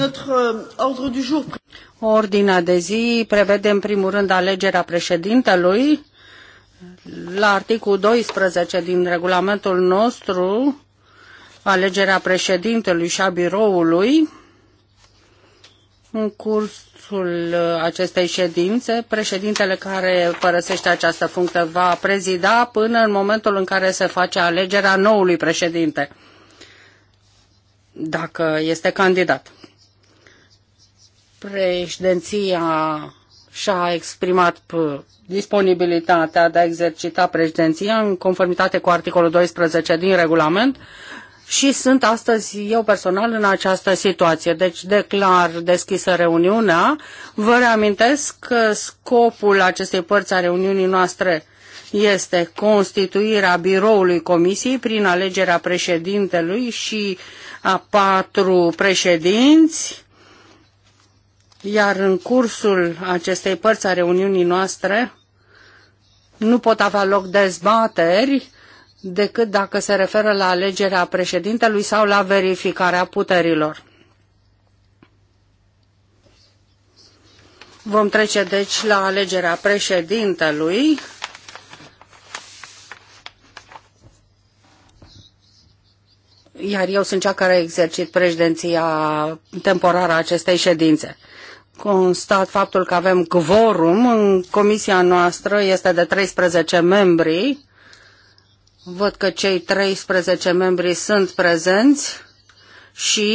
Uh, Ordinea de zi prevede în primul rând alegerea președintelui. La articolul 12 din regulamentul nostru, alegerea președintelui și a biroului. În cursul uh, acestei ședințe, președintele care părăsește această funcție va prezida până în momentul în care se face alegerea noului președinte, dacă este candidat. Președinția și-a exprimat disponibilitatea de a exercita președinția în conformitate cu articolul 12 din regulament și sunt astăzi eu personal în această situație. Deci declar deschisă reuniunea. Vă reamintesc că scopul acestei părți a reuniunii noastre este constituirea biroului comisiei prin alegerea președintelui și a patru președinți iar în cursul acestei părți a reuniunii noastre nu pot avea loc dezbateri decât dacă se referă la alegerea președintelui sau la verificarea puterilor. Vom trece deci la alegerea președintelui. Iar eu sunt cea care a exercit președinția temporară a acestei ședințe constat faptul că avem quorum. În comisia noastră este de 13 membri. Văd că cei 13 membri sunt prezenți și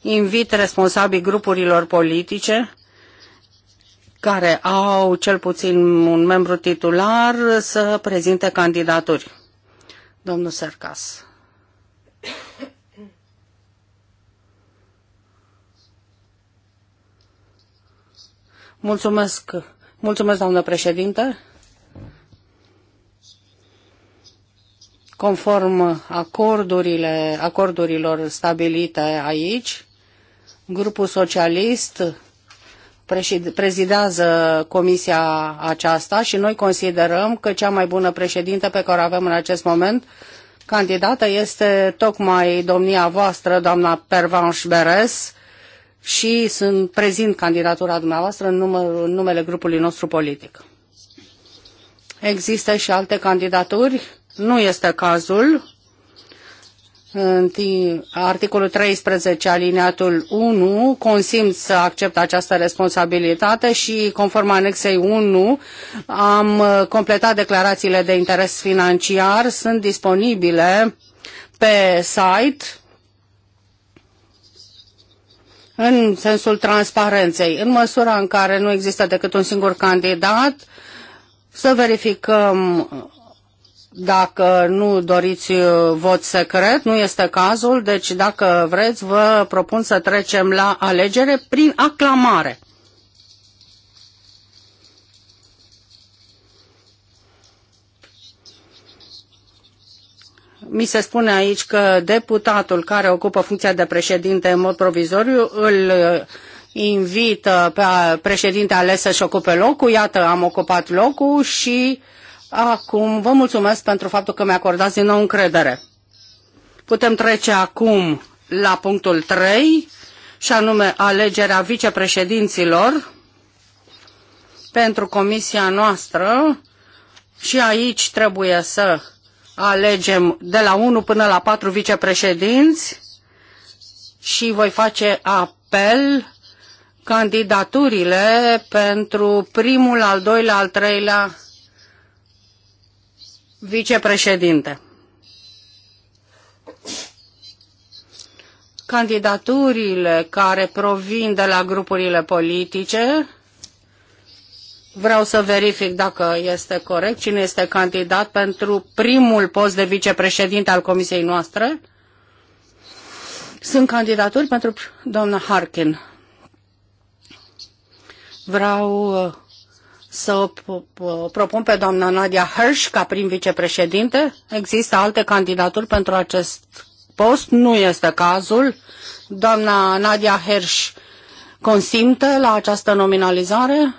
invit responsabili grupurilor politice care au cel puțin un membru titular să prezinte candidaturi. Domnul Sercas. Mulțumesc, mulțumesc, doamnă președintă, Conform acordurile, acordurilor stabilite aici, grupul socialist prezidează comisia aceasta și noi considerăm că cea mai bună președintă pe care o avem în acest moment candidată este tocmai domnia voastră, doamna Pervanș Beres, și sunt prezint candidatura dumneavoastră în, număr, în numele grupului nostru politic. Există și alte candidaturi? Nu este cazul. În articolul 13, alineatul 1, consimt să accept această responsabilitate și, conform anexei 1, am completat declarațiile de interes financiar, sunt disponibile pe site în sensul transparenței. În măsura în care nu există decât un singur candidat, să verificăm dacă nu doriți vot secret, nu este cazul, deci dacă vreți vă propun să trecem la alegere prin aclamare. mi se spune aici că deputatul care ocupă funcția de președinte în mod provizoriu îl uh, invită pe președinte ales să-și ocupe locul. Iată, am ocupat locul și acum vă mulțumesc pentru faptul că mi-acordați din nou încredere. Putem trece acum la punctul 3 și anume alegerea vicepreședinților pentru comisia noastră și aici trebuie să alegem de la 1 până la 4 vicepreședinți și voi face apel candidaturile pentru primul, al doilea, al treilea vicepreședinte. Candidaturile care provin de la grupurile politice Vreau să verific dacă este corect cine este candidat pentru primul post de vicepreședinte al comisiei noastre. Sunt candidaturi pentru doamna Harkin. Vreau uh, să o propun pe doamna Nadia Hirsch ca prim vicepreședinte. Există alte candidaturi pentru acest post? Nu este cazul. Doamna Nadia Hirsch consimte la această nominalizare?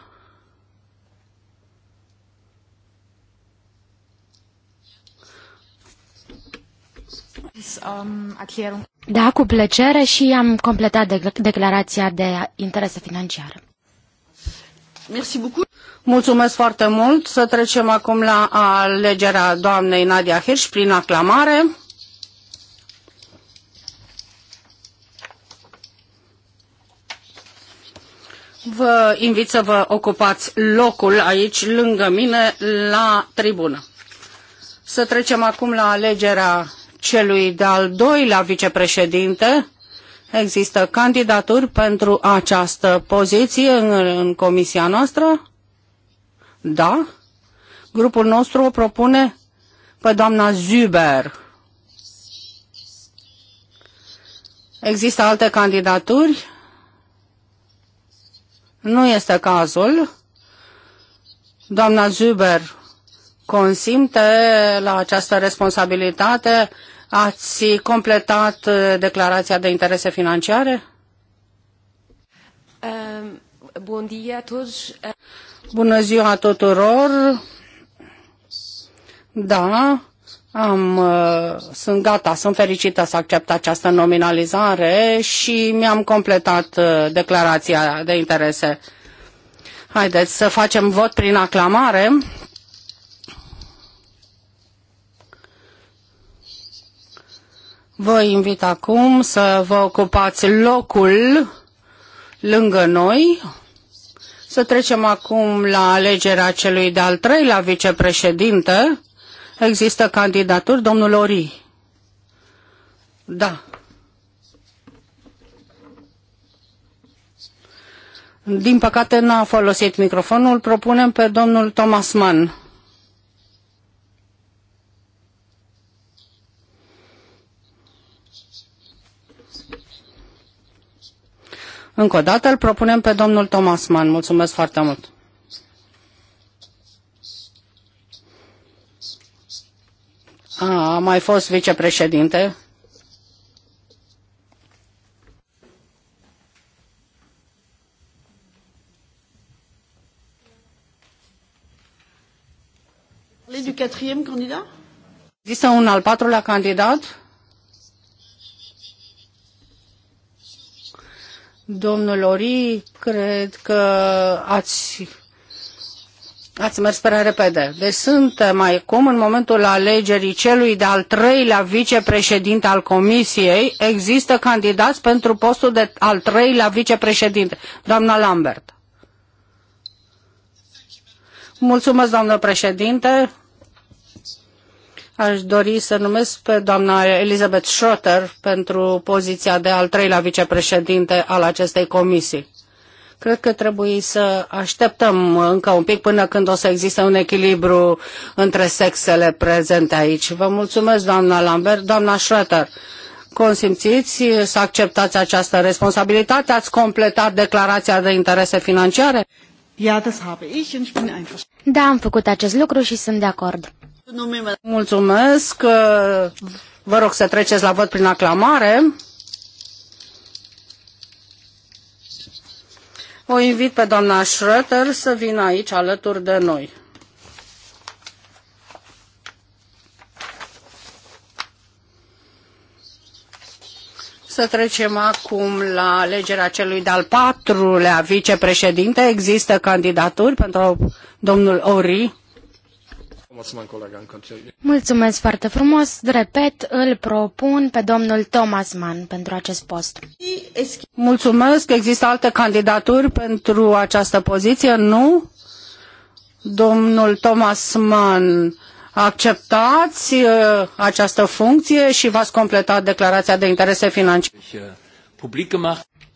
Da, cu plăcere și am completat de declarația de interese financiară. Mulțumesc foarte mult. Să trecem acum la alegerea doamnei Nadia Hirsch prin aclamare. Vă invit să vă ocupați locul aici, lângă mine, la tribună. Să trecem acum la alegerea celui de-al doilea vicepreședinte. Există candidaturi pentru această poziție în, în comisia noastră? Da. Grupul nostru o propune pe doamna Zuber. Există alte candidaturi? Nu este cazul. Doamna Zuber consimte la această responsabilitate Ați completat uh, declarația de interese financiare? Um, Bună ziua tuturor. Da, am, uh, sunt gata, sunt fericită să accept această nominalizare și mi-am completat uh, declarația de interese. Haideți să facem vot prin aclamare. Vă invit acum să vă ocupați locul lângă noi. Să trecem acum la alegerea celui de-al treilea vicepreședinte. Există candidaturi, domnul Ori. Da. Din păcate n-a folosit microfonul. Propunem pe domnul Thomas Mann. Încă o dată îl propunem pe domnul Thomas Mann. Mulțumesc foarte mult! A, a mai fost vicepreședinte. Există un al patrulea candidat? Domnul Ori, cred că ați, ați mers prea repede. Deci suntem acum în momentul alegerii celui de-al treilea vicepreședinte al Comisiei. Există candidați pentru postul de al treilea vicepreședinte. Doamna Lambert. Mulțumesc, doamnă președinte. Aș dori să numesc pe doamna Elizabeth Schroeter pentru poziția de al treilea vicepreședinte al acestei comisii. Cred că trebuie să așteptăm încă un pic până când o să existe un echilibru între sexele prezente aici. Vă mulțumesc, doamna Lambert. Doamna Schroeter, consimțiți să acceptați această responsabilitate? Ați completat declarația de interese financiare? Da, am făcut acest lucru și sunt de acord. Mulțumesc. Vă rog să treceți la vot prin aclamare. O invit pe doamna Schröter să vină aici alături de noi. Să trecem acum la alegerea celui de-al patrulea vicepreședinte. Există candidaturi pentru domnul Ori. Mulțumesc foarte frumos. Repet, îl propun pe domnul Thomas Mann pentru acest post. Mulțumesc. Există alte candidaturi pentru această poziție? Nu? Domnul Thomas Mann, acceptați uh, această funcție și v-ați completat declarația de interese financiare.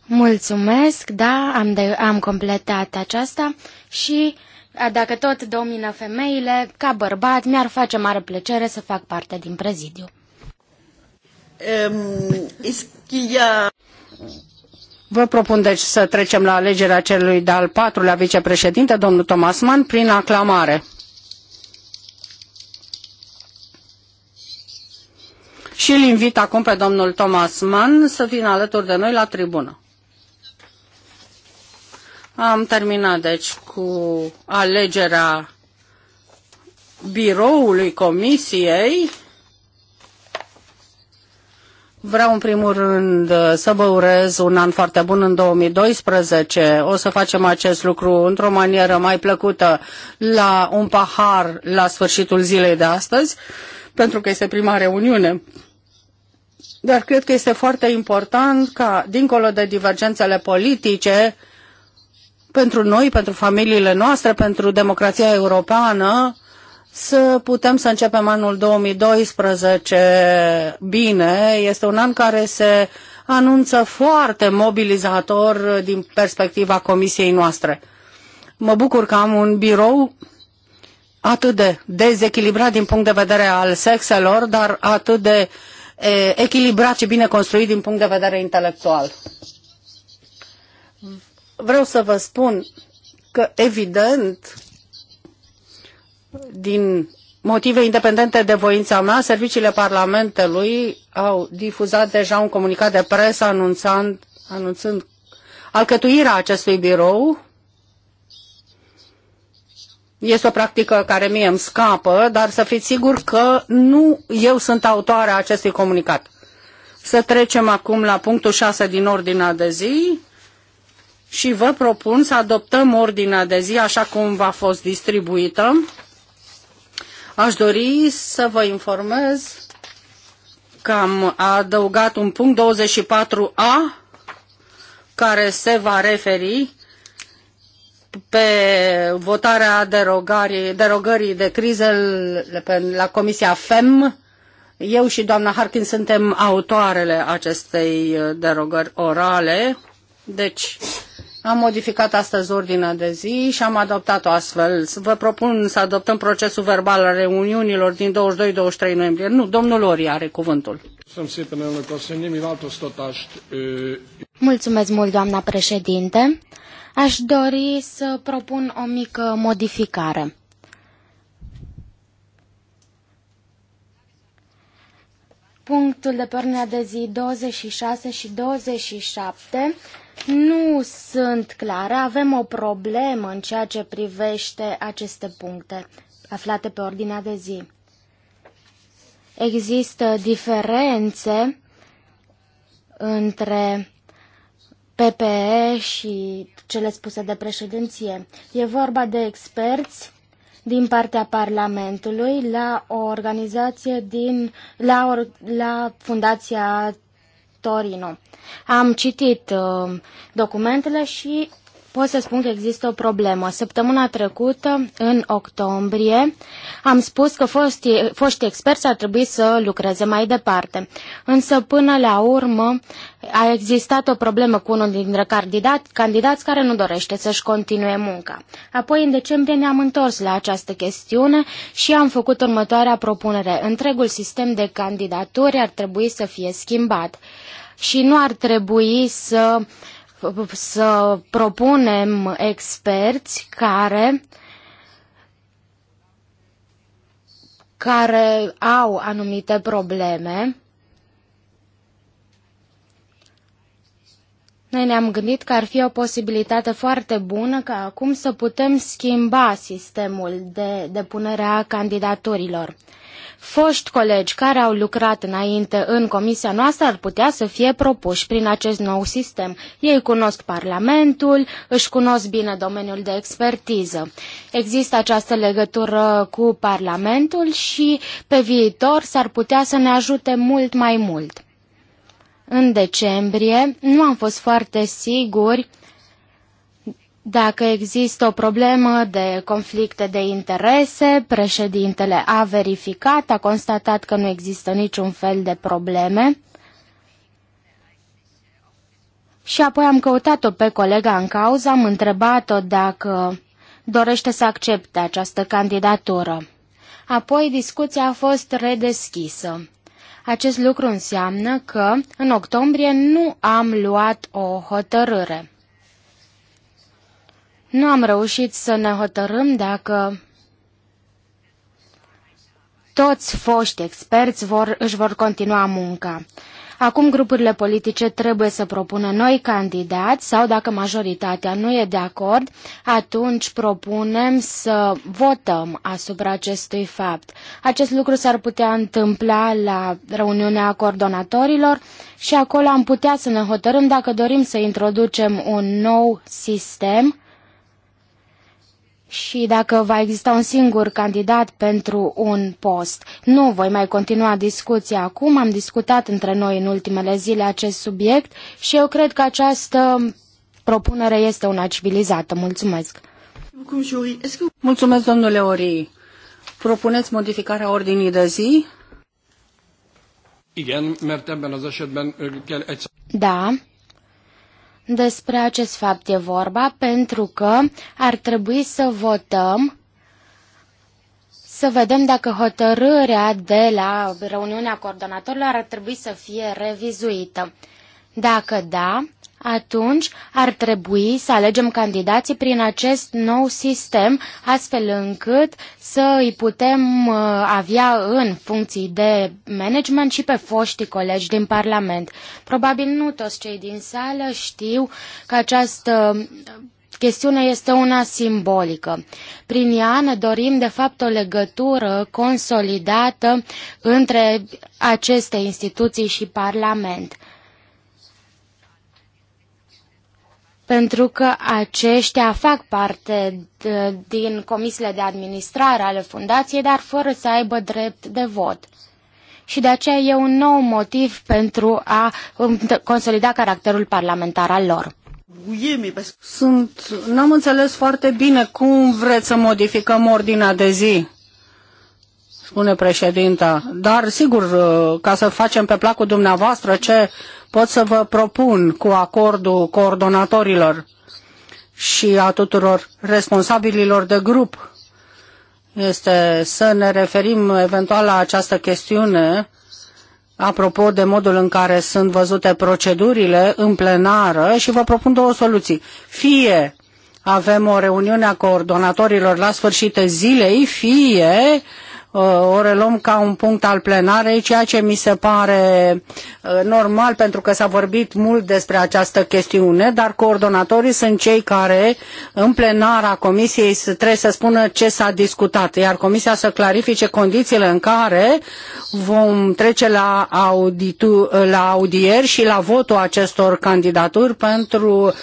Mulțumesc, da, am, de, am completat aceasta și dacă tot domină femeile, ca bărbat, mi-ar face mare plăcere să fac parte din prezidiu. Um, ischia... Vă propun deci să trecem la alegerea celui de-al patrulea vicepreședinte, domnul Thomas Mann, prin aclamare. Și îl invit acum pe domnul Thomas Mann să vină alături de noi la tribună. Am terminat, deci, cu alegerea biroului comisiei. Vreau în primul rând să vă urez un an foarte bun în 2012. O să facem acest lucru într-o manieră mai plăcută la un pahar la sfârșitul zilei de astăzi, pentru că este prima reuniune. Dar cred că este foarte important ca, dincolo de divergențele politice, pentru noi, pentru familiile noastre, pentru democrația europeană, să putem să începem anul 2012 bine. Este un an care se anunță foarte mobilizator din perspectiva comisiei noastre. Mă bucur că am un birou atât de dezechilibrat din punct de vedere al sexelor, dar atât de echilibrat și bine construit din punct de vedere intelectual vreau să vă spun că, evident, din motive independente de voința mea, serviciile Parlamentului au difuzat deja un comunicat de presă anunțând, anunțând alcătuirea acestui birou. Este o practică care mie îmi scapă, dar să fiți sigur că nu eu sunt autoarea acestui comunicat. Să trecem acum la punctul 6 din ordinea de zi și vă propun să adoptăm ordinea de zi așa cum v-a fost distribuită. Aș dori să vă informez că am adăugat un punct 24a care se va referi pe votarea derogării, de crize la Comisia FEM. Eu și doamna Harkin suntem autoarele acestei derogări orale. Deci, am modificat astăzi ordinea de zi și am adoptat-o astfel. Vă propun să adoptăm procesul verbal al reuniunilor din 22-23 noiembrie. Nu, domnul Ori are cuvântul. Mulțumesc mult, doamna președinte. Aș dori să propun o mică modificare. Punctul de pe de zi 26 și 27 nu sunt clare. Avem o problemă în ceea ce privește aceste puncte aflate pe ordinea de zi. Există diferențe între PPE și cele spuse de președinție. E vorba de experți din partea Parlamentului la o organizație din, la, or, la Fundația Torino. Am citit uh, documentele și pot să spun că există o problemă. Săptămâna trecută, în octombrie, am spus că foști, foști experți ar trebui să lucreze mai departe. Însă, până la urmă, a existat o problemă cu unul dintre candidat, candidați care nu dorește să-și continue munca. Apoi, în decembrie, ne-am întors la această chestiune și am făcut următoarea propunere. Întregul sistem de candidaturi ar trebui să fie schimbat și nu ar trebui să uh, să propunem experți care care au anumite probleme. Noi ne-am gândit că ar fi o posibilitate foarte bună ca acum să putem schimba sistemul de depunere a candidaturilor foști colegi care au lucrat înainte în comisia noastră ar putea să fie propuși prin acest nou sistem. Ei cunosc Parlamentul, își cunosc bine domeniul de expertiză. Există această legătură cu Parlamentul și pe viitor s-ar putea să ne ajute mult mai mult. În decembrie nu am fost foarte siguri dacă există o problemă de conflicte de interese, președintele a verificat, a constatat că nu există niciun fel de probleme. Și apoi am căutat-o pe colega în cauză, am întrebat-o dacă dorește să accepte această candidatură. Apoi discuția a fost redeschisă. Acest lucru înseamnă că în octombrie nu am luat o hotărâre. Nu am reușit să ne hotărâm dacă toți foști experți vor, își vor continua munca. Acum grupurile politice trebuie să propună noi candidați sau dacă majoritatea nu e de acord, atunci propunem să votăm asupra acestui fapt. Acest lucru s-ar putea întâmpla la reuniunea coordonatorilor și acolo am putea să ne hotărâm dacă dorim să introducem un nou sistem și dacă va exista un singur candidat pentru un post. Nu voi mai continua discuția acum, am discutat între noi în ultimele zile acest subiect și eu cred că această propunere este una civilizată. Mulțumesc! Mulțumesc, domnule Ori. Propuneți modificarea ordinii de zi? Da, despre acest fapt e vorba pentru că ar trebui să votăm să vedem dacă hotărârea de la reuniunea coordonatorilor ar trebui să fie revizuită. Dacă da, atunci ar trebui să alegem candidații prin acest nou sistem, astfel încât să îi putem uh, avea în funcții de management și pe foștii colegi din Parlament. Probabil nu toți cei din sală știu că această chestiune este una simbolică. Prin ea ne dorim de fapt o legătură consolidată între aceste instituții și Parlament. pentru că aceștia fac parte din comisiile de administrare ale fundației, dar fără să aibă drept de vot. Și de aceea e un nou motiv pentru a consolida caracterul parlamentar al lor. Sunt, n-am înțeles foarte bine cum vreți să modificăm ordinea de zi spune președinta. Dar, sigur, uh, ca să facem pe placul dumneavoastră ce pot să vă propun cu acordul coordonatorilor și a tuturor responsabililor de grup este să ne referim eventual la această chestiune apropo de modul în care sunt văzute procedurile în plenară și vă propun două soluții. Fie avem o reuniune a coordonatorilor la sfârșitul zilei, fie uh, Uh, o reluăm ca un punct al plenarei, ceea ce mi se pare uh, normal pentru că s-a vorbit mult despre această chestiune, dar coordonatorii sunt cei care în plenara comisiei trebuie să spună ce s-a discutat, iar comisia să clarifice condițiile în care vom trece la, auditu, la audieri și la votul acestor candidaturi pentru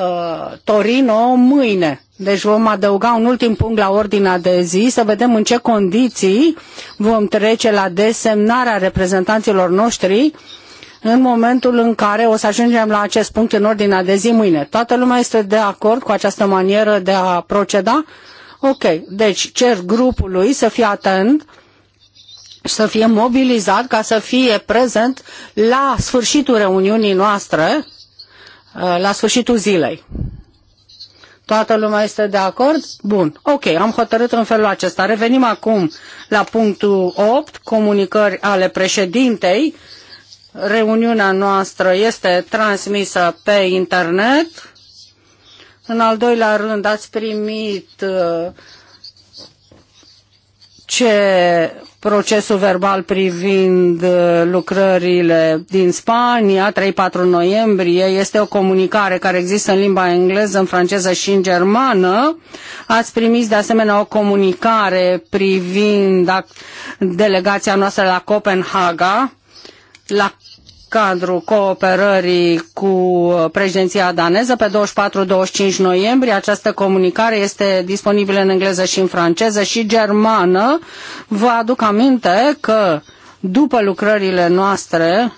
Uh, Torino mâine. Deci vom adăuga un ultim punct la ordinea de zi să vedem în ce condiții vom trece la desemnarea reprezentanților noștri în momentul în care o să ajungem la acest punct în ordinea de zi mâine. Toată lumea este de acord cu această manieră de a proceda? Ok, deci cer grupului să fie atent să fie mobilizat ca să fie prezent la sfârșitul reuniunii noastre Uh, la sfârșitul zilei. Toată lumea este de acord? Bun. Ok, am hotărât în felul acesta. Revenim acum la punctul 8, comunicări ale președintei. Reuniunea noastră este transmisă pe internet. În al doilea rând, ați primit uh, ce procesul verbal privind uh, lucrările din Spania, 3-4 noiembrie, este o comunicare care există în limba engleză, în franceză și în germană. Ați primit de asemenea o comunicare privind da, delegația noastră la Copenhaga, la cadrul cooperării cu președinția daneză pe 24-25 noiembrie. Această comunicare este disponibilă în engleză și în franceză și germană. Vă aduc aminte că după lucrările noastre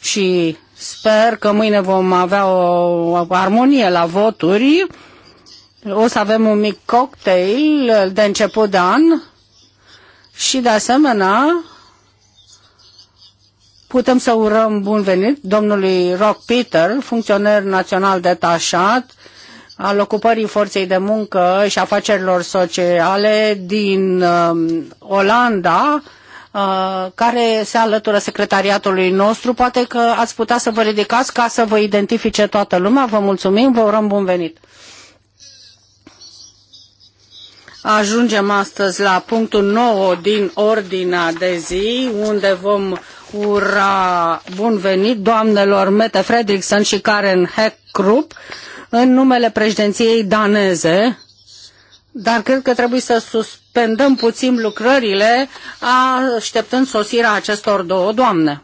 și sper că mâine vom avea o armonie la voturi, o să avem un mic cocktail de început de an și de asemenea Putem să urăm bun venit domnului Rock Peter, funcționer național detașat al ocupării forței de muncă și afacerilor sociale din uh, Olanda, uh, care se alătură secretariatului nostru. Poate că ați putea să vă ridicați ca să vă identifice toată lumea. Vă mulțumim, vă urăm bun venit. Ajungem astăzi la punctul 9 din ordinea de zi, unde vom ura bun venit doamnelor Mette Fredriksson și Karen Heckrup în numele președinției daneze, dar cred că trebuie să suspendăm puțin lucrările așteptând sosirea acestor două doamne.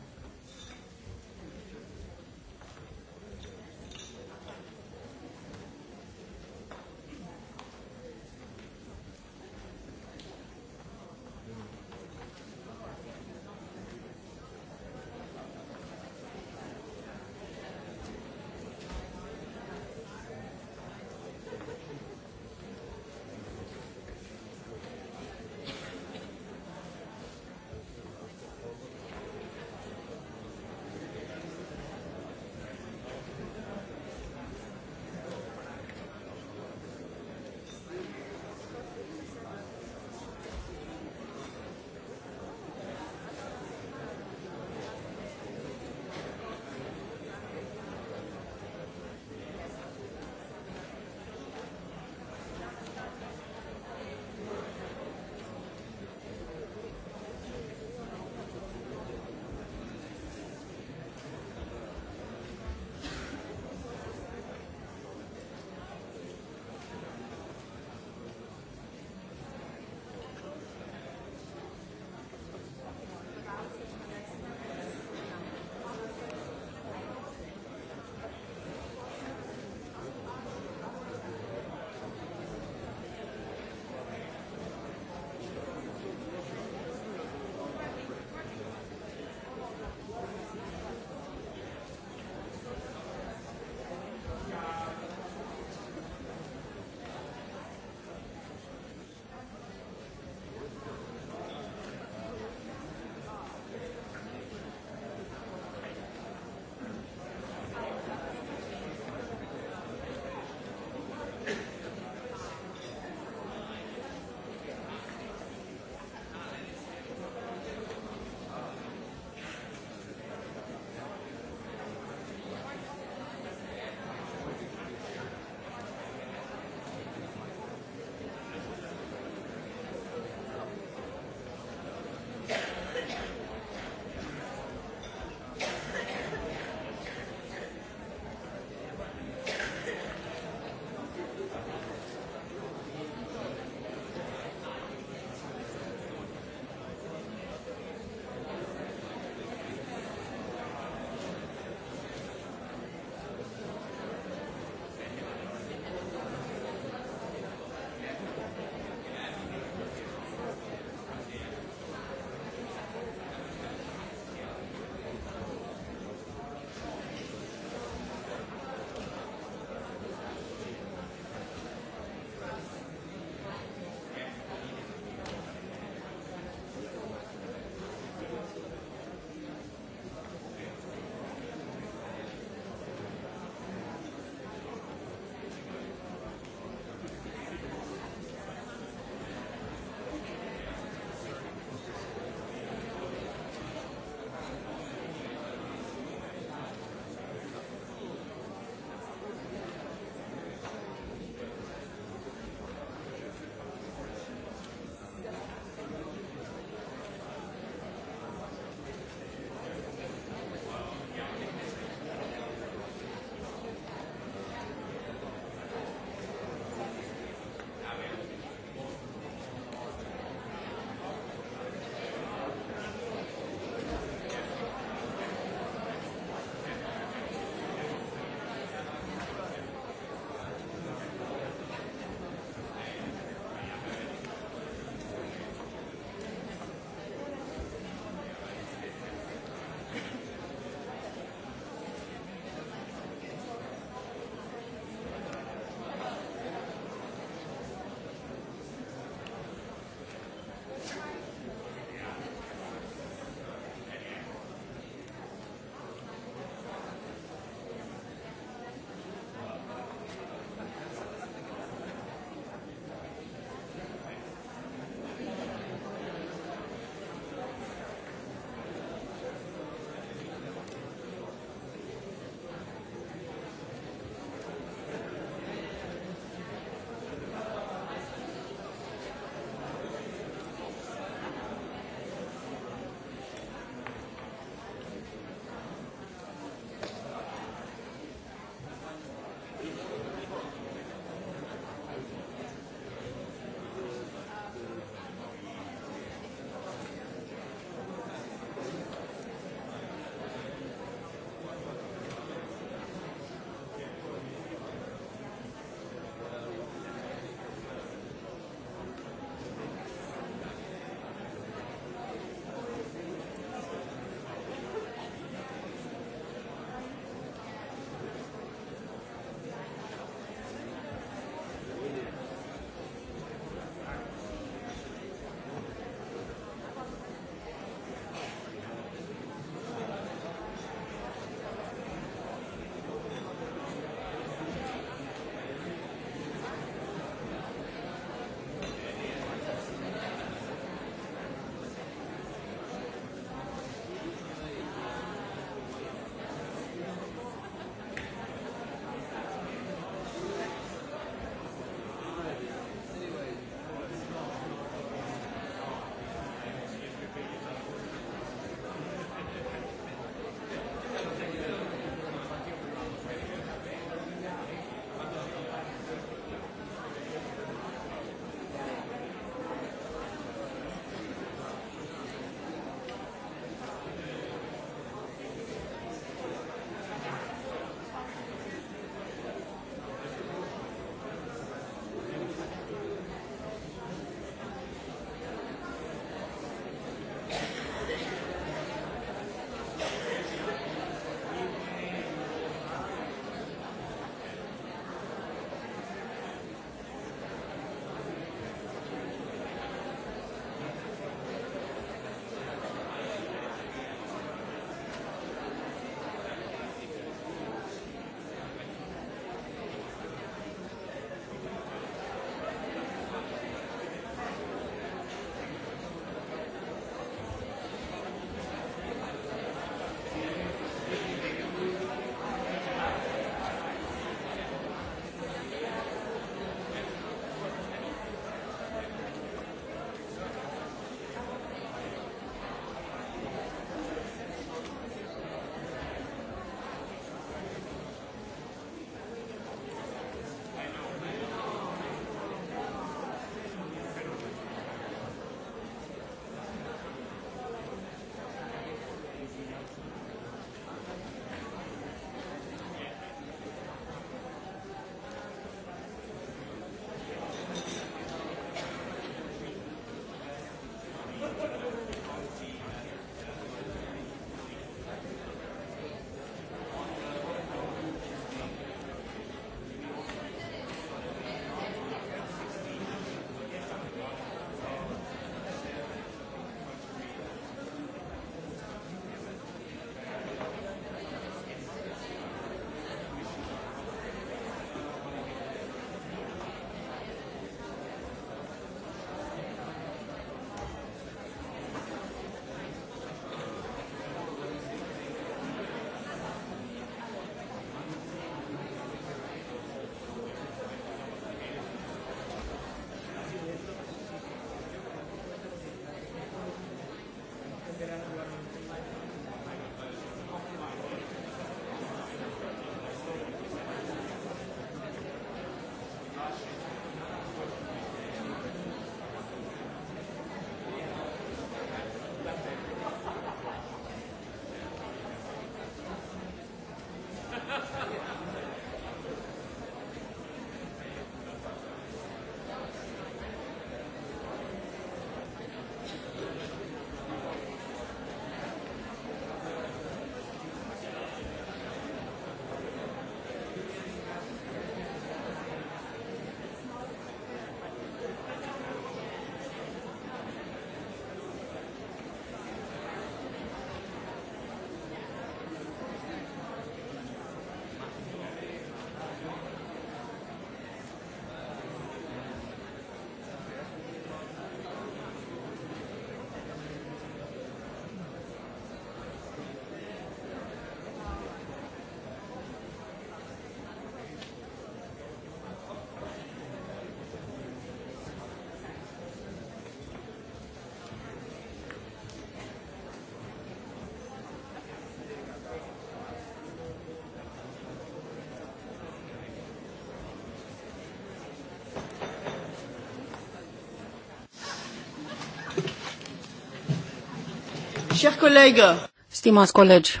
Stimați colegi,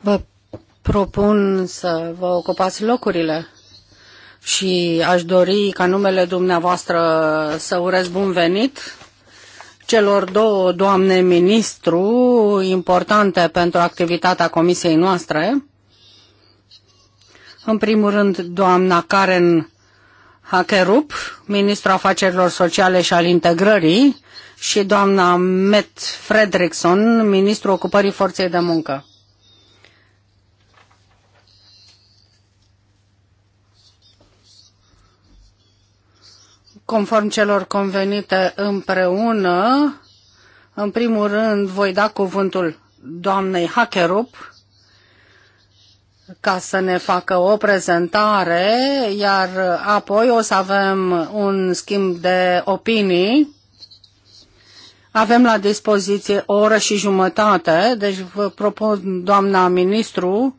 vă propun să vă ocupați locurile și aș dori ca numele dumneavoastră să urez bun venit celor două doamne ministru importante pentru activitatea comisiei noastre. În primul rând, doamna Karen Hakerup, ministru afacerilor sociale și al integrării, și doamna Met Fredrickson, ministrul ocupării forței de muncă. Conform celor convenite împreună, în primul rând voi da cuvântul doamnei Hackerup ca să ne facă o prezentare, iar apoi o să avem un schimb de opinii avem la dispoziție o oră și jumătate, deci vă propun, doamna ministru,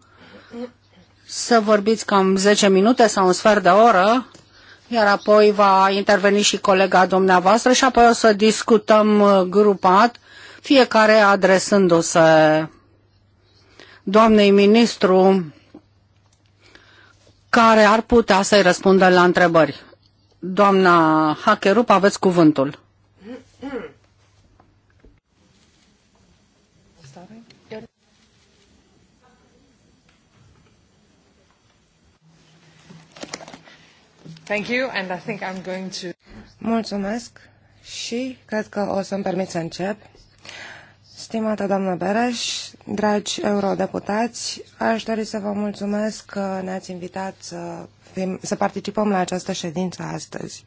să vorbiți cam 10 minute sau un sfert de oră, iar apoi va interveni și colega dumneavoastră și apoi o să discutăm uh, grupat, fiecare adresându-se doamnei ministru care ar putea să-i răspundă la întrebări. Doamna Hacherup, aveți cuvântul. Thank you, and I think I'm going to... Mulțumesc și cred că o să-mi permit să încep. Stimată doamnă Bereș, dragi eurodeputați, aș dori să vă mulțumesc că ne-ați invitat să, fim, să participăm la această ședință astăzi.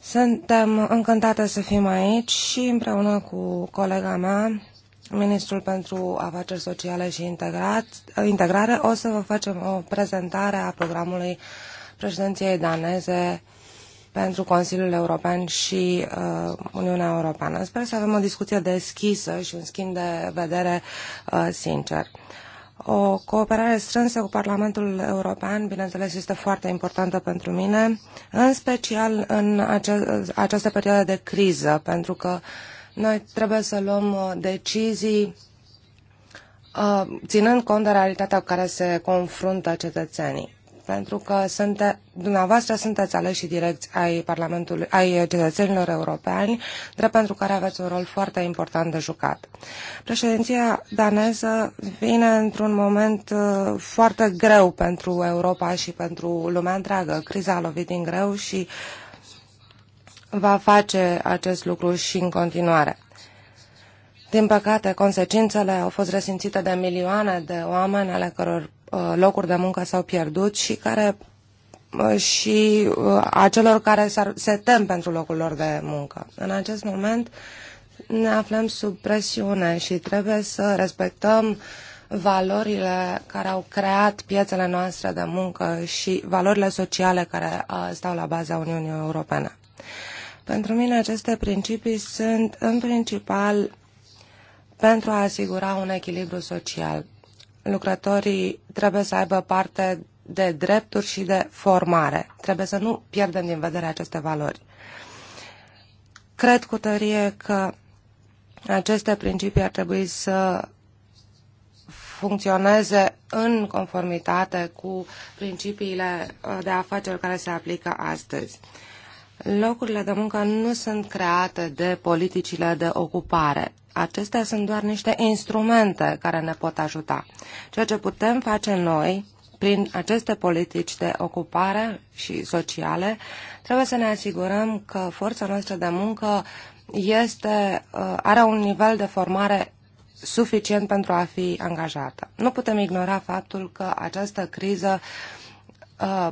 Suntem încântate să fim aici și împreună cu colega mea, Ministrul pentru Afaceri Sociale și Integrat, Integrare, o să vă facem o prezentare a programului președinției daneze pentru Consiliul European și uh, Uniunea Europeană. Sper să avem o discuție deschisă și un schimb de vedere uh, sincer. O cooperare strânsă cu Parlamentul European, bineînțeles, este foarte importantă pentru mine, în special în ace- această perioadă de criză, pentru că noi trebuie să luăm uh, decizii uh, ținând cont de realitatea cu care se confruntă cetățenii pentru că sunte, dumneavoastră sunteți aleși direcți ai, Parlamentului, ai cetățenilor europeni, drept pentru care aveți un rol foarte important de jucat. Președinția daneză vine într-un moment uh, foarte greu pentru Europa și pentru lumea întreagă. Criza a lovit din greu și va face acest lucru și în continuare. Din păcate, consecințele au fost resimțite de milioane de oameni ale căror Uh, locuri de muncă s-au pierdut și care uh, și uh, a celor care se tem pentru locul lor de muncă. În acest moment ne aflăm sub presiune și trebuie să respectăm valorile care au creat piețele noastre de muncă și valorile sociale care stau la baza Uniunii Europene. Pentru mine aceste principii sunt în principal pentru a asigura un echilibru social lucrătorii trebuie să aibă parte de drepturi și de formare. Trebuie să nu pierdem din vedere aceste valori. Cred cu tărie că aceste principii ar trebui să funcționeze în conformitate cu principiile uh, de afaceri care se aplică astăzi. Locurile de muncă nu sunt create de politicile de ocupare. Acestea sunt doar niște instrumente care ne pot ajuta. Ceea ce putem face noi prin aceste politici de ocupare și sociale, trebuie să ne asigurăm că forța noastră de muncă este, uh, are un nivel de formare suficient pentru a fi angajată. Nu putem ignora faptul că această criză uh,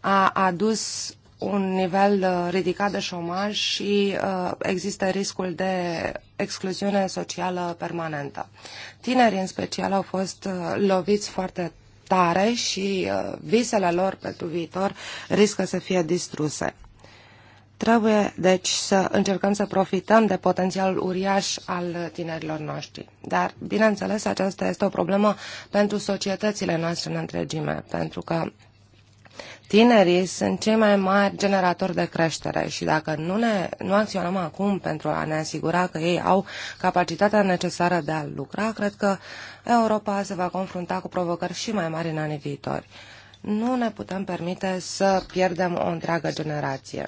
a adus un nivel uh, ridicat de șomaj și uh, există riscul de excluziune socială permanentă. Tinerii, în special, au fost uh, loviți foarte tare și visele lor pentru viitor riscă să fie distruse. Trebuie, deci, să încercăm să profităm de potențialul uriaș al tinerilor noștri. Dar, bineînțeles, aceasta este o problemă pentru societățile noastre în întregime, pentru că Tinerii sunt cei mai mari generatori de creștere și dacă nu, ne, nu acționăm acum pentru a ne asigura că ei au capacitatea necesară de a lucra, cred că Europa se va confrunta cu provocări și mai mari în anii viitori. Nu ne putem permite să pierdem o întreagă generație.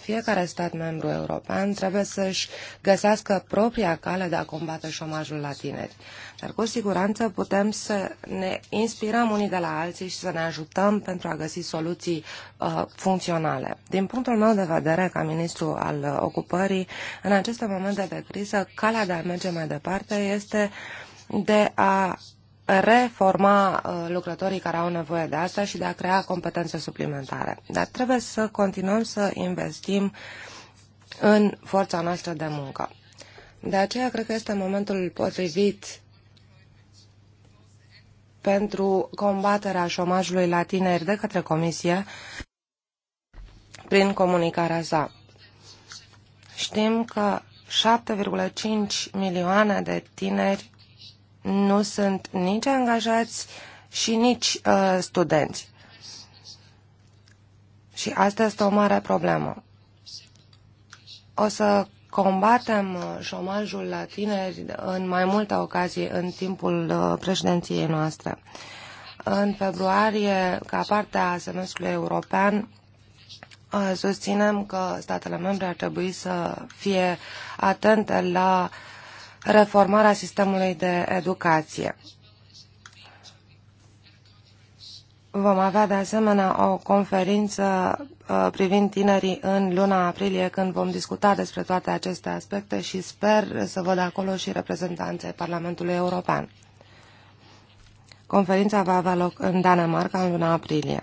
Fiecare stat membru european trebuie să-și găsească propria cale de a combate șomajul la tineri. Dar cu siguranță putem să ne inspirăm unii de la alții și să ne ajutăm pentru a găsi soluții uh, funcționale. Din punctul meu de vedere, ca ministru al uh, ocupării, în aceste momente de criză, calea de a merge mai departe este de a reforma uh, lucrătorii care au nevoie de asta și de a crea competențe suplimentare. Dar trebuie să continuăm să investim în forța noastră de muncă. De aceea cred că este momentul potrivit pentru combaterea șomajului la tineri de către Comisie prin comunicarea sa. Știm că 7,5 milioane de tineri nu sunt nici angajați și nici uh, studenți. Și asta este o mare problemă. O să combatem uh, șomajul la tineri în mai multe ocazii în timpul uh, președinției noastre. În februarie, ca parte a semestrului european, uh, susținem că statele membre ar trebui să fie atente la uh, reformarea sistemului de educație. Vom avea de asemenea o conferință uh, privind tinerii în luna aprilie când vom discuta despre toate aceste aspecte și sper să văd acolo și reprezentanții Parlamentului European. Conferința va avea loc în Danemarca în luna aprilie.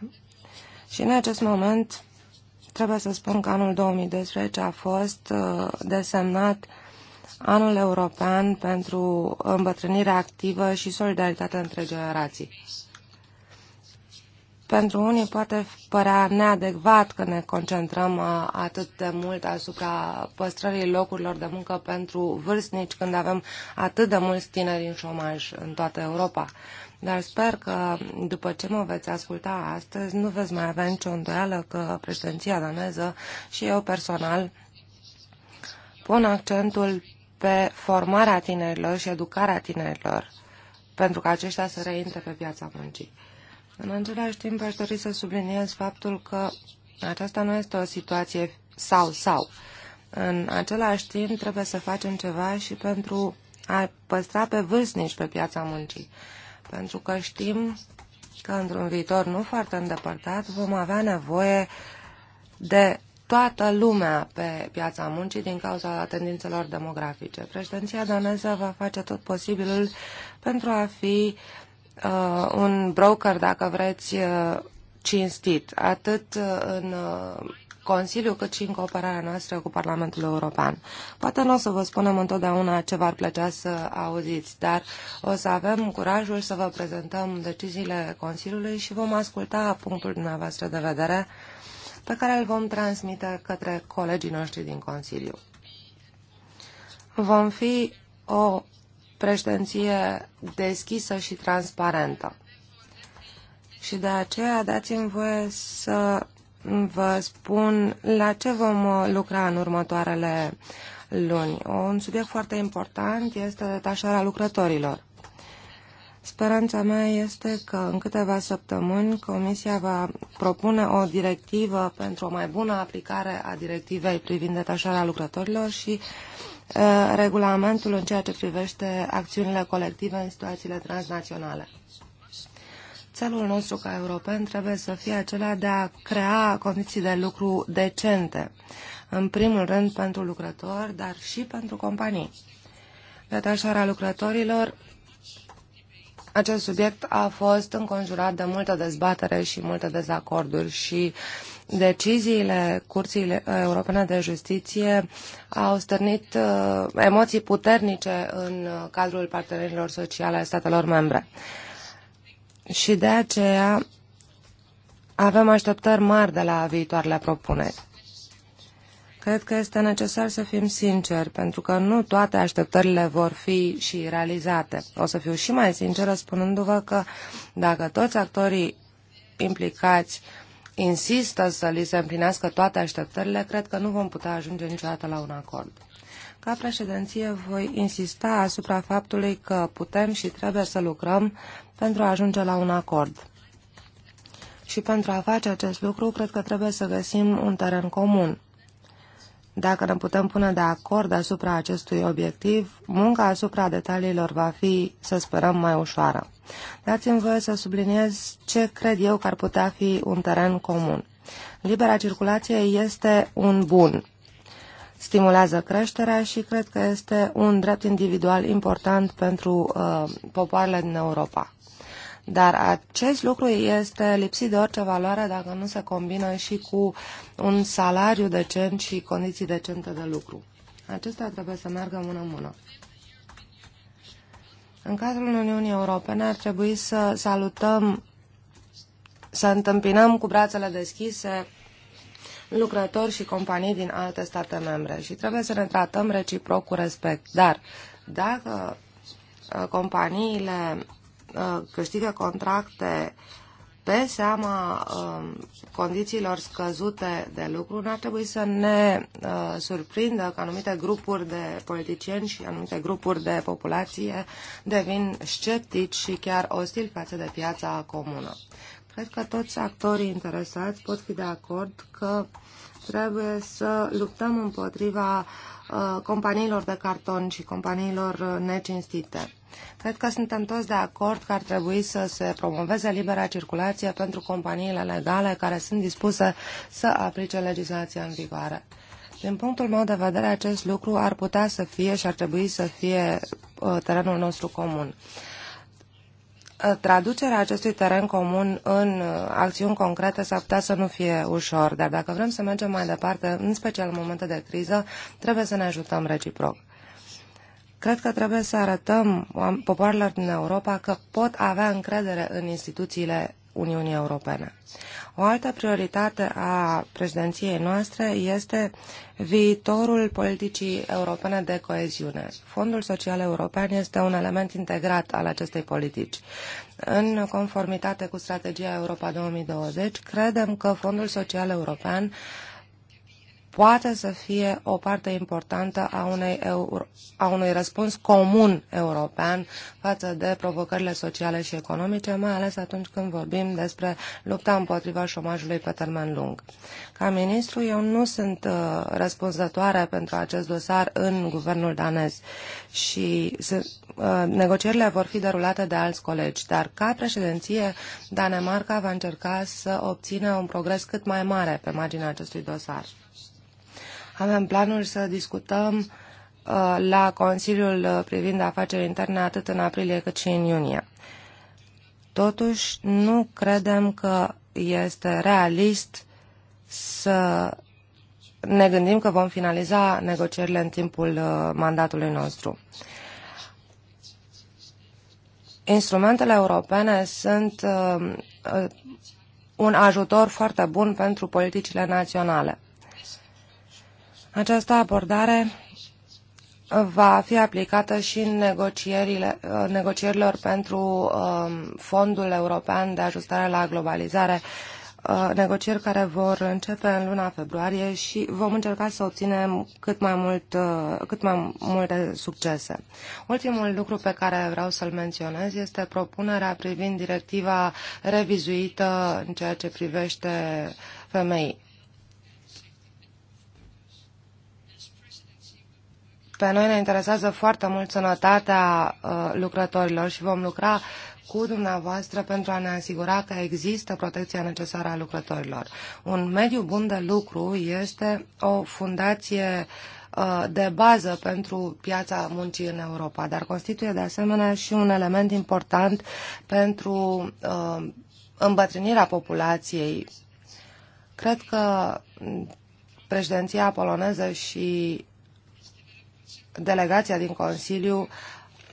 Și în acest moment trebuie să spun că anul 2012 a fost uh, desemnat Anul European pentru îmbătrânire activă și solidaritate între generații. Pentru unii poate părea neadecvat că ne concentrăm uh, atât de mult asupra păstrării locurilor de muncă pentru vârstnici când avem atât de mulți tineri în șomaj în toată Europa. Dar sper că după ce mă veți asculta astăzi, nu veți mai avea nicio îndoială că președinția daneză și eu personal pun accentul pe formarea tinerilor și educarea tinerilor pentru ca aceștia să reintre pe piața muncii. În același timp, aș dori să subliniez faptul că aceasta nu este o situație sau-sau. În același timp, trebuie să facem ceva și pentru a păstra pe vârstnici pe piața muncii. Pentru că știm că într-un viitor nu foarte îndepărtat vom avea nevoie de toată lumea pe piața muncii din cauza tendințelor demografice. Președinția daneză va face tot posibilul pentru a fi uh, un broker, dacă vreți, uh, cinstit, atât uh, în uh, Consiliu, cât și în cooperarea noastră cu Parlamentul European. Poate nu o să vă spunem întotdeauna ce v-ar plăcea să auziți, dar o să avem curajul să vă prezentăm deciziile Consiliului și vom asculta punctul dumneavoastră de vedere pe care îl vom transmite către colegii noștri din Consiliu. Vom fi o președinție deschisă și transparentă. Și de aceea dați-mi voie să vă spun la ce vom lucra în următoarele luni. Un subiect foarte important este detașarea lucrătorilor. Speranța mea este că în câteva săptămâni Comisia va propune o directivă pentru o mai bună aplicare a directivei privind detașarea lucrătorilor și e, regulamentul în ceea ce privește acțiunile colective în situațiile transnaționale. Țelul nostru ca european trebuie să fie acela de a crea condiții de lucru decente, în primul rând pentru lucrători, dar și pentru companii. Detașarea lucrătorilor acest subiect a fost înconjurat de multă dezbatere și multe dezacorduri și deciziile Curții Europene de Justiție au stârnit uh, emoții puternice în cadrul partenerilor sociale ai statelor membre. Și de aceea avem așteptări mari de la viitoarele propuneri. Cred că este necesar să fim sinceri, pentru că nu toate așteptările vor fi și realizate. O să fiu și mai sinceră spunându-vă că dacă toți actorii implicați insistă să li se împlinească toate așteptările, cred că nu vom putea ajunge niciodată la un acord. Ca președinție voi insista asupra faptului că putem și trebuie să lucrăm pentru a ajunge la un acord. Și pentru a face acest lucru, cred că trebuie să găsim un teren comun dacă ne putem pune de acord asupra acestui obiectiv, munca asupra detaliilor va fi, să sperăm, mai ușoară. Dați-mi voie să subliniez ce cred eu că ar putea fi un teren comun. Libera circulație este un bun, stimulează creșterea și cred că este un drept individual important pentru uh, popoarele din Europa. Dar acest lucru este lipsit de orice valoare dacă nu se combină și cu un salariu decent și condiții decente de lucru. Acestea trebuie să meargă mână-mână. În cadrul Uniunii Europene ar trebui să salutăm, să întâmpinăm cu brațele deschise lucrători și companii din alte state membre și trebuie să ne tratăm reciproc cu respect. Dar dacă uh, companiile Uh, câștigă contracte pe seama um, condițiilor scăzute de lucru, n-ar trebui să ne uh, surprindă că anumite grupuri de politicieni și anumite grupuri de populație devin sceptici și chiar ostili față de piața comună. Cred că toți actorii interesați pot fi de acord că trebuie să luptăm împotriva uh, Uh, companiilor de carton și companiilor uh, necinstite. Cred că suntem toți de acord că ar trebui să se promoveze libera circulație pentru companiile legale care sunt dispuse să aplice legislația în vigoare. Din punctul meu de vedere, acest lucru ar putea să fie și ar trebui să fie uh, terenul nostru comun traducerea acestui teren comun în uh, acțiuni concrete s-ar putea să nu fie ușor, dar dacă vrem să mergem mai departe, în special în momente de criză, trebuie să ne ajutăm reciproc. Cred că trebuie să arătăm popoarelor din Europa că pot avea încredere în instituțiile Uniunii Europene. O altă prioritate a președinției noastre este viitorul politicii europene de coeziune. Fondul Social European este un element integrat al acestei politici. În conformitate cu strategia Europa 2020, credem că Fondul Social European poate să fie o parte importantă a, unei euro, a unui răspuns comun european față de provocările sociale și economice, mai ales atunci când vorbim despre lupta împotriva șomajului pe termen lung. Ca ministru, eu nu sunt uh, răspunzătoare pentru acest dosar în guvernul danez și uh, negocierile vor fi derulate de alți colegi, dar ca președinție, Danemarca va încerca să obțină un progres cât mai mare pe marginea acestui dosar. Avem planul să discutăm uh, la Consiliul uh, privind afaceri interne atât în aprilie cât și în iunie. Totuși, nu credem că este realist să ne gândim că vom finaliza negocierile în timpul uh, mandatului nostru. Instrumentele europene sunt un ajutor foarte bun pentru politicile naționale. Această abordare va fi aplicată și în negocierile, uh, negocierilor pentru um, Fondul European de Ajustare la Globalizare, uh, negocieri care vor începe în luna februarie și vom încerca să obținem cât mai, mult, uh, cât mai multe succese. Ultimul lucru pe care vreau să-l menționez este propunerea privind directiva revizuită în ceea ce privește femei Pe noi ne interesează foarte mult sănătatea uh, lucrătorilor și vom lucra cu dumneavoastră pentru a ne asigura că există protecția necesară a lucrătorilor. Un mediu bun de lucru este o fundație uh, de bază pentru piața muncii în Europa, dar constituie de asemenea și un element important pentru uh, îmbătrânirea populației. Cred că președinția poloneză și delegația din Consiliu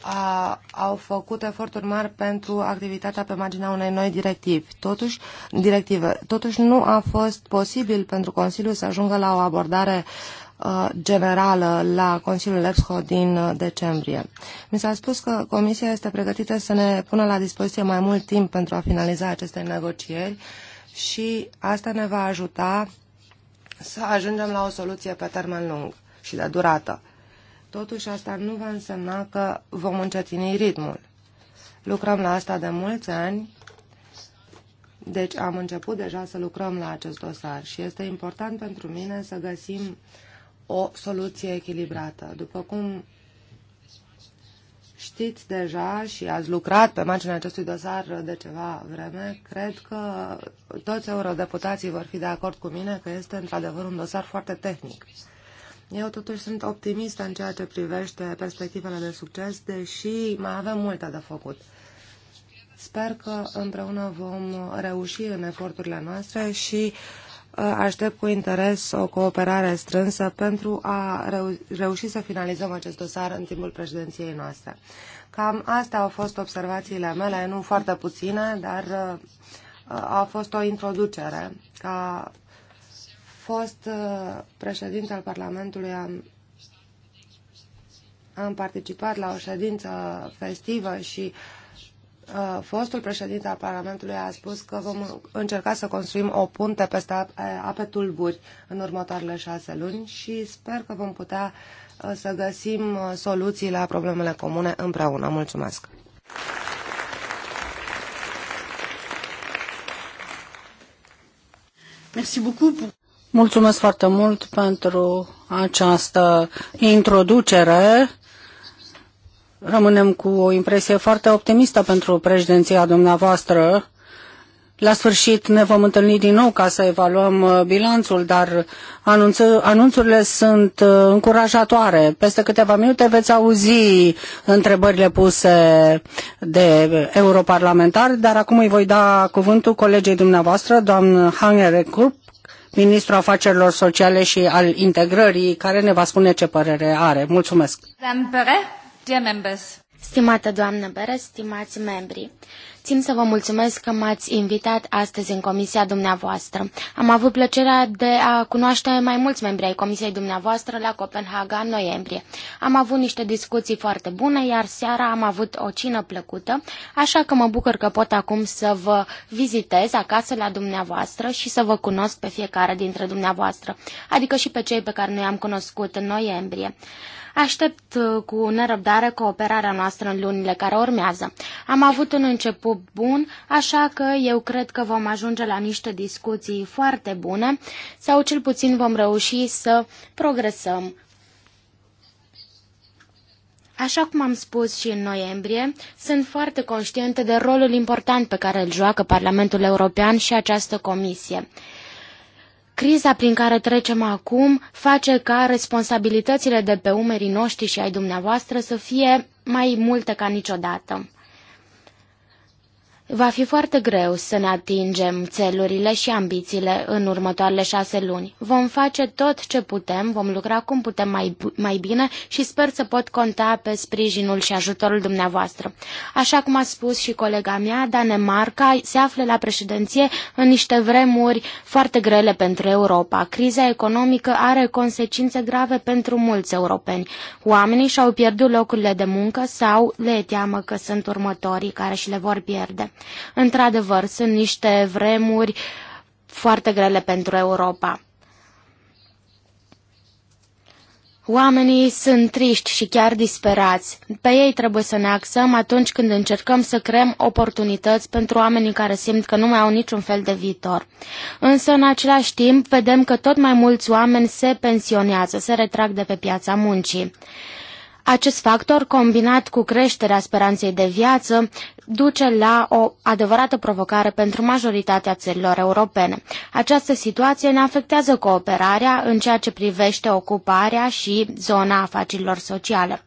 a, au făcut eforturi mari pentru activitatea pe marginea unei noi directive. Totuși, directive. Totuși nu a fost posibil pentru Consiliu să ajungă la o abordare uh, generală la Consiliul EPSCO din uh, decembrie. Mi s-a spus că Comisia este pregătită să ne pună la dispoziție mai mult timp pentru a finaliza aceste negocieri și asta ne va ajuta să ajungem la o soluție pe termen lung și de durată. Totuși, asta nu va însemna că vom încetini ritmul. Lucrăm la asta de mulți ani, deci am început deja să lucrăm la acest dosar și este important pentru mine să găsim o soluție echilibrată. După cum știți deja și ați lucrat pe marginea acestui dosar de ceva vreme, cred că toți eurodeputații vor fi de acord cu mine că este într-adevăr un dosar foarte tehnic. Eu totuși sunt optimistă în ceea ce privește perspectivele de succes, deși mai avem multe de făcut. Sper că împreună vom reuși în eforturile noastre și uh, aștept cu interes o cooperare strânsă pentru a reu reuși să finalizăm acest dosar în timpul președinției noastre. Cam astea au fost observațiile mele, nu foarte puține, dar uh, uh, a fost o introducere ca fost uh, președinte al Parlamentului, am, am participat la o ședință festivă și uh, fostul președinte al Parlamentului a spus că vom încerca să construim o punte peste eh, ape tulburi în următoarele șase luni și sper că vom putea uh, să găsim soluții la problemele comune împreună. Mulțumesc! Merci beaucoup. Mulțumesc foarte mult pentru această introducere. Rămânem cu o impresie foarte optimistă pentru președinția dumneavoastră. La sfârșit ne vom întâlni din nou ca să evaluăm uh, bilanțul, dar anunț- anunțurile sunt uh, încurajatoare. Peste câteva minute veți auzi întrebările puse de europarlamentari, dar acum îi voi da cuvântul colegei dumneavoastră, doamnă Hangere Krupp, ministrul afacerilor sociale și al integrării, care ne va spune ce părere are. Mulțumesc! Stimată doamnă Bere, stimați membri, Țin să vă mulțumesc că m-ați invitat astăzi în comisia dumneavoastră. Am avut plăcerea de a cunoaște mai mulți membri ai comisiei dumneavoastră la Copenhaga în noiembrie. Am avut niște discuții foarte bune, iar seara am avut o cină plăcută, așa că mă bucur că pot acum să vă vizitez acasă la dumneavoastră și să vă cunosc pe fiecare dintre dumneavoastră, adică și pe cei pe care noi am cunoscut în noiembrie. Aștept uh, cu nerăbdare cooperarea noastră în lunile care urmează. Am avut un început bun, așa că eu cred că vom ajunge la niște discuții foarte bune sau cel puțin vom reuși să progresăm. Așa cum am spus și în noiembrie, sunt foarte conștientă de rolul important pe care îl joacă Parlamentul European și această comisie. Criza prin care trecem acum face ca responsabilitățile de pe umerii noștri și ai dumneavoastră să fie mai multe ca niciodată. Va fi foarte greu să ne atingem țelurile și ambițiile în următoarele șase luni. Vom face tot ce putem, vom lucra cum putem mai, mai bine și sper să pot conta pe sprijinul și ajutorul dumneavoastră. Așa cum a spus și colega mea, Danemarca se află la președinție în niște vremuri foarte grele pentru Europa. Criza economică are consecințe grave pentru mulți europeni. Oamenii și-au pierdut locurile de muncă sau le teamă că sunt următorii care și le vor pierde. Într-adevăr, sunt niște vremuri foarte grele pentru Europa. Oamenii sunt triști și chiar disperați. Pe ei trebuie să ne axăm atunci când încercăm să creăm oportunități pentru oamenii care simt că nu mai au niciun fel de viitor. Însă, în același timp, vedem că tot mai mulți oameni se pensionează, se retrag de pe piața muncii. Acest factor, combinat cu creșterea speranței de viață, duce la o adevărată provocare pentru majoritatea țărilor europene. Această situație ne afectează cooperarea în ceea ce privește ocuparea și zona afacerilor sociale.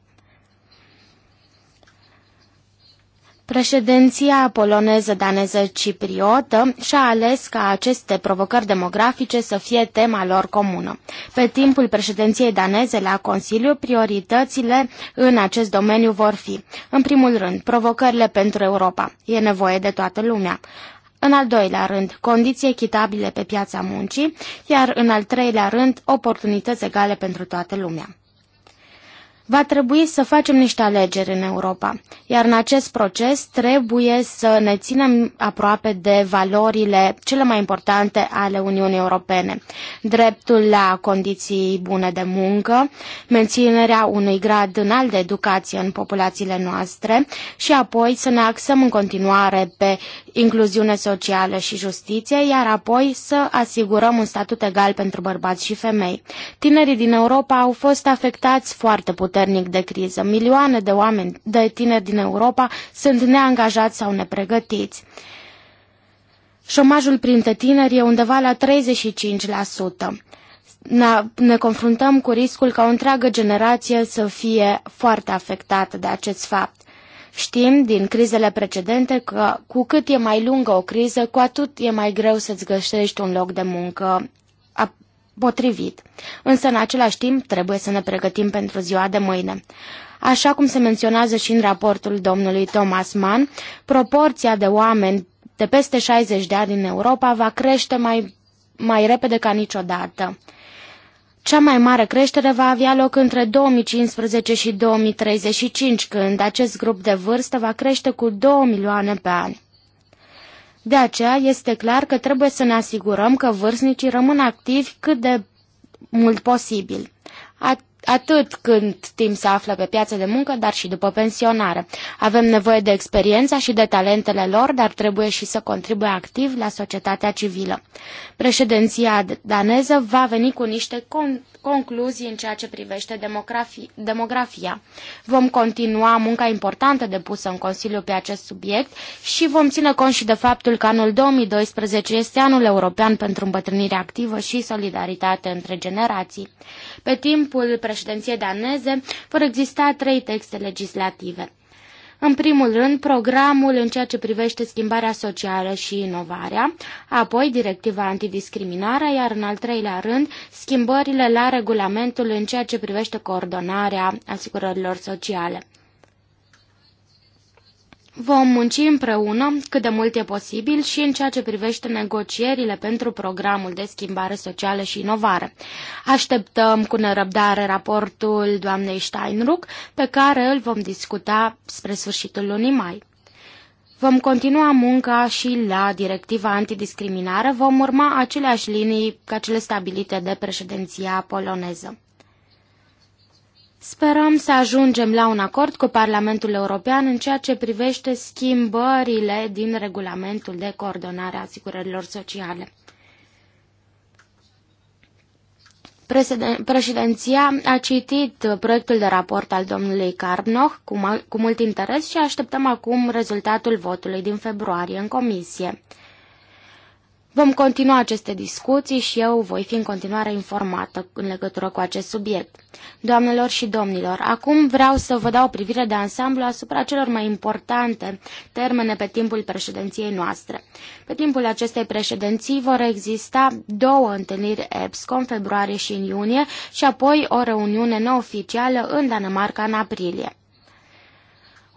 Președinția poloneză, daneză, cipriotă și-a ales ca aceste provocări demografice să fie tema lor comună. Pe timpul președinției daneze la Consiliu, prioritățile în acest domeniu vor fi, în primul rând, provocările pentru Europa. E nevoie de toată lumea. În al doilea rând, condiții echitabile pe piața muncii, iar în al treilea rând, oportunități egale pentru toată lumea. Va trebui să facem niște alegeri în Europa, iar în acest proces trebuie să ne ținem aproape de valorile cele mai importante ale Uniunii Europene. Dreptul la condiții bune de muncă, menținerea unui grad înalt de educație în populațiile noastre și apoi să ne axăm în continuare pe incluziune socială și justiție, iar apoi să asigurăm un statut egal pentru bărbați și femei. Tinerii din Europa au fost afectați foarte puternic de criză. Milioane de oameni de tineri din Europa sunt neangajați sau nepregătiți. Șomajul printre tineri e undeva la 35% ne confruntăm cu riscul ca o întreagă generație să fie foarte afectată de acest fapt. Știm din crizele precedente că cu cât e mai lungă o criză, cu atât e mai greu să-ți găsești un loc de muncă potrivit. Însă, în același timp, trebuie să ne pregătim pentru ziua de mâine. Așa cum se menționează și în raportul domnului Thomas Mann, proporția de oameni de peste 60 de ani în Europa va crește mai, mai repede ca niciodată. Cea mai mare creștere va avea loc între 2015 și 2035, când acest grup de vârstă va crește cu 2 milioane pe an. De aceea este clar că trebuie să ne asigurăm că vârstnicii rămân activi cât de mult posibil. At- atât când timp se află pe piața de muncă, dar și după pensionare. Avem nevoie de experiența și de talentele lor, dar trebuie și să contribuie activ la societatea civilă. Președinția daneză va veni cu niște con- concluzii în ceea ce privește demografi- demografia. Vom continua munca importantă depusă în Consiliu pe acest subiect și vom ține cont și de faptul că anul 2012 este anul european pentru îmbătrânire activă și solidaritate între generații. Pe timpul președinției președinție daneze vor exista trei texte legislative. În primul rând, programul în ceea ce privește schimbarea socială și inovarea, apoi directiva antidiscriminare, iar în al treilea rând, schimbările la regulamentul în ceea ce privește coordonarea asigurărilor sociale. Vom munci împreună cât de mult e posibil și în ceea ce privește negocierile pentru programul de schimbare socială și inovare. Așteptăm cu nerăbdare raportul doamnei Steinruck, pe care îl vom discuta spre sfârșitul lunii mai. Vom continua munca și la directiva antidiscriminare, vom urma aceleași linii ca cele stabilite de președinția poloneză. Sperăm să ajungem la un acord cu Parlamentul European în ceea ce privește schimbările din regulamentul de coordonare a asigurărilor sociale. Președinția a citit proiectul de raport al domnului Carbnoch cu mult interes și așteptăm acum rezultatul votului din februarie în comisie. Vom continua aceste discuții și eu voi fi în continuare informată în legătură cu acest subiect. Doamnelor și domnilor, acum vreau să vă dau o privire de ansamblu asupra celor mai importante termene pe timpul președinției noastre. Pe timpul acestei președinții vor exista două întâlniri EPSCO în februarie și în iunie și apoi o reuniune neoficială în Danemarca în aprilie.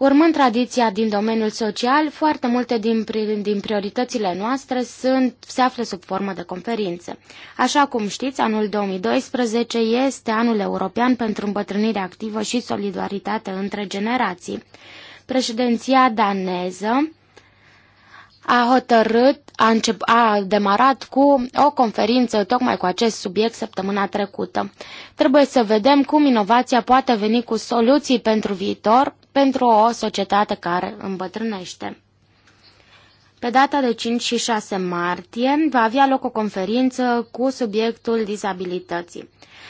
Urmând tradiția din domeniul social, foarte multe din, din prioritățile noastre sunt, se află sub formă de conferințe. Așa cum știți, anul 2012 este anul european pentru îmbătrânire activă și solidaritate între generații. Președinția daneză a hotărât, a, încep, a demarat cu o conferință tocmai cu acest subiect săptămâna trecută. Trebuie să vedem cum inovația poate veni cu soluții pentru viitor pentru o societate care îmbătrânește. Pe data de 5 și 6 martie va avea loc o conferință cu subiectul dizabilității.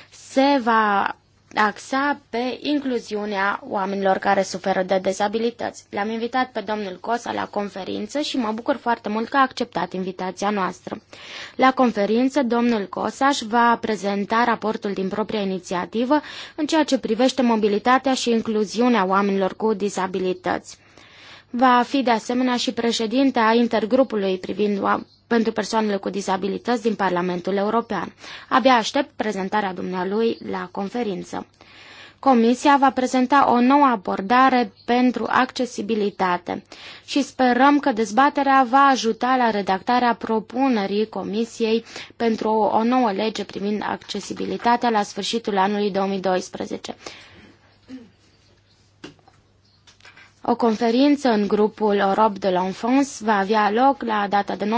Se va axa pe incluziunea oamenilor care suferă de dezabilități. L-am invitat pe domnul Cosa la conferință și mă bucur foarte mult că a acceptat invitația noastră. La conferință, domnul Cosa își va prezenta raportul din propria inițiativă în ceea ce privește mobilitatea și incluziunea oamenilor cu dizabilități. Va fi de asemenea și președinte a intergrupului privind pentru persoanele cu dizabilități din Parlamentul European. Abia aștept prezentarea dumnealui la conferință. Comisia va prezenta o nouă abordare pentru accesibilitate și sperăm că dezbaterea va ajuta la redactarea propunerii Comisiei pentru o nouă lege privind accesibilitatea la sfârșitul anului 2012. O conferință în grupul Europe de l'Enfance va avea loc la data de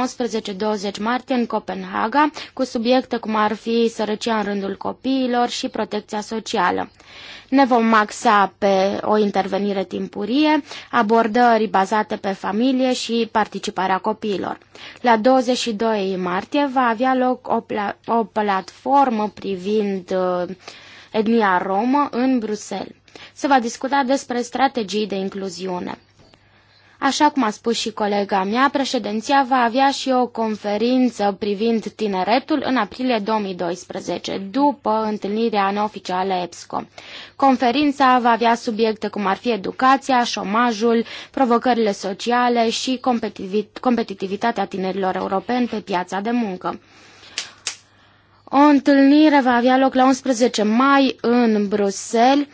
19-20 martie în Copenhaga, cu subiecte cum ar fi sărăcia în rândul copiilor și protecția socială. Ne vom maxa pe o intervenire timpurie, abordări bazate pe familie și participarea copiilor. La 22 martie va avea loc o, pla- o platformă privind uh, etnia romă în Bruxelles. Se va discuta despre strategii de incluziune. Așa cum a spus și colega mea, președinția va avea și o conferință privind tineretul în aprilie 2012, după întâlnirea neoficială EPSCO. Conferința va avea subiecte cum ar fi educația, șomajul, provocările sociale și competitivitatea tinerilor europeni pe piața de muncă. O întâlnire va avea loc la 11 mai în Bruxelles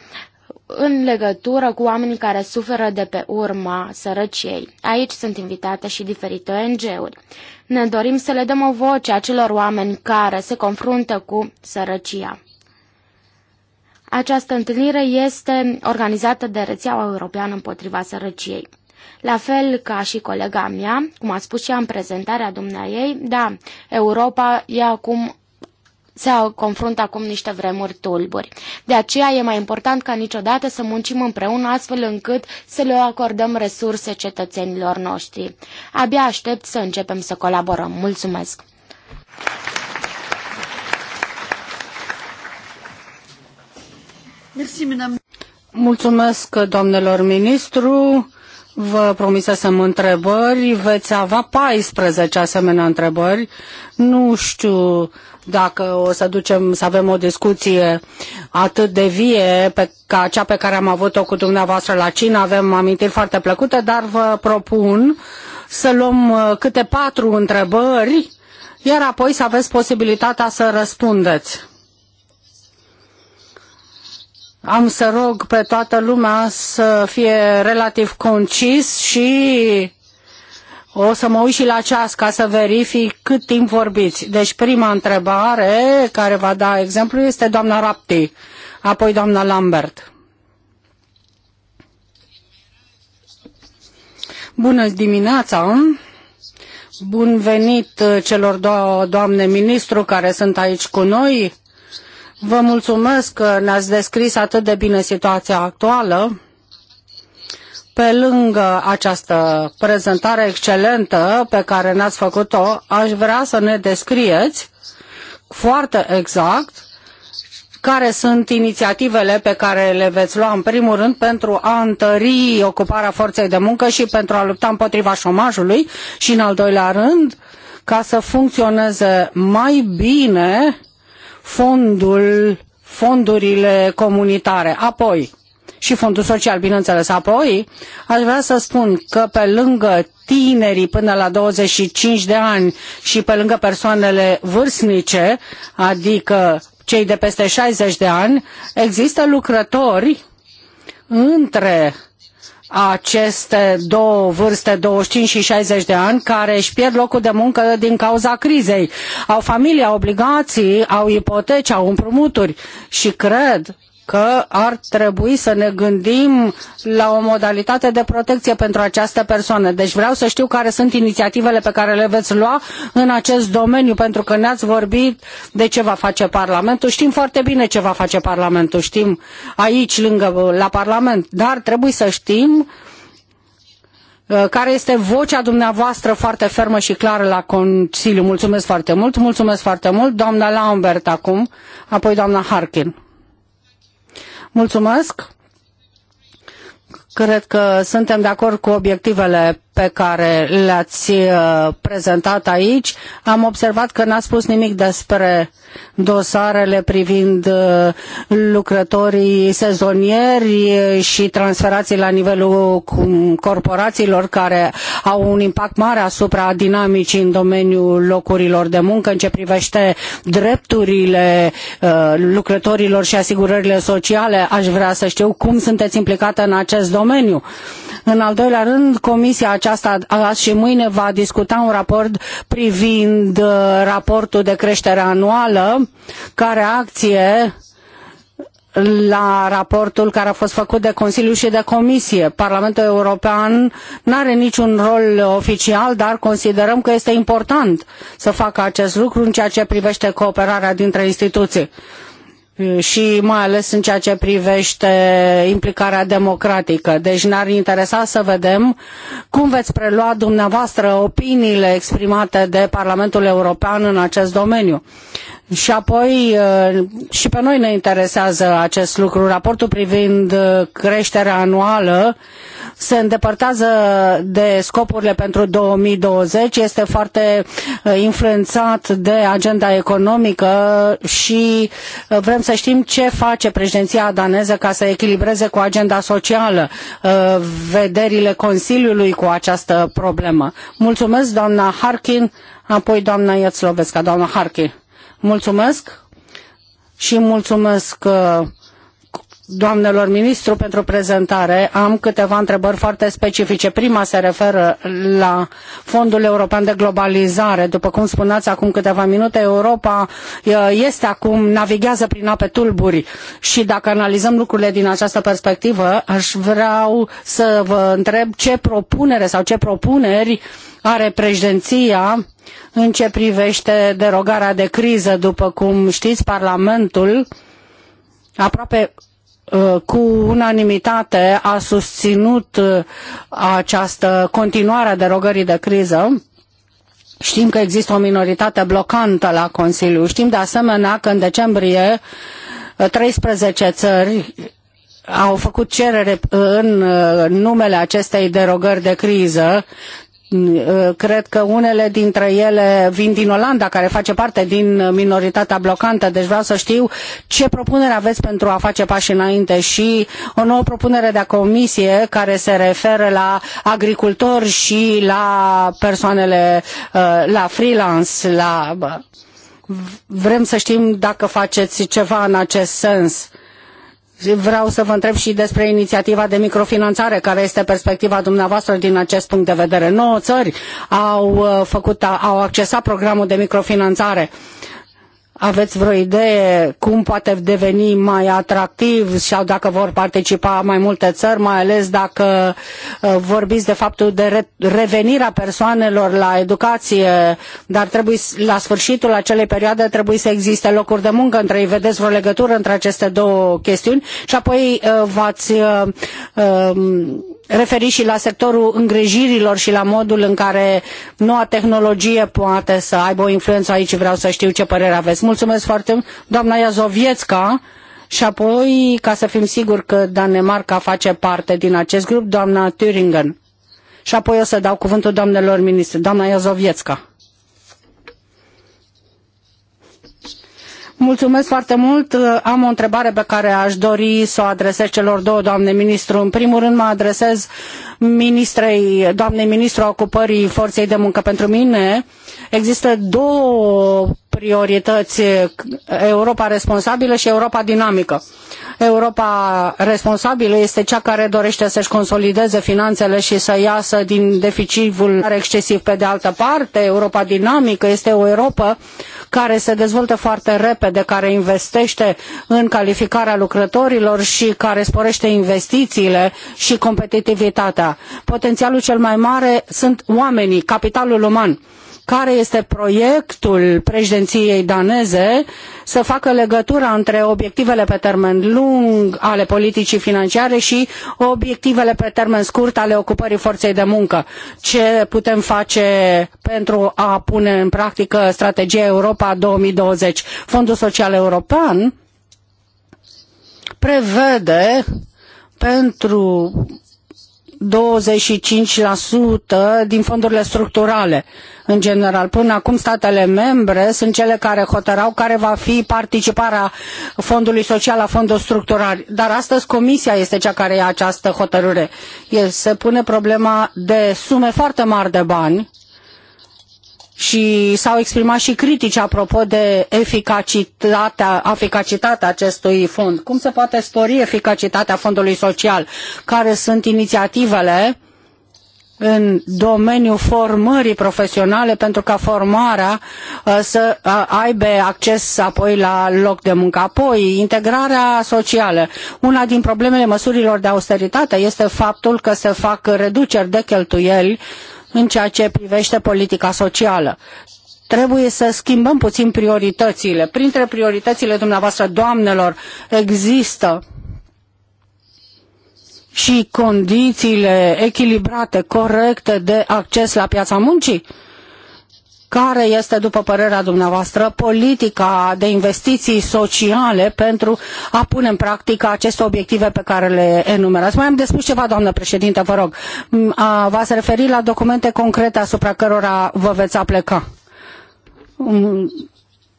în legătură cu oamenii care suferă de pe urma sărăciei. Aici sunt invitate și diferite ONG-uri. Ne dorim să le dăm o voce acelor oameni care se confruntă cu sărăcia. Această întâlnire este organizată de Rețeaua Europeană împotriva sărăciei. La fel ca și colega mea, cum a spus și ea în prezentarea dumneaei, da, Europa e acum se confruntă acum niște vremuri tulburi. De aceea e mai important ca niciodată să muncim împreună astfel încât să le acordăm resurse cetățenilor noștri. Abia aștept să începem să colaborăm. Mulțumesc! Mulțumesc doamnelor ministru. Vă promisesem întrebări, veți avea 14 asemenea întrebări. Nu știu dacă o să ducem să avem o discuție atât de vie pe, ca cea pe care am avut-o cu dumneavoastră la cină, avem amintiri foarte plăcute, dar vă propun să luăm uh, câte patru întrebări, iar apoi să aveți posibilitatea să răspundeți. Am să rog pe toată lumea să fie relativ concis și o să mă uit și la ceas ca să verific cât timp vorbiți. Deci prima întrebare care va da exemplu este doamna Rapti, apoi doamna Lambert. Bună dimineața! Bun venit celor două doamne ministru care sunt aici cu noi. Vă mulțumesc că ne-ați descris atât de bine situația actuală pe lângă această prezentare excelentă pe care ne-ați făcut-o, aș vrea să ne descrieți foarte exact care sunt inițiativele pe care le veți lua în primul rând pentru a întări ocuparea forței de muncă și pentru a lupta împotriva șomajului și în al doilea rând ca să funcționeze mai bine fondul, fondurile comunitare. Apoi, și Fondul Social, bineînțeles. Apoi, aș vrea să spun că pe lângă tinerii până la 25 de ani și pe lângă persoanele vârstnice, adică cei de peste 60 de ani, există lucrători între aceste două vârste, 25 și 60 de ani, care își pierd locul de muncă din cauza crizei. Au familie, au obligații, au ipoteci, au împrumuturi și cred că ar trebui să ne gândim la o modalitate de protecție pentru această persoană. Deci vreau să știu care sunt inițiativele pe care le veți lua în acest domeniu, pentru că ne-ați vorbit de ce va face Parlamentul. Știm foarte bine ce va face Parlamentul, știm aici, lângă, la Parlament, dar trebuie să știm uh, care este vocea dumneavoastră foarte fermă și clară la Consiliu. Mulțumesc foarte mult, mulțumesc foarte mult. Doamna Lambert acum, apoi doamna Harkin. Mulțumesc! Cred că suntem de acord cu obiectivele pe care le-ați uh, prezentat aici, am observat că n-ați spus nimic despre dosarele privind uh, lucrătorii sezonieri și transferații la nivelul corporațiilor care au un impact mare asupra dinamicii în domeniul locurilor de muncă în ce privește drepturile uh, lucrătorilor și asigurările sociale. Aș vrea să știu cum sunteți implicată în acest domeniu. În al doilea rând, comisia aceasta aceasta azi și mâine va discuta un raport privind uh, raportul de creștere anuală ca reacție la raportul care a fost făcut de Consiliu și de Comisie. Parlamentul European nu are niciun rol oficial, dar considerăm că este important să facă acest lucru în ceea ce privește cooperarea dintre instituții. Mm, și mai ales în ceea ce privește implicarea democratică. Deci ne-ar interesa să vedem cum veți prelua dumneavoastră opiniile exprimate de Parlamentul European în acest domeniu. Și apoi uh, și pe noi ne interesează acest lucru. Raportul privind uh, creșterea anuală se îndepărtează de scopurile pentru 2020, este foarte uh, influențat de agenda economică și uh, vrem să știm ce face președinția daneză ca să echilibreze cu agenda socială uh, vederile Consiliului cu această problemă. Mulțumesc, doamna Harkin, apoi doamna Iețlovesca, doamna Harkin. Mulțumesc și mulțumesc doamnelor ministru pentru prezentare. Am câteva întrebări foarte specifice. Prima se referă la Fondul European de Globalizare. După cum spuneați acum câteva minute, Europa este acum, navighează prin ape tulburi și dacă analizăm lucrurile din această perspectivă, aș vrea să vă întreb ce propunere sau ce propuneri are președinția în ce privește derogarea de criză. După cum știți, Parlamentul aproape Uh, cu unanimitate a susținut uh, această continuare a derogării de criză. Știm că există o minoritate blocantă la Consiliu. Știm de asemenea că în decembrie 13 uh, țări au făcut cerere în numele acestei derogări de criză, Uh, cred că unele dintre ele vin din Olanda, care face parte din minoritatea blocantă, deci vreau să știu ce propunere aveți pentru a face pași înainte și o nouă propunere de a comisie care se referă la agricultori și la persoanele, uh, la freelance, la... Vrem să știm dacă faceți ceva în acest sens Vreau să vă întreb și despre inițiativa de microfinanțare, care este perspectiva dumneavoastră din acest punct de vedere. Nouă țări au, uh, făcut, au accesat programul de microfinanțare. Uh, aveți vreo idee cum poate deveni mai atractiv sau dacă vor participa mai multe țări, mai ales dacă uh, vorbiți de faptul de revenirea persoanelor la educație, dar trebuie la sfârșitul acelei perioade trebuie să existe locuri de muncă între ei. Vedeți vreo legătură între aceste două chestiuni și apoi uh, v-ați uh, referit și la sectorul îngrijirilor și la modul în care noua tehnologie poate să aibă o influență aici. Vreau să știu ce părere aveți. Mulțumesc foarte mult, doamna Iazovietska. Și apoi, ca să fim siguri că Danemarca face parte din acest grup, doamna Thüringen. Și apoi o să dau cuvântul doamnelor ministri. Doamna Iazovietska. Mulțumesc foarte mult. Am o întrebare pe care aș dori să o adresez celor două, doamne ministru. În primul rând mă adresez ministrei, doamnei ministru a ocupării forței de muncă pentru mine. Uh, Există două priorități, Europa responsabilă și Europa dinamică. Europa responsabilă este cea care dorește să-și consolideze finanțele și să iasă din deficitul excesiv. Pe de altă parte, Europa dinamică este o Europa care se dezvoltă foarte repede, care investește în calificarea lucrătorilor și care sporește investițiile și competitivitatea. Potențialul cel mai mare sunt oamenii, capitalul uman care este proiectul președinției daneze să facă legătura între obiectivele pe termen lung ale politicii financiare și obiectivele pe termen scurt ale ocupării forței de muncă. Ce putem face pentru a pune în practică strategia Europa 2020? Fondul Social European prevede pentru 25% din fondurile structurale. În general, până acum statele membre sunt cele care hotărau care va fi participarea Fondului Social la Fondul Structural. Dar astăzi Comisia este cea care ia această hotărâre. El se pune problema de sume foarte mari de bani și s-au exprimat și critici apropo de eficacitatea, eficacitatea acestui fond. Cum se poate spori eficacitatea fondului social? Care sunt inițiativele în domeniul formării profesionale pentru ca formarea uh, să uh, aibă acces apoi la loc de muncă. Apoi, integrarea socială. Una din problemele măsurilor de austeritate este faptul că se fac reduceri de cheltuieli în ceea ce privește politica socială. Trebuie să schimbăm puțin prioritățile. Printre prioritățile dumneavoastră, doamnelor, există și condițiile echilibrate, corecte de acces la piața muncii? care este, după părerea dumneavoastră, politica de investiții sociale pentru a pune în practică aceste obiective pe care le enumerați. Mai am de spus ceva, doamnă președinte, vă rog. Mm, v-ați referit la documente concrete asupra cărora vă veți apleca. Mm,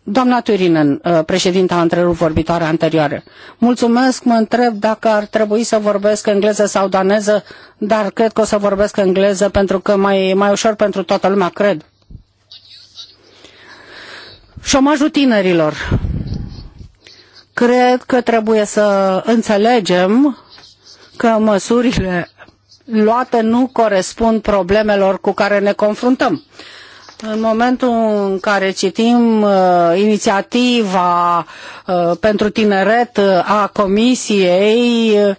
doamna Turinen, uh, președinta întrerup vorbitoare anterioare. Mulțumesc, mă întreb dacă ar trebui să vorbesc engleză sau daneză, dar cred că o să vorbesc engleză pentru că mai mai ușor pentru toată lumea, cred. Șomajul tinerilor. Cred că trebuie să înțelegem că măsurile luate nu corespund problemelor cu care ne confruntăm. În momentul în care citim uh, inițiativa uh, pentru tineret uh, a Comisiei, uh,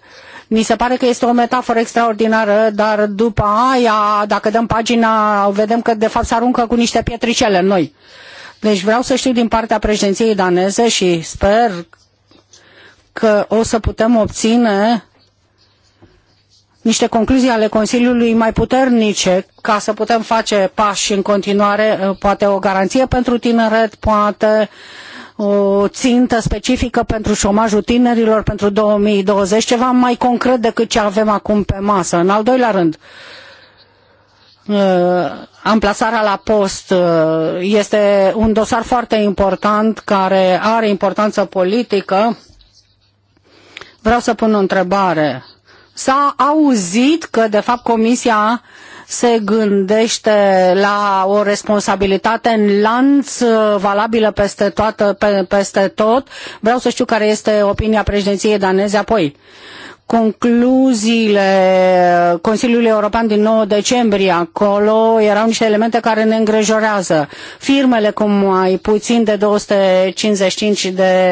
mi se pare că este o metaforă extraordinară, dar după aia, dacă dăm pagina, vedem că de fapt se aruncă cu niște pietricele în noi. Uh, deci vreau să știu din partea președinției daneze și sper că o să putem obține niște concluzii ale Consiliului mai puternice ca să putem face pași în continuare, uh, poate o garanție pentru tineret, poate o țintă specifică pentru șomajul tinerilor pentru 2020, ceva mai concret decât ce avem acum pe masă. În al doilea rând, Uh, amplasarea la post uh, este un dosar foarte important care are importanță politică. Vreau să pun o întrebare. S-a auzit că, de fapt, Comisia se gândește la o responsabilitate în lanț uh, valabilă peste, toată, pe, peste tot. Vreau să știu care este opinia președinției daneze apoi concluziile Consiliului European din 9 decembrie. Acolo erau niște elemente care ne îngrijorează. Firmele cu mai puțin de 255 de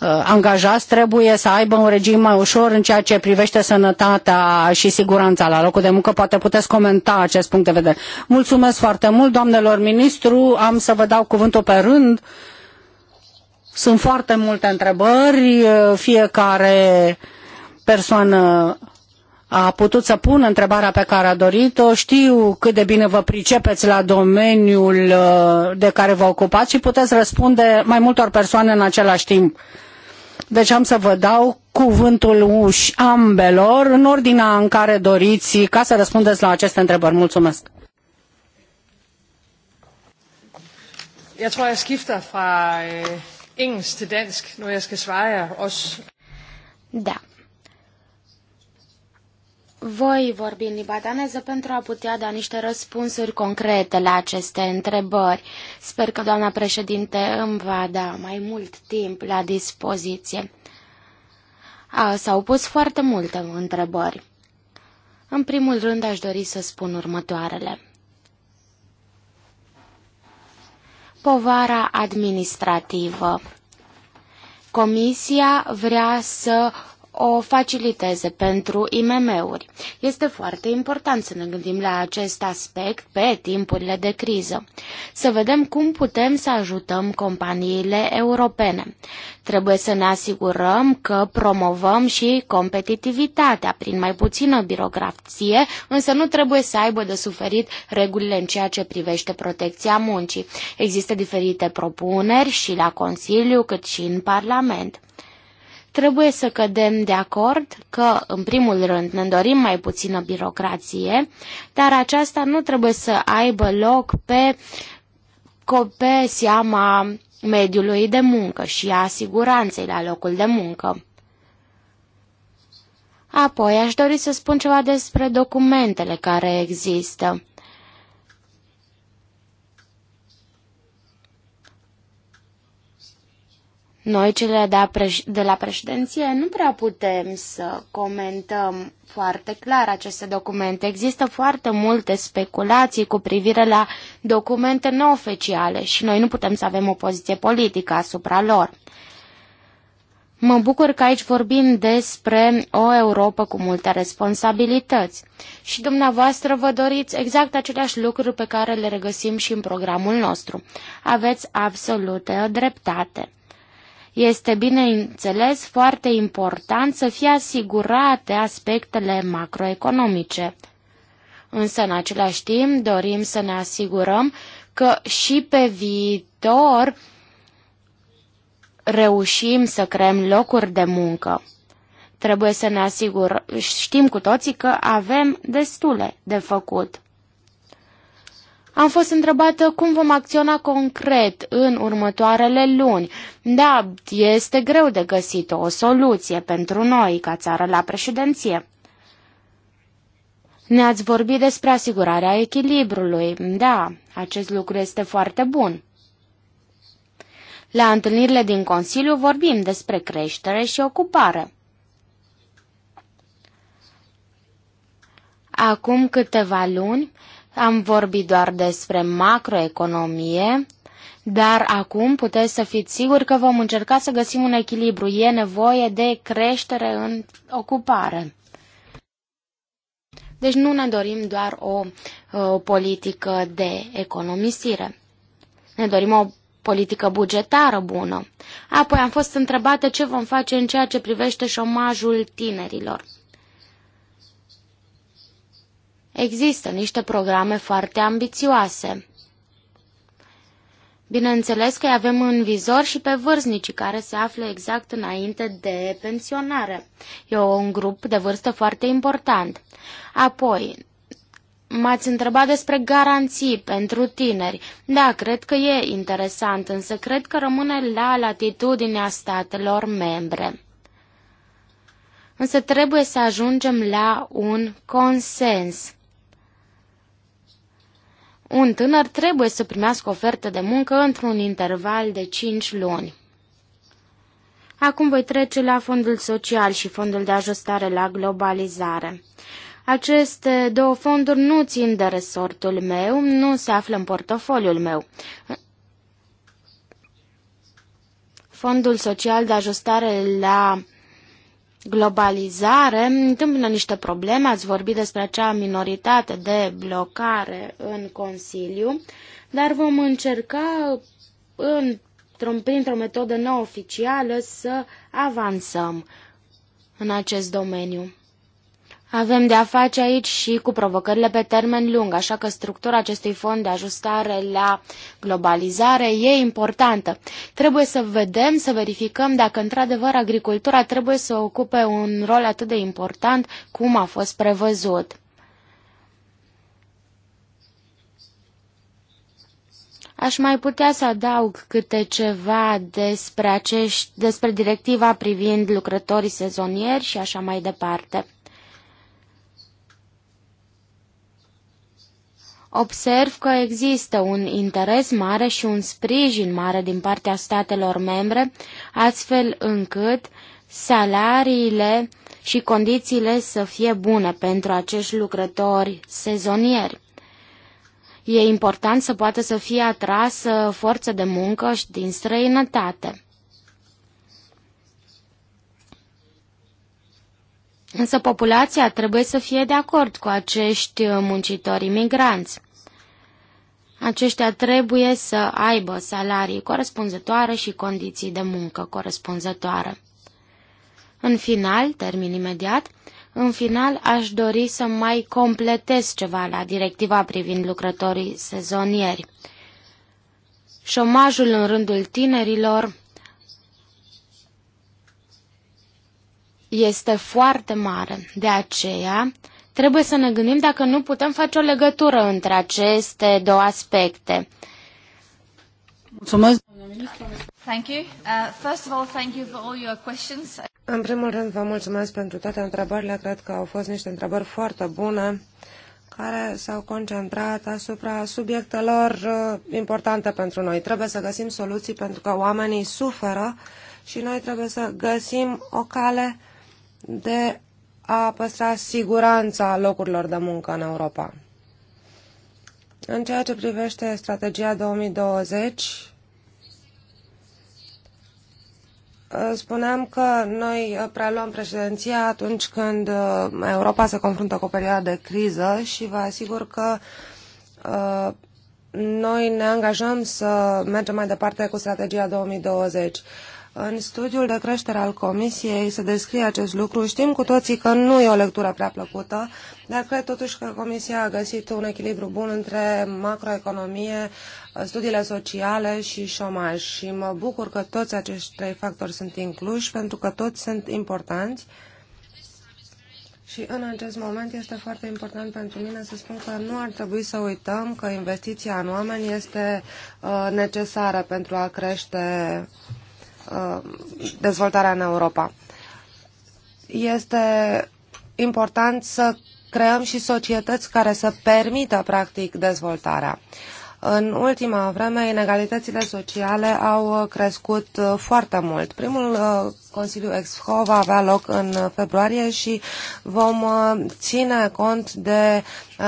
uh, angajați trebuie să aibă un regim mai ușor în ceea ce privește sănătatea și siguranța la locul de muncă. Poate puteți comenta acest punct de vedere. Mulțumesc foarte mult, doamnelor ministru. Am să vă dau cuvântul pe rând. Sunt foarte multe întrebări. Uh, fiecare uh, persoană a putut să pună întrebarea pe care a dorit-o. Știu cât de bine vă pricepeți la domeniul uh, de care vă ocupați și puteți răspunde mai multor persoane în același timp. Deci am să vă dau cuvântul uși ambelor în ordinea în care doriți ca să răspundeți la aceste întrebări. Mulțumesc! Jeg tror, jeg skifter fra øh, engelsk til dansk, når jeg skal svare jer også. Da. Voi vorbi în limba daneză pentru a putea da niște răspunsuri concrete la aceste întrebări. Sper că doamna președinte îmi va da mai mult timp la dispoziție. S-au pus foarte multe întrebări. În primul rând aș dori să spun următoarele. Povara administrativă. Comisia vrea să o faciliteze pentru IMM-uri. Este foarte important să ne gândim la acest aspect pe timpurile de criză. Să vedem cum putem să ajutăm companiile europene. Trebuie să ne asigurăm că promovăm și competitivitatea prin mai puțină birocrație, însă nu trebuie să aibă de suferit regulile în ceea ce privește protecția muncii. Există diferite propuneri și la Consiliu cât și în Parlament. Trebuie să cădem de acord că, în primul rând, ne dorim mai puțină birocrație, dar aceasta nu trebuie să aibă loc pe, pe seama mediului de muncă și a siguranței la locul de muncă. Apoi aș dori să spun ceva despre documentele care există. Noi, cele de, preș- de la președinție, nu prea putem să comentăm foarte clar aceste documente. Există foarte multe speculații cu privire la documente neoficiale și noi nu putem să avem o poziție politică asupra lor. Mă bucur că aici vorbim despre o Europa cu multe responsabilități. Și dumneavoastră vă doriți exact aceleași lucruri pe care le regăsim și în programul nostru. Aveți absolută dreptate. Este, bineînțeles, foarte important să fie asigurate aspectele macroeconomice. Însă, în același timp, dorim să ne asigurăm că și pe viitor reușim să creăm locuri de muncă. Trebuie să ne asigurăm, știm cu toții că avem destule de făcut. Am fost întrebată cum vom acționa concret în următoarele luni. Da, este greu de găsit o soluție pentru noi ca țară la președinție. Ne-ați vorbit despre asigurarea echilibrului. Da, acest lucru este foarte bun. La întâlnirile din Consiliu vorbim despre creștere și ocupare. Acum câteva luni, am vorbit doar despre macroeconomie, dar acum puteți să fiți siguri că vom încerca să găsim un echilibru. E nevoie de creștere în ocupare. Deci nu ne dorim doar o, o politică de economisire. Ne dorim o politică bugetară bună. Apoi am fost întrebată ce vom face în ceea ce privește șomajul tinerilor. Există niște programe foarte ambițioase. Bineînțeles că avem în vizor și pe vârstnicii care se află exact înainte de pensionare. E un grup de vârstă foarte important. Apoi, m-ați întrebat despre garanții pentru tineri. Da, cred că e interesant, însă cred că rămâne la latitudinea statelor membre. Însă trebuie să ajungem la un consens un tânăr trebuie să primească ofertă de muncă într-un interval de 5 luni. Acum voi trece la Fondul Social și Fondul de Ajustare la Globalizare. Aceste două fonduri nu țin de resortul meu, nu se află în portofoliul meu. Fondul Social de Ajustare la globalizare întâmplă niște probleme, ați vorbit despre acea minoritate de blocare în Consiliu, dar vom încerca în, printr-o metodă neoficială să avansăm în acest domeniu. Avem de a face aici și cu provocările pe termen lung, așa că structura acestui fond de ajustare la globalizare e importantă. Trebuie să vedem, să verificăm dacă într-adevăr agricultura trebuie să ocupe un rol atât de important cum a fost prevăzut. Aș mai putea să adaug câte ceva despre, acești, despre directiva privind lucrătorii sezonieri și așa mai departe. observ că există un interes mare și un sprijin mare din partea statelor membre, astfel încât salariile și condițiile să fie bune pentru acești lucrători sezonieri. E important să poată să fie atrasă forță de muncă și din străinătate. Însă populația trebuie să fie de acord cu acești muncitori imigranți. Aceștia trebuie să aibă salarii corespunzătoare și condiții de muncă corespunzătoare. În final, termin imediat, în final aș dori să mai completez ceva la directiva privind lucrătorii sezonieri. Șomajul în rândul tinerilor este foarte mare, de aceea Trebuie să ne gândim dacă nu putem face o legătură între aceste două aspecte. Mulțumesc, Thank you. Uh, first of all, thank you for all your questions. În primul rând, vă mulțumesc pentru toate întrebările. Cred că au fost niște întrebări foarte bune care s-au concentrat asupra subiectelor uh, importante pentru noi. Trebuie să găsim soluții pentru că oamenii suferă și noi trebuie să găsim o cale de a păstra siguranța locurilor de muncă în Europa. În ceea ce privește strategia 2020, Spuneam că noi preluăm președinția atunci când uh, Europa se confruntă cu o perioadă de criză și vă asigur că uh, noi ne angajăm să mergem mai departe cu strategia 2020. În studiul de creștere al Comisiei se descrie acest lucru. Știm cu toții că nu e o lectură prea plăcută, dar cred totuși că Comisia a găsit un echilibru bun între macroeconomie, studiile sociale și șomaj. Și mă bucur că toți acești trei factori sunt incluși, pentru că toți sunt importanți. Și în acest moment este foarte important pentru mine să spun că nu ar trebui să uităm că investiția în oameni este uh, necesară pentru a crește Uh, dezvoltarea în Europa. Este important să creăm și societăți care să permită, practic, dezvoltarea. În ultima vreme, inegalitățile sociale au uh, crescut uh, foarte mult. Primul Consiliu EXFO va avea loc în februarie și vom ține cont de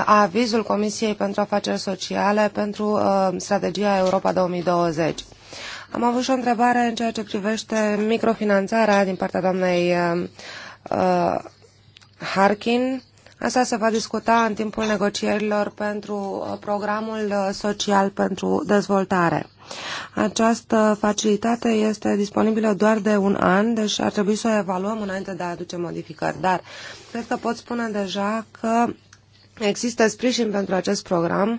avizul Comisiei pentru Afaceri Sociale pentru strategia Europa 2020. Am avut și o întrebare în ceea ce privește microfinanțarea din partea doamnei uh, uh Harkin. Asta se va discuta în timpul negocierilor pentru uh, programul uh, social pentru dezvoltare. Această facilitate este disponibilă doar de un an, deci ar trebui să o evaluăm înainte de a aduce modificări. Dar cred că pot spune deja că există sprijin pentru acest program uh,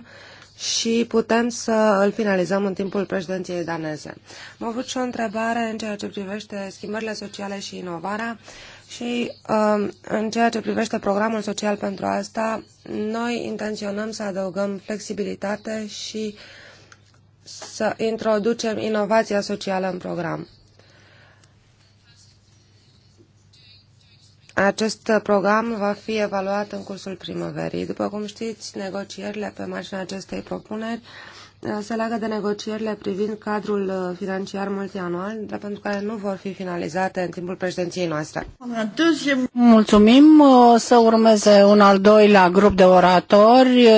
și putem să îl finalizăm în timpul președinției daneze. Am avut și o întrebare în ceea ce privește schimbările sociale și inovarea și um, în ceea ce privește programul social pentru asta, noi intenționăm să adăugăm flexibilitate și să introducem inovația socială în program. Acest program va fi evaluat în cursul primăverii. După cum știți, negocierile pe marginea acestei propuneri uh, se leagă de negocierile privind cadrul uh, financiar multianual, dar pentru care nu vor fi finalizate în timpul președinției noastre. Mulțumim. Uh, să urmeze un al doilea grup de oratori.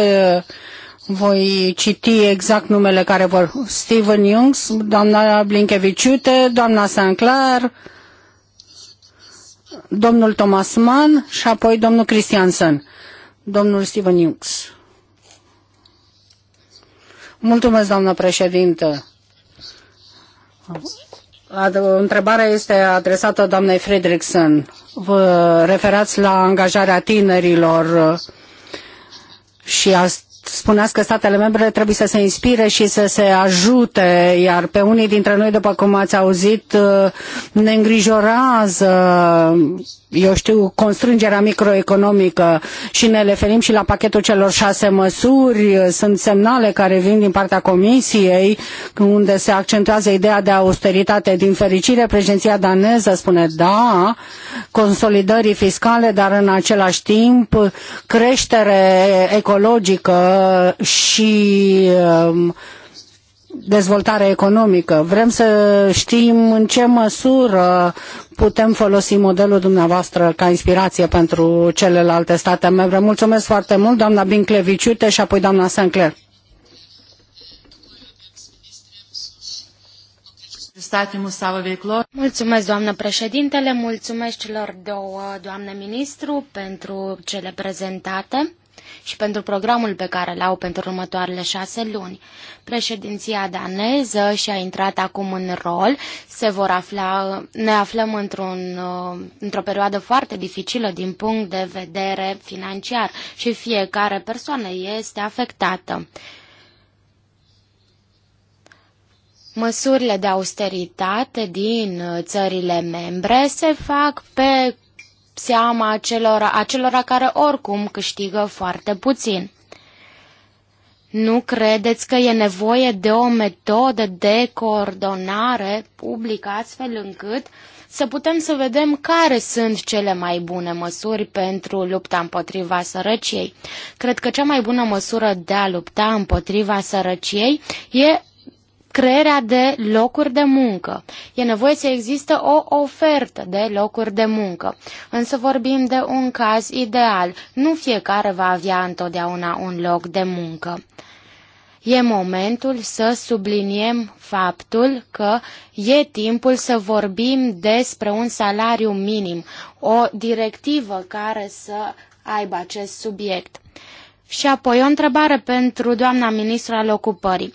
Voi citi exact numele care vor. Steven Jungs, doamna Blinkeviciute, doamna Sinclair, domnul Thomas Mann și apoi domnul Christiansen, domnul Steven Hughes. Mulțumesc, doamnă președintă. Întrebarea este adresată doamnei Fredrickson. Vă referați la angajarea tinerilor și a spuneați că statele membre trebuie să se inspire și să se ajute, iar pe unii dintre noi, după cum ați auzit, ne îngrijorează, eu știu, constrângerea microeconomică și ne referim și la pachetul celor șase măsuri. Sunt semnale care vin din partea Comisiei, unde se accentuează ideea de austeritate. Din fericire, președinția daneză spune da consolidării fiscale, dar în același timp creștere ecologică Uh, și um, dezvoltare economică. Vrem să știm în ce măsură putem folosi modelul dumneavoastră ca inspirație pentru celelalte state membre. Mulțumesc foarte mult, doamna Binkleviciute și apoi doamna Sancler. Mulțumesc, doamnă președintele, mulțumesc celor două doamne ministru pentru cele prezentate și pentru programul pe care l-au pentru următoarele șase luni. Președinția daneză și-a intrat acum în rol, se vor afla, ne aflăm într-un, uh, într-o perioadă foarte dificilă din punct de vedere financiar și fiecare persoană este afectată. Măsurile de austeritate din uh, țările membre se fac pe seama acelora, acelora care oricum câștigă foarte puțin. Nu credeți că e nevoie de o metodă de coordonare publică astfel încât să putem să vedem care sunt cele mai bune măsuri pentru lupta împotriva sărăciei. Cred că cea mai bună măsură de a lupta împotriva sărăciei e crearea de locuri de muncă. E nevoie să există o ofertă de locuri de muncă. Însă vorbim de un caz ideal. Nu fiecare va avea întotdeauna un loc de muncă. E momentul să subliniem faptul că e timpul să vorbim despre un salariu minim, o directivă care să aibă acest subiect. Și apoi o întrebare pentru doamna ministru al ocupării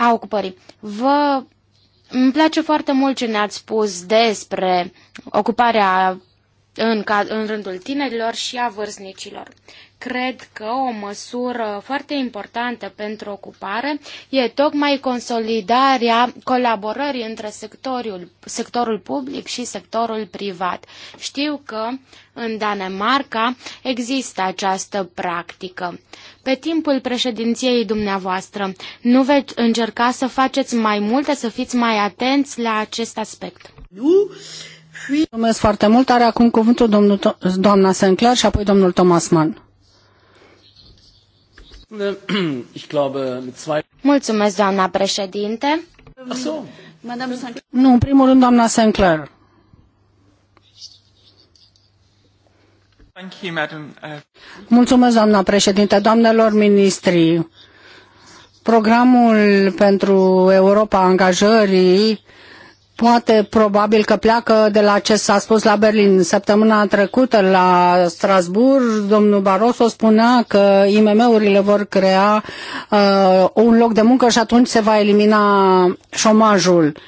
a ocupării. Vă îmi place foarte mult ce ne-ați spus despre ocuparea în, în rândul tinerilor și a vârstnicilor. Cred că o măsură foarte importantă pentru ocupare e tocmai consolidarea colaborării între sectorul, sectorul public și sectorul privat. Știu că în Danemarca există această practică. Uh, pe timpul președinției dumneavoastră, nu veți încerca să faceți mai multe, să fiți mai atenți la acest aspect? Nu. Mulțumesc foarte mult. Are acum cuvântul domnul, doamna Sinclair și apoi domnul Thomas Mann. Mulțumesc, doamna președinte. Nu, în primul rând, doamna Sinclair. Uh, Mulțumesc, doamna președinte, doamnelor ministri. Programul pentru Europa Angajării poate, probabil că pleacă de la ce s-a spus la Berlin. Săptămâna trecută la Strasbourg, domnul Barroso spunea că IMM-urile vor crea uh, un loc de muncă și atunci se va elimina șomajul. Uh,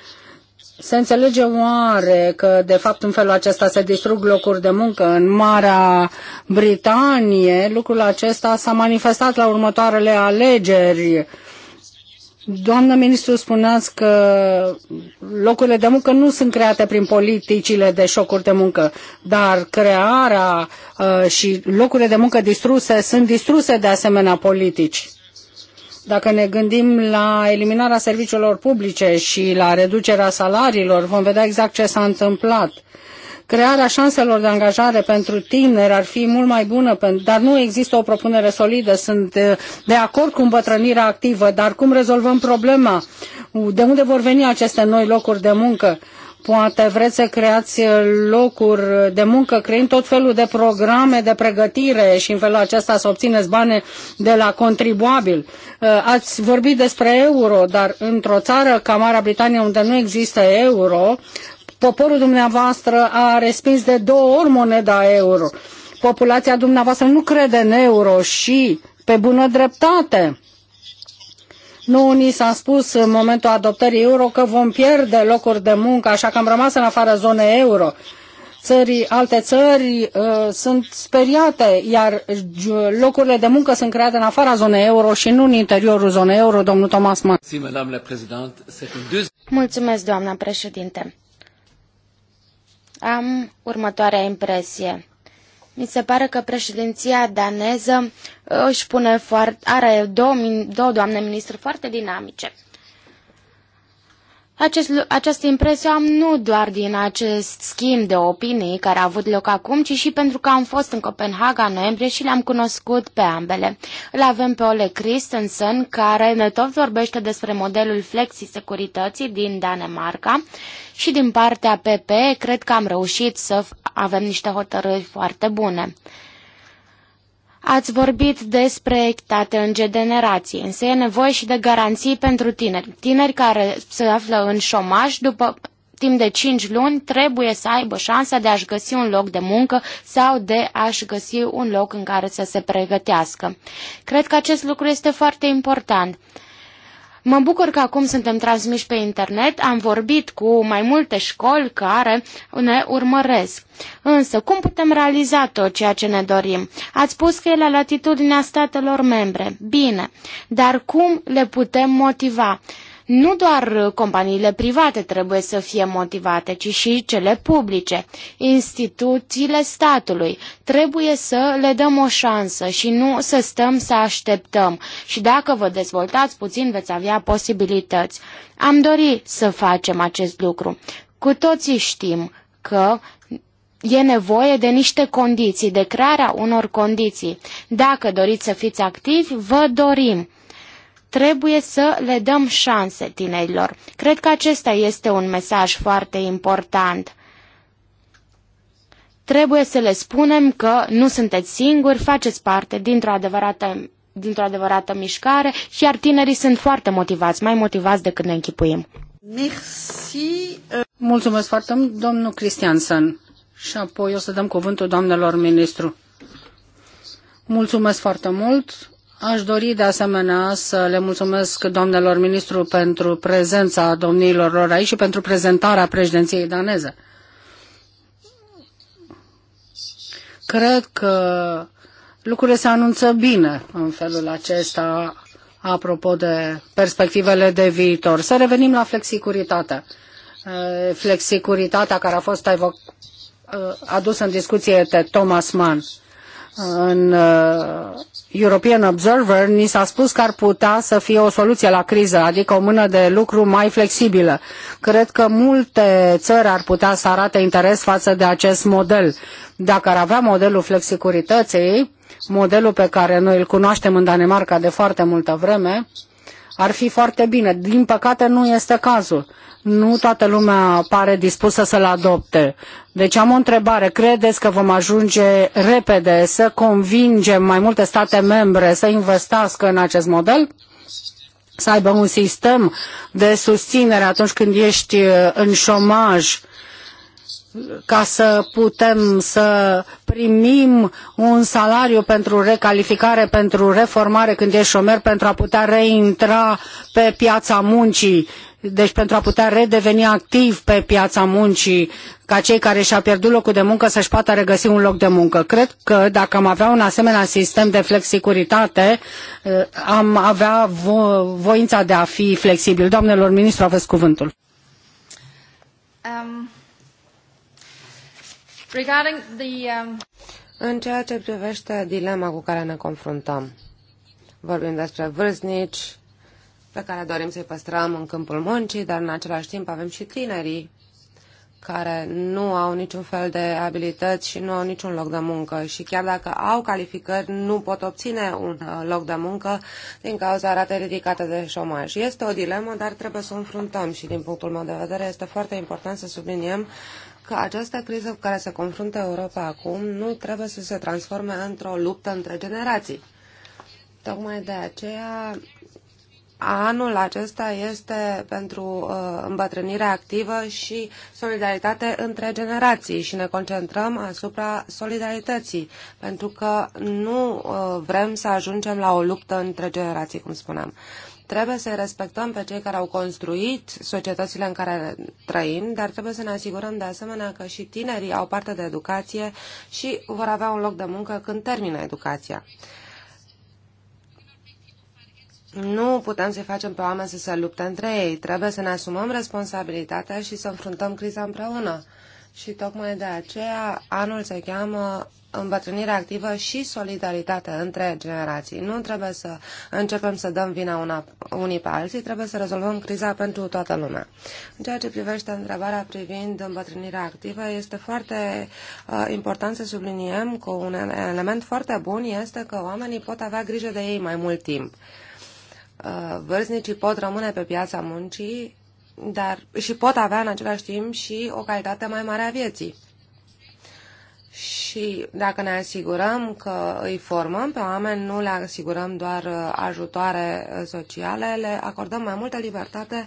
se înțelege oare că, de fapt, în felul acesta se distrug locuri de muncă în Marea Britanie? Lucrul acesta s-a manifestat la următoarele alegeri. Doamnă ministru, spuneați că locurile de muncă nu sunt create prin politicile de șocuri de muncă, dar crearea uh, și locurile de muncă distruse sunt distruse de asemenea politici. Dacă ne gândim la eliminarea serviciilor publice și la reducerea salariilor, vom vedea exact ce s-a întâmplat. Crearea șanselor de angajare pentru tineri ar fi mult mai bună, dar nu există o propunere solidă. Sunt uh, de acord cu îmbătrânirea activă, dar cum rezolvăm problema? De unde vor veni aceste noi locuri de muncă? Poate vreți să creați uh, locuri de muncă creând tot felul de programe de pregătire și în felul acesta să obțineți bani de la contribuabil. Uh, ați vorbit despre euro, dar într-o țară ca Marea Britanie unde nu există euro, poporul dumneavoastră a respins de două ori moneda euro. Populația dumneavoastră nu crede în euro și pe bună dreptate nu ni s-a spus în momentul adoptării euro că vom pierde locuri de muncă, așa că am rămas în afara zonei euro. Țării, alte țări uh, sunt speriate, iar uh, locurile de muncă sunt create în afara zonei euro și nu în interiorul zonei euro, domnul Thomas Mann. Mulțumesc, doamna președinte. Am următoarea impresie. Mi se pare că președinția daneză uh, își pune foarte, are două, două doamne ministru foarte dinamice. Acest, această impresie am nu doar din acest schimb de opinii care a avut loc acum, ci și pentru că am fost în Copenhaga în noiembrie și le-am cunoscut pe ambele. Îl avem pe Ole Christensen, care ne tot vorbește despre modelul flexi-securității din Danemarca și din partea PP cred că am reușit să avem niște hotărâri foarte bune. Ați vorbit despre echitate în generații, însă e nevoie și de garanții pentru tineri. Tineri care se află în șomaj după timp de 5 luni trebuie să aibă șansa de a-și găsi un loc de muncă sau de a-și găsi un loc în care să se pregătească. Cred că acest lucru este foarte important. Mă bucur că acum suntem transmiși pe internet, am vorbit cu mai multe școli care ne urmăresc. Însă, cum putem realiza tot ceea ce ne dorim? Ați spus că e la latitudinea statelor membre. Bine, dar cum le putem motiva? Nu doar uh, companiile private trebuie să fie motivate, ci și cele publice. Instituțiile statului trebuie să le dăm o șansă și nu să stăm să așteptăm. Și dacă vă dezvoltați puțin, veți avea posibilități. Am dorit să facem acest lucru. Cu toții știm că e nevoie de niște condiții, de crearea unor condiții. Dacă doriți să fiți activi, vă dorim. Trebuie să le dăm șanse tinerilor. Cred că acesta este un mesaj foarte important trebuie să le spunem că nu sunteți singuri, faceți parte dintr-o adevărată, dintr-o adevărată mișcare și iar tinerii sunt foarte motivați, mai motivați decât ne închipuim. Merci. Uh, Mulțumesc foarte mult, domnul Cristiansen. Și apoi o să dăm cuvântul doamnelor ministru. Mulțumesc foarte mult. Aș dori de asemenea să le mulțumesc doamnelor ministru pentru prezența domniilor lor aici și pentru prezentarea președinției daneze. Cred că lucrurile se anunță bine în felul acesta apropo de perspectivele de viitor. Să revenim la flexicuritatea, Flexicuritatea care a fost adusă în discuție de Thomas Mann în uh, European Observer ni s-a spus că ar putea să fie o soluție la criză, adică o mână de lucru mai flexibilă. Cred că multe țări ar putea să arate interes față de acest model. Dacă ar avea modelul flexicurității, modelul pe care noi îl cunoaștem în Danemarca de foarte multă vreme, ar fi foarte bine. Din păcate nu este cazul. Nu toată lumea pare dispusă să-l adopte. Deci am o întrebare. Credeți că vom ajunge repede să convingem mai multe state membre să investească în acest model? Să aibă un sistem de susținere atunci când ești uh, în șomaj ca să putem să primim un salariu pentru recalificare, pentru reformare când ești șomer, pentru a putea reintra pe piața muncii, deci pentru a putea redeveni activ pe piața muncii, ca cei care și-au pierdut locul de muncă să-și poată regăsi un loc de muncă. Cred că dacă am avea un asemenea sistem de flexicuritate, eh, am avea vo- voința de a fi flexibil. Doamnelor ministru, aveți cuvântul. Um... Regarding the, um... În ceea ce privește dilema cu care ne confruntăm, vorbim despre vârstnici pe care dorim să-i păstrăm în câmpul muncii, dar în același timp avem și tinerii care nu au niciun fel de abilități și nu au niciun loc de muncă și chiar dacă au calificări, nu pot obține un uh, loc de muncă din cauza ratei ridicate de șomaj. Este o dilemă, dar trebuie să o înfruntăm și din punctul meu de vedere este foarte important să subliniem că această criză cu care se confruntă Europa acum nu trebuie să se transforme într-o luptă între generații. Tocmai de aceea anul acesta este pentru uh, îmbătrânire activă și solidaritate între generații și ne concentrăm asupra solidarității, pentru că nu uh, vrem să ajungem la o luptă între generații, cum spuneam. Uh, Trebuie să respectăm pe cei care au construit societățile în care trăim, dar trebuie să ne asigurăm de asemenea că și tinerii au parte de educație și vor avea un loc de muncă când termină educația. Nu putem să-i facem pe oameni să se lupte între ei. Trebuie să ne asumăm responsabilitatea și să înfruntăm criza împreună. Și tocmai de aceea anul se cheamă îmbătrânire activă și solidaritate între generații. Nu trebuie să începem să dăm vina una, unii pe alții, trebuie să rezolvăm criza pentru toată lumea. În ceea ce privește întrebarea privind îmbătrânirea activă, este foarte uh, important să subliniem că un element foarte bun este că oamenii pot avea grijă de ei mai mult timp. Uh, vârstnicii pot rămâne pe piața muncii dar și pot avea în același timp și o calitate mai mare a vieții. Și dacă ne asigurăm că îi formăm pe oameni, nu le asigurăm doar uh, ajutoare uh, sociale, le acordăm mai multă libertate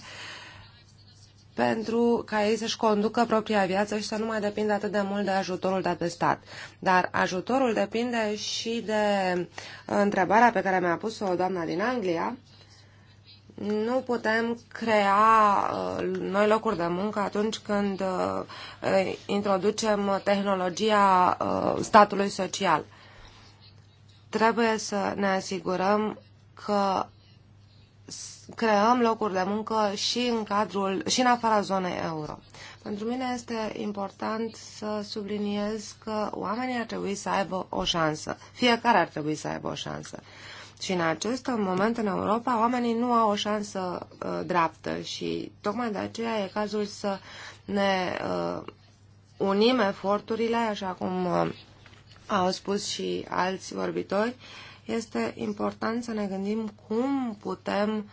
pentru ca ei să-și conducă propria viață și să nu mai depindă atât de mult de ajutorul dat de stat. Dar ajutorul depinde și de uh, întrebarea pe care mi-a pus-o doamna din Anglia, nu putem crea uh, noi locuri de muncă atunci când uh, introducem tehnologia uh, statului social. Trebuie să ne asigurăm că creăm locuri de muncă și în cadrul și în afara zonei euro. Pentru mine este important să subliniez că oamenii ar trebui să aibă o șansă. Fiecare ar trebui să aibă o șansă. Și în acest moment în Europa oamenii nu au o șansă uh, dreaptă și tocmai de aceea e cazul să ne uh, unim eforturile, așa cum uh, au spus și alți vorbitori, este important să ne gândim cum putem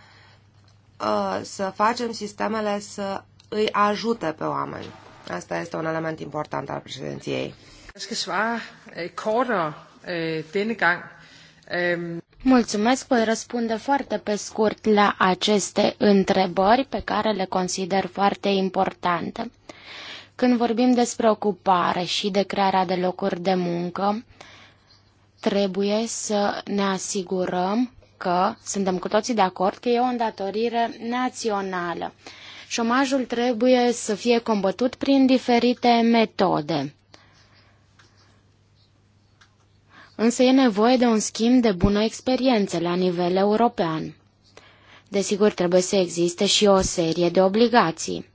uh, să facem sistemele să îi ajute pe oameni. Asta este un element important al președinției. Jeg skal svare øh, kortere øh, denne gang. Mulțumesc, voi răspunde foarte pe scurt la aceste întrebări pe care le consider foarte importante. Când vorbim despre ocupare și de crearea de locuri de muncă, trebuie să ne asigurăm că suntem cu toții de acord că e o îndatorire națională. Șomajul trebuie să fie combătut prin diferite metode. însă e nevoie de un schimb de bună experiență la nivel european. Desigur, trebuie să existe și o serie de obligații.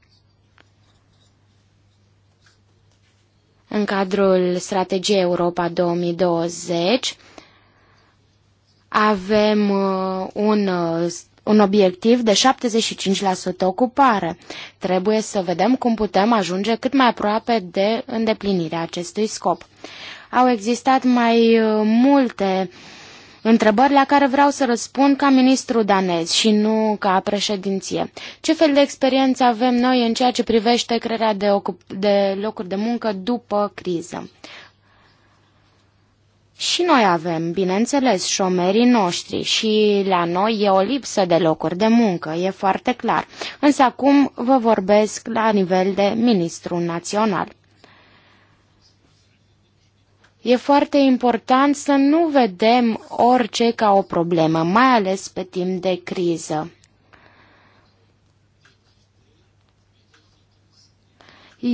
În cadrul strategiei Europa 2020 avem uh, un, uh, un obiectiv de 75% ocupare. Trebuie să vedem cum putem ajunge cât mai aproape de îndeplinirea acestui scop. Au existat mai uh, multe întrebări la care vreau să răspund ca ministru danez și nu ca președinție. Ce fel de experiență avem noi în ceea ce privește crearea de, de locuri de muncă după criză? Și noi avem, bineînțeles, șomerii noștri și la noi e o lipsă de locuri de muncă, e foarte clar. Însă acum vă vorbesc la nivel de ministru național. E foarte important să nu vedem orice ca o problemă, mai ales pe timp de criză.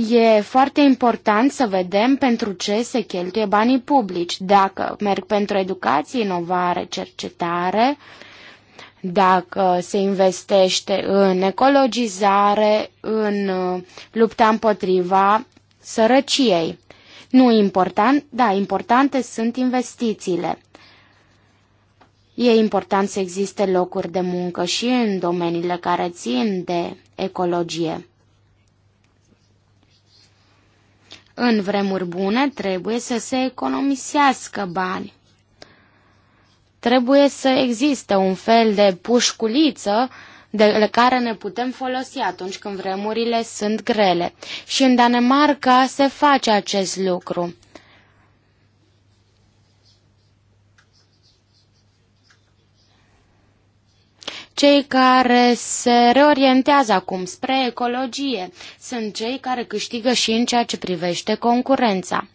E foarte important să vedem pentru ce se cheltuie banii publici, dacă merg pentru educație, inovare, cercetare, dacă se investește în ecologizare, în lupta împotriva sărăciei. Nu important, da, importante sunt investițiile. E important să existe locuri de muncă și în domeniile care țin de ecologie. În vremuri bune trebuie să se economisească bani. Trebuie să existe un fel de pușculiță uh, de care ne putem folosi atunci când vremurile sunt grele. Și în Danemarca se face acest lucru. cei care se reorientează acum spre ecologie sunt cei care câștigă și în ceea ce privește concurența.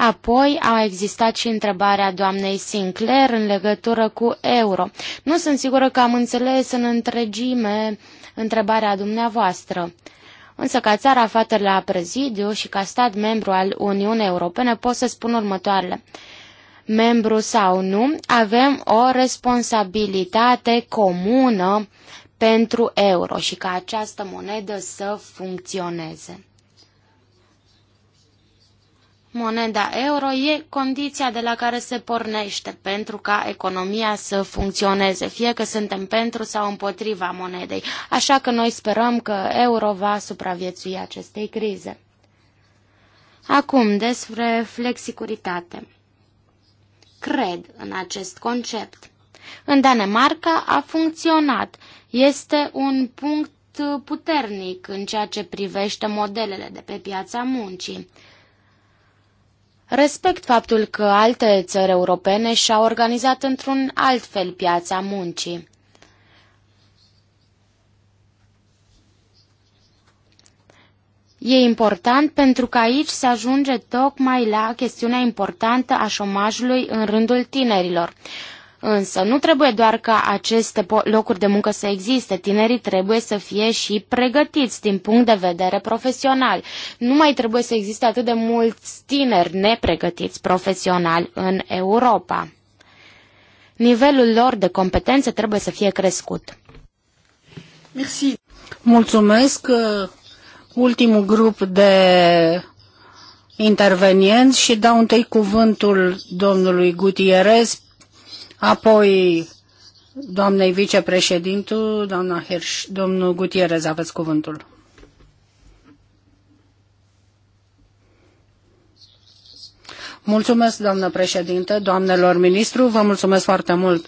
Apoi a existat și întrebarea doamnei Sinclair în legătură cu euro. Nu sunt sigură că am înțeles în întregime întrebarea dumneavoastră. Însă ca țara fată la prezidiu și ca stat membru al Uniunii Europene pot să spun următoarele membru sau nu, avem o responsabilitate comună pentru euro și ca această monedă să funcționeze moneda euro e condiția de la care se pornește pentru ca economia să funcționeze, fie că suntem pentru sau împotriva monedei. Așa că noi sperăm că euro va supraviețui acestei crize. Acum, despre flexicuritate. Cred în acest concept. În Danemarca a funcționat. Este un punct puternic în ceea ce privește modelele de pe piața muncii. Respect faptul că alte țări europene și-au organizat într-un alt fel piața muncii. E important pentru că aici se ajunge tocmai la chestiunea importantă a șomajului în rândul tinerilor. Însă nu trebuie doar ca aceste locuri de muncă să existe, tinerii trebuie să fie și pregătiți din punct de vedere profesional. Nu mai trebuie să existe atât de mulți tineri nepregătiți profesional în Europa. Nivelul lor de competențe trebuie să fie crescut. Merci. Mulțumesc. Ultimul grup de intervenienți și dau întâi cuvântul domnului Gutierrez Apoi, doamnei vicepreședintu, doamna Hirsch, domnul Gutierrez, aveți cuvântul. Mulțumesc, doamnă președinte, doamnelor ministru, vă mulțumesc foarte mult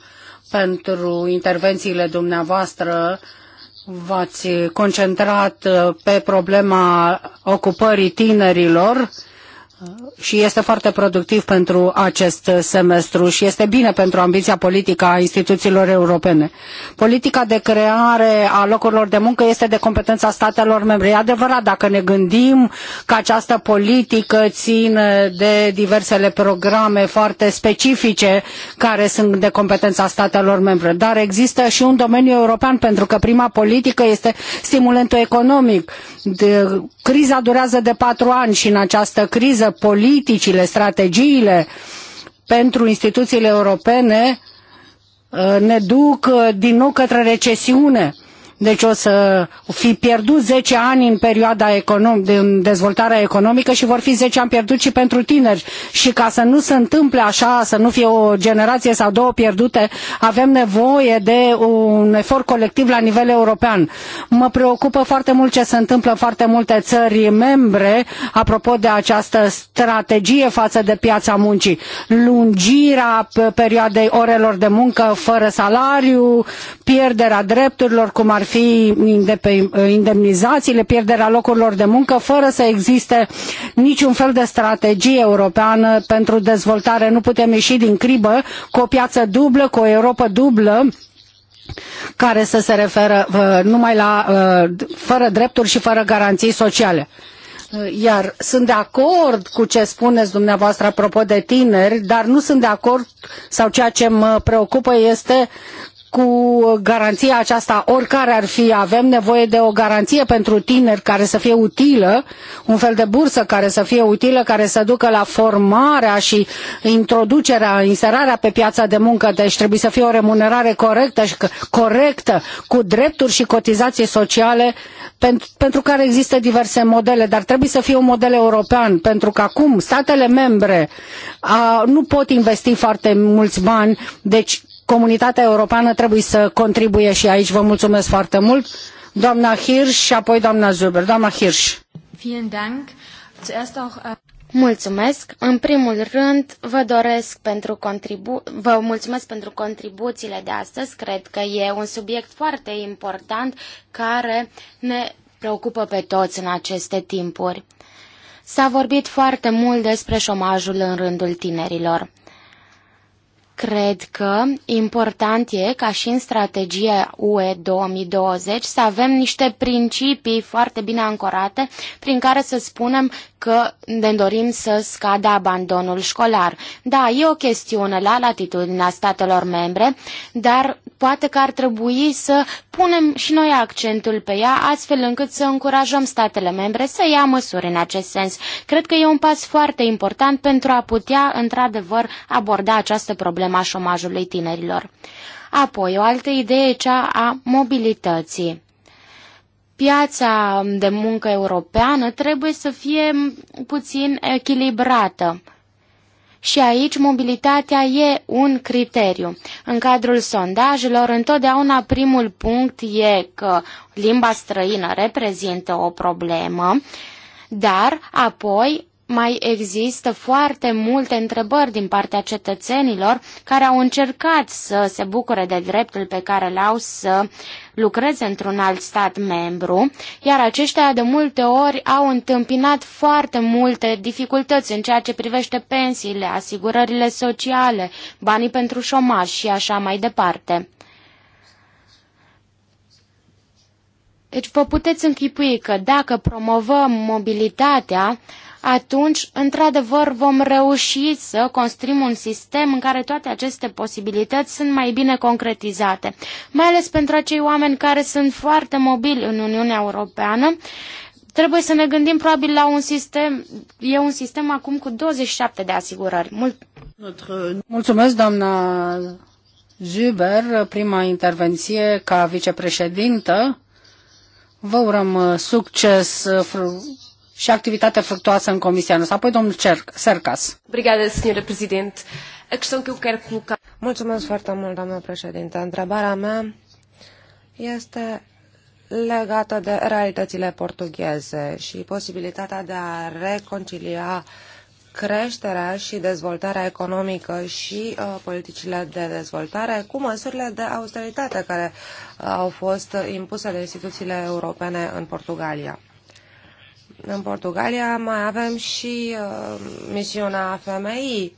pentru intervențiile dumneavoastră. V-ați concentrat pe problema ocupării tinerilor și este foarte productiv pentru acest semestru și este bine pentru ambiția politică a instituțiilor europene. Politica de creare a locurilor de muncă este de competența statelor membre. E adevărat, dacă ne gândim că această politică ține de diversele programe foarte specifice care sunt de competența statelor membre, dar există și un domeniu european pentru că prima politică este stimulentul economic. De, criza durează de patru ani și în această criză politicile, strategiile pentru instituțiile europene uh, ne duc uh, din nou către recesiune deci o să fi pierdut 10 ani în perioada economic, de dezvoltarea economică și vor fi 10 ani pierduți și pentru tineri. Și ca să nu se întâmple așa, să nu fie o generație sau două pierdute, avem nevoie de un efort colectiv la nivel european. Mă preocupă foarte mult ce se întâmplă în foarte multe țări membre apropo de această strategie față de piața muncii. Lungirea perioadei orelor de muncă fără salariu, pierderea drepturilor, cum ar fi fi indemnizațiile, pierderea locurilor de muncă, fără să existe niciun fel de strategie europeană pentru dezvoltare. Nu putem ieși din cribă cu o piață dublă, cu o Europa dublă, care să se referă uh, numai la uh, fără drepturi și fără garanții sociale. Uh, iar sunt de acord cu ce spuneți dumneavoastră apropo de tineri, dar nu sunt de acord sau ceea ce mă preocupă este cu garanția aceasta, oricare ar fi, avem nevoie de o garanție pentru tineri care să fie utilă, un fel de bursă care să fie utilă, care să ducă la formarea și introducerea, inserarea pe piața de muncă, deci trebuie să fie o remunerare corectă și corectă, cu drepturi și cotizații sociale, pentru, pentru care există diverse modele, dar trebuie să fie un model european, pentru că acum statele membre a, nu pot investi foarte mulți bani, deci comunitatea europeană trebuie să contribuie și aici. Vă mulțumesc foarte mult. Doamna Hirsch și apoi doamna Zuber. Doamna Hirsch. Äh, mulțumesc. În primul rând, vă doresc pentru contribu- vă mulțumesc pentru contribuțiile de astăzi. Cred că e un subiect foarte important care ne preocupă pe toți în aceste timpuri. S-a vorbit foarte mult despre șomajul în rândul tinerilor. Cred că important e ca și în strategia UE 2020 să avem niște principii foarte bine ancorate prin care să spunem că ne dorim să scadă abandonul școlar. Da, e o chestiune la latitudinea statelor membre, dar poate că ar trebui să punem și noi accentul pe ea, astfel încât să încurajăm statele membre să ia măsuri în acest sens. Cred că e un pas foarte important pentru a putea, într-adevăr, aborda această problemă problema șomajului tinerilor. Apoi, o altă idee e cea a mobilității. Piața de muncă europeană trebuie să fie puțin echilibrată. Și aici mobilitatea e un criteriu. În cadrul sondajelor, întotdeauna primul punct e că limba străină reprezintă o problemă, dar apoi mai există foarte multe întrebări din partea cetățenilor care au încercat să se bucure de dreptul pe care l-au să lucreze într-un alt stat membru, iar aceștia de multe ori au întâmpinat foarte multe dificultăți în ceea ce privește pensiile, asigurările sociale, banii pentru șomaj și așa mai departe. Deci vă puteți închipui că dacă promovăm mobilitatea, atunci, într-adevăr, vom reuși să construim un sistem în care toate aceste posibilități sunt mai bine concretizate, mai ales pentru acei oameni care sunt foarte mobili în Uniunea Europeană. Trebuie să ne gândim probabil la un sistem, e un sistem acum cu 27 de asigurări. Mul- Mulțumesc, doamna Zuber, prima intervenție ca vicepreședintă. Vă urăm succes și activitatea fructuoasă în comisia noastră. Apoi domnul Cercas. Sercas. Obrigada, senhora presidente. A questão que eu quero colocar... Mulțumesc foarte mult, doamnă președinte. Întrebarea mea este legată de realitățile portugheze și posibilitatea de a reconcilia creșterea și dezvoltarea economică și uh, politicile de dezvoltare cu măsurile de austeritate care uh, au fost impuse de instituțiile europene în Portugalia în Portugalia mai avem și uh, misiunea FMI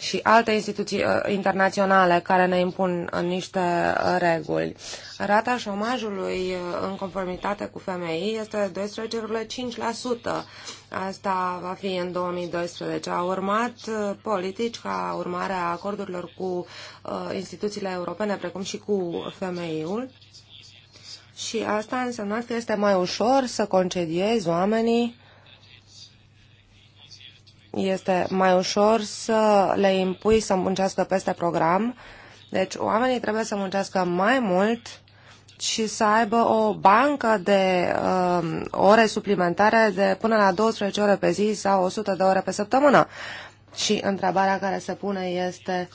și alte instituții uh, internaționale care ne impun uh, niște uh, reguli. Rata șomajului uh, în conformitate cu FMI este 12,5%. Asta va fi în 2012. Au urmat uh, politici ca urmare a acordurilor cu uh, instituțiile europene, precum și cu FMI-ul și asta a însemnat că este mai ușor să concediezi oamenii, este mai ușor să le impui să muncească peste program. Deci oamenii trebuie să muncească mai mult și să aibă o bancă de uh, ore suplimentare de până la 12 ore pe zi sau 100 de ore pe săptămână. Și întrebarea care se pune este,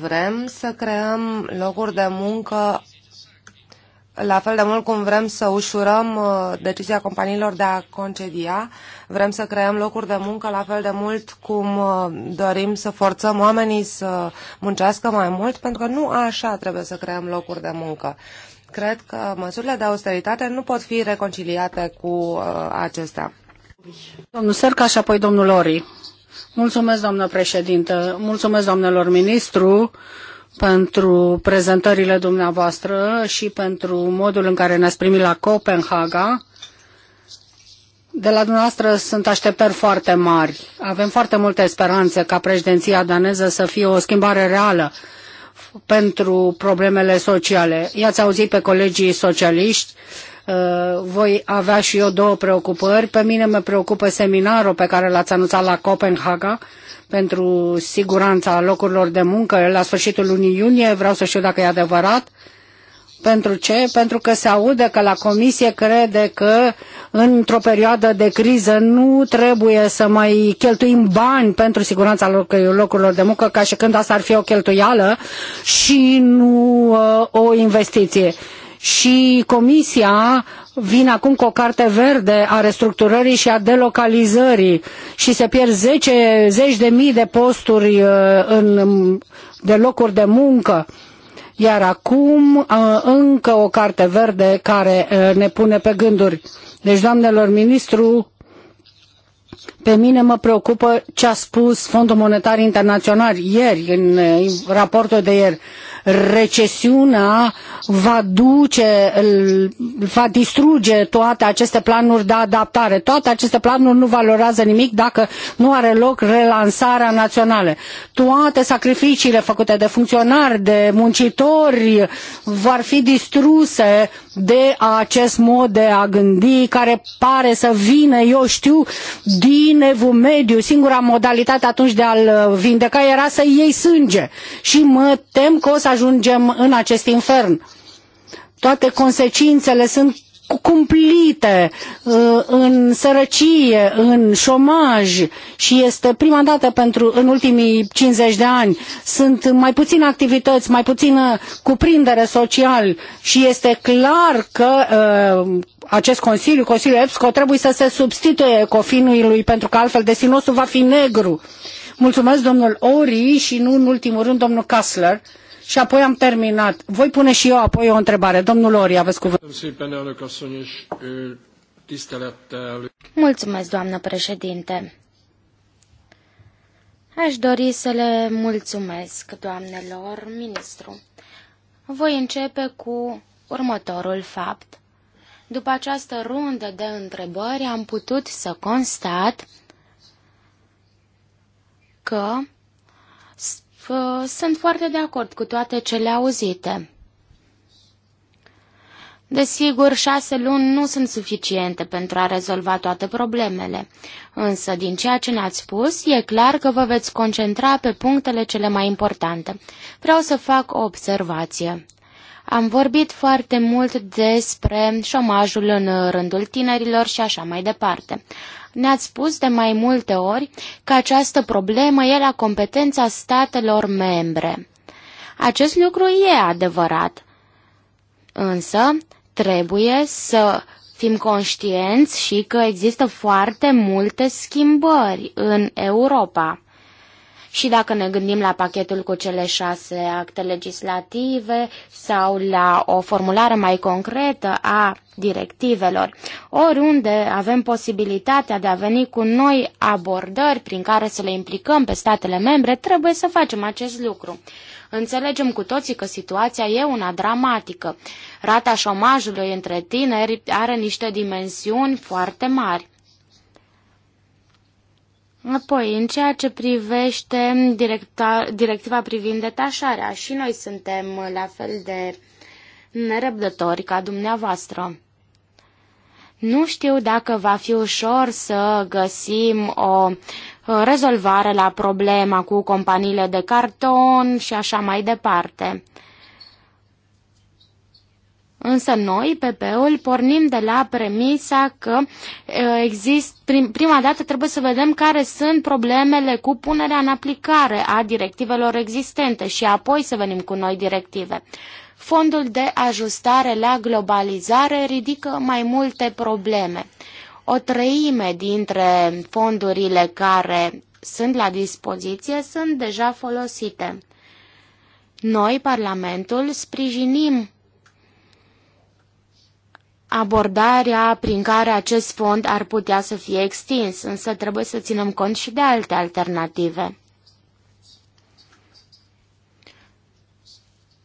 vrem să creăm locuri de muncă la fel de mult cum vrem să ușurăm uh, decizia companiilor de a concedia, vrem să creăm locuri de muncă, la fel de mult cum uh, dorim să forțăm oamenii să muncească mai mult, pentru că nu așa trebuie să creăm locuri de muncă. Cred că măsurile de austeritate nu pot fi reconciliate cu uh, acestea. Domnul Serca și apoi domnul Ori. Mulțumesc, doamnă președintă. Mulțumesc, doamnelor ministru pentru prezentările dumneavoastră și pentru modul în care ne-ați primit la Copenhaga. De la dumneavoastră sunt așteptări foarte mari. Avem foarte multe speranțe ca președinția daneză să fie o schimbare reală pentru problemele sociale. I-ați auzit pe colegii socialiști, uh, voi avea și eu două preocupări. Pe mine mă preocupă seminarul pe care l-ați anunțat la Copenhaga, pentru siguranța locurilor de muncă la sfârșitul lunii iunie. Vreau să știu dacă e adevărat. Pentru ce? Pentru că se aude că la comisie crede că într-o perioadă de criză nu trebuie să mai cheltuim bani pentru siguranța locurilor de muncă, ca și când asta ar fi o cheltuială și nu uh, o investiție și Comisia vine acum cu o carte verde a restructurării și a delocalizării și se pierd zece zeci de mii de posturi uh, în, de locuri de muncă. Iar acum uh, încă o carte verde care uh, ne pune pe gânduri. Deci, doamnelor ministru, pe mine mă preocupă ce a spus Fondul Monetar Internațional ieri, în raportul de ieri recesiunea va duce, va distruge toate aceste planuri de adaptare. Toate aceste planuri nu valorează nimic dacă nu are loc relansarea națională. Toate sacrificiile făcute de funcționari, de muncitori, vor fi distruse de acest mod de a gândi care pare să vină, eu știu, din evul mediu. Singura modalitate atunci de a-l vindeca era să iei sânge. Și mă tem că o să să ajungem în acest infern. Toate consecințele sunt cumplite uh, în sărăcie, în șomaj și este prima dată pentru în ultimii 50 de ani. Sunt mai puține activități, mai puțină cuprindere social și este clar că uh, acest Consiliu, Consiliul EPSCO, trebuie să se substituie cofinului pentru că altfel destinul nostru va fi negru. Mulțumesc domnul Ori și nu în ultimul rând domnul Kassler și apoi am terminat. Voi pune și eu apoi o întrebare. Domnul Ori, aveți cuvântul. Mulțumesc, doamnă președinte. Aș dori să le mulțumesc, doamnelor, ministru. Voi începe cu următorul fapt. După această rundă de întrebări am putut să constat că sunt foarte de acord cu toate cele auzite. Desigur, șase luni nu sunt suficiente pentru a rezolva toate problemele, însă din ceea ce ne-ați spus, e clar că vă veți concentra pe punctele cele mai importante. Vreau să fac o observație. Am vorbit foarte mult despre șomajul în rândul tinerilor și așa mai departe. Ne-ați spus de mai multe ori că această problemă e la competența statelor membre. Acest lucru e adevărat. Însă, trebuie să fim conștienți și că există foarte multe schimbări în Europa. Și dacă ne gândim la pachetul cu cele șase acte legislative sau la o formulare mai concretă a directivelor, oriunde avem posibilitatea de a veni cu noi abordări prin care să le implicăm pe statele membre, trebuie să facem acest lucru. Înțelegem cu toții că situația e una dramatică. Rata șomajului între tineri are niște dimensiuni foarte mari. Apoi, în ceea ce privește directa, directiva privind detașarea, și noi suntem la fel de nerăbdători ca dumneavoastră. Nu știu dacă va fi ușor să găsim o rezolvare la problema cu companiile de carton și așa mai departe. Însă noi, PP-ul, pornim de la premisa că exist, prim, prima dată trebuie să vedem care sunt problemele cu punerea în aplicare a directivelor existente și apoi să venim cu noi directive. Fondul de ajustare la globalizare ridică mai multe probleme. O treime dintre fondurile care sunt la dispoziție sunt deja folosite. Noi, Parlamentul, sprijinim abordarea prin care acest fond ar putea să fie extins, însă trebuie să ținem cont și de alte alternative.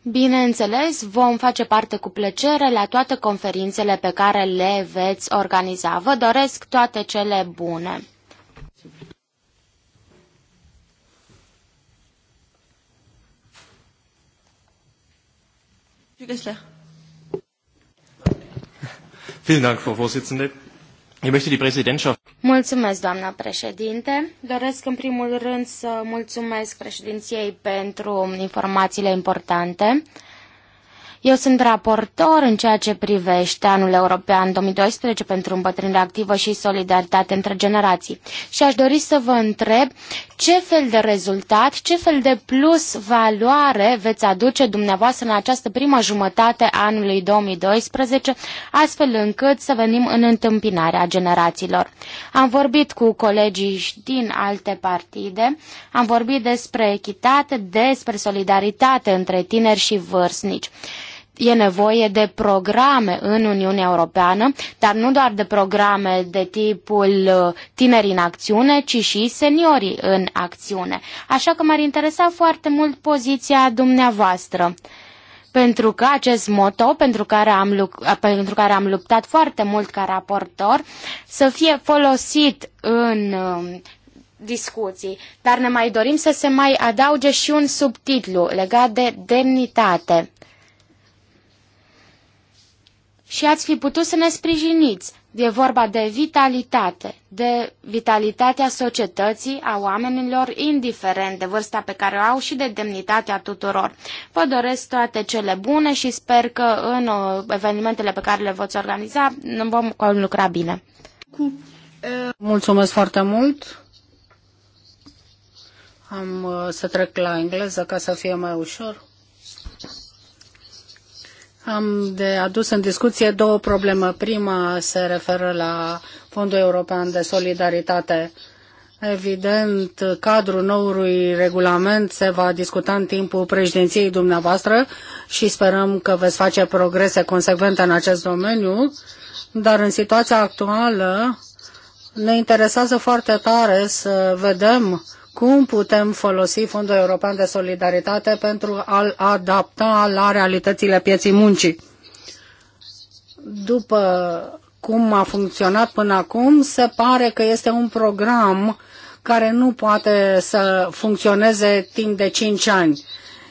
Bineînțeles, vom face parte cu plăcere la toate conferințele pe care le veți organiza. Vă doresc toate cele bune! Gessler. Mulțumesc, doamna președinte. Doresc în primul rând să mulțumesc președinției pentru informațiile importante. Eu sunt raportor în ceea ce privește anul european 2012 pentru îmbătrânire activă și solidaritate între generații. Și aș dori să vă întreb ce fel de rezultat, ce fel de plus valoare veți aduce dumneavoastră în această primă jumătate a anului 2012, astfel încât să venim în întâmpinarea generațiilor. Am vorbit cu colegii din alte partide, am vorbit despre echitate, despre solidaritate între tineri și vârstnici e nevoie de programe în Uniunea Europeană, dar nu doar de programe de tipul uh, tineri în acțiune, ci și seniorii în acțiune. Așa că m-ar interesa foarte mult poziția dumneavoastră. Pentru că acest moto, pentru care, am, pentru care am luptat foarte mult ca raportor, să fie folosit în um, discuții, dar ne mai dorim să se mai adauge și un subtitlu legat de demnitate și ați fi putut să ne sprijiniți. E vorba de vitalitate, de vitalitatea societății, a oamenilor, indiferent de vârsta pe care o au și de demnitatea tuturor. Vă doresc toate cele bune și sper că în uh, evenimentele pe care le voți organiza vom lucra bine. Uh, Mulțumesc foarte mult! Am uh, să trec la engleză ca să fie mai ușor. Am de adus în discuție două probleme. Prima se referă la Fondul European de Solidaritate. Evident, cadrul noului regulament se va discuta în timpul președinției dumneavoastră și sperăm că veți face progrese consecvente în acest domeniu, dar în situația actuală ne interesează foarte tare să vedem cum putem folosi Fondul European de Solidaritate pentru a-l adapta la realitățile pieții muncii. După cum a funcționat până acum, se pare că este un program care nu poate să funcționeze timp de 5 ani.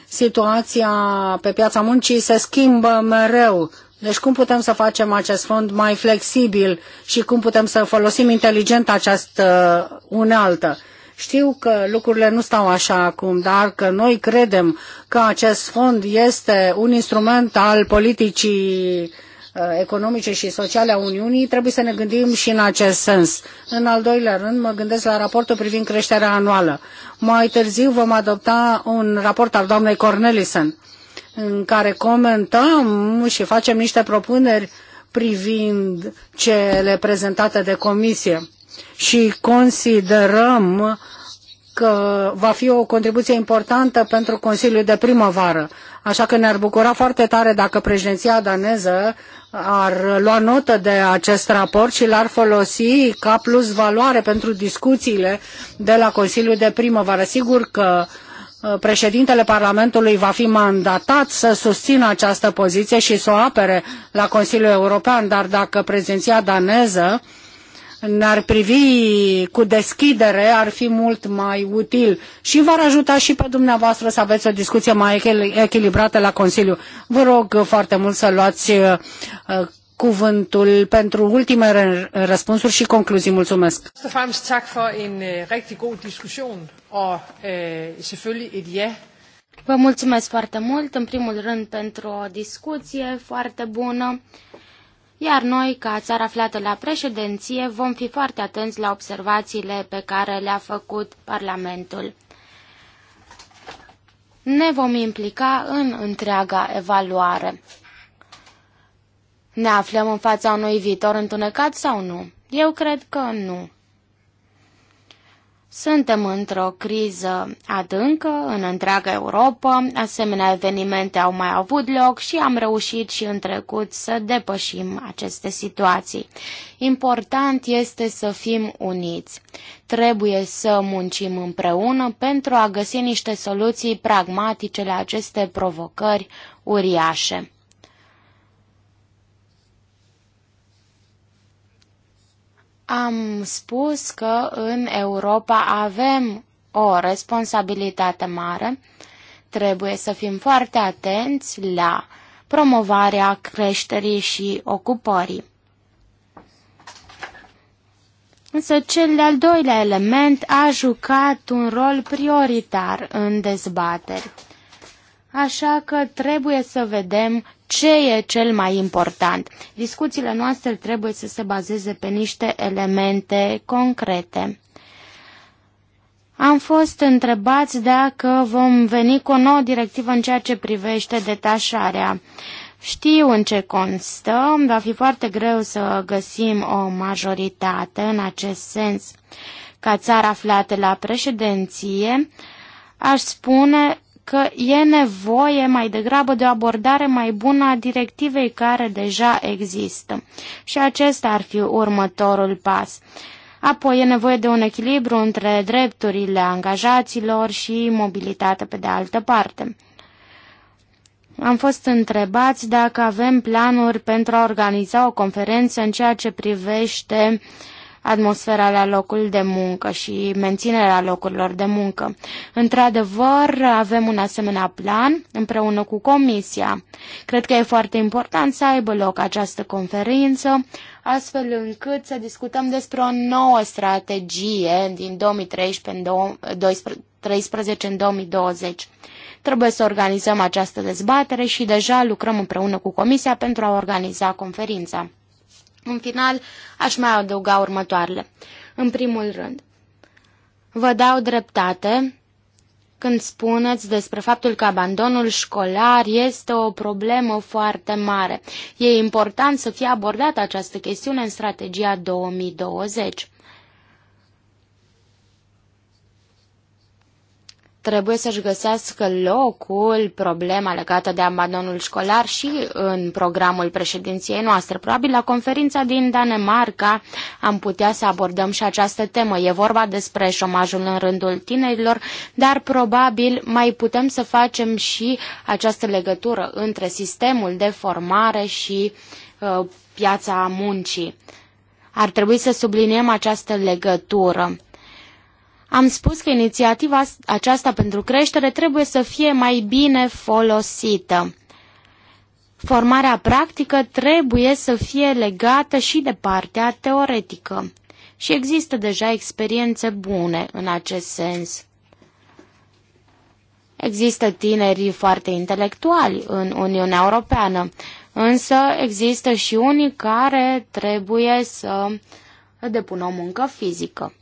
Situația pe piața muncii se schimbă mereu. Deci cum putem să facem acest fond mai flexibil și cum putem să folosim inteligent această unealtă? Știu că lucrurile nu stau așa acum, dar că noi credem că acest fond este un instrument al politicii uh, economice și sociale a Uniunii, trebuie să ne gândim și în acest sens. În al doilea rând, mă gândesc la raportul privind creșterea anuală. Mai târziu vom adopta un raport al doamnei Cornelison, în care comentăm și facem niște propuneri privind cele prezentate de comisie și considerăm că va fi o contribuție importantă pentru Consiliul de primăvară. Așa că ne-ar bucura foarte tare dacă președinția daneză ar lua notă de acest raport și l-ar folosi ca plus valoare pentru discuțiile de la Consiliul de primăvară. Sigur că uh, președintele Parlamentului va fi mandatat să susțină această poziție și să o apere la Consiliul European, dar dacă prezenția daneză uh, ne-ar privi cu deschidere, ar fi mult mai util și v-ar ajuta și pe dumneavoastră să aveți o discuție mai echilibrată la Consiliu. Vă rog foarte mult să luați uh, cuvântul pentru ultimele răspunsuri și concluzii. Mulțumesc! Uh, uh, Vă mulțumesc foarte mult, în primul rând, pentru o discuție foarte bună iar noi, ca țară aflată la președinție, vom fi foarte atenți la observațiile pe care le-a făcut Parlamentul. Ne vom implica în întreaga evaluare. Ne aflăm în fața unui viitor întunecat sau nu? Eu cred că nu. Suntem într-o criză adâncă în întreaga Europa, asemenea evenimente au mai avut loc și am reușit și în trecut să depășim aceste situații. Important este să fim uniți. Trebuie să muncim împreună pentru a găsi niște soluții pragmatice la aceste provocări uriașe. Am spus că în Europa avem o responsabilitate mare. Trebuie să fim foarte atenți la promovarea creșterii și ocupării. Însă cel de-al doilea element a jucat un rol prioritar în dezbateri. Așa că trebuie să vedem ce e cel mai important. Discuțiile noastre trebuie să se bazeze pe niște elemente concrete. Am fost întrebați dacă vom veni cu o nouă directivă în ceea ce privește detașarea. Știu în ce constă, va fi foarte greu să găsim o majoritate în acest sens. Ca țară aflată la președinție, aș spune că e nevoie mai degrabă de o abordare mai bună a directivei care deja există. Și acesta ar fi următorul pas. Apoi e nevoie de un echilibru între drepturile angajaților și mobilitatea pe de altă parte. Am fost întrebați dacă avem planuri pentru a organiza o conferință în ceea ce privește uh, atmosfera la locul de muncă și menținerea locurilor de muncă. Într-adevăr, avem un asemenea plan împreună cu Comisia. Cred că e foarte important să aibă loc această conferință, astfel încât să discutăm despre o nouă strategie din 2013 în 2013 în 2020 trebuie să organizăm această dezbatere și deja lucrăm împreună cu Comisia pentru a organiza conferința. În final, aș mai adăuga următoarele. În primul rând, vă dau dreptate când spuneți despre faptul că abandonul școlar este o problemă foarte mare. E important să fie abordată această chestiune în strategia 2020. trebuie să-și găsească locul problema legată de abandonul școlar și în programul președinției noastre. Probabil la conferința din Danemarca am putea să abordăm și această temă. E vorba despre șomajul în rândul tinerilor, dar probabil mai putem să facem și această legătură între sistemul de formare și uh, piața muncii. Ar trebui să subliniem această legătură am spus că inițiativa aceasta pentru creștere trebuie să fie mai bine folosită. Formarea practică trebuie să fie legată și de partea teoretică. Și există deja experiențe bune în acest sens. Există tinerii foarte intelectuali în Uniunea Europeană, însă există și unii care trebuie să depună o muncă fizică.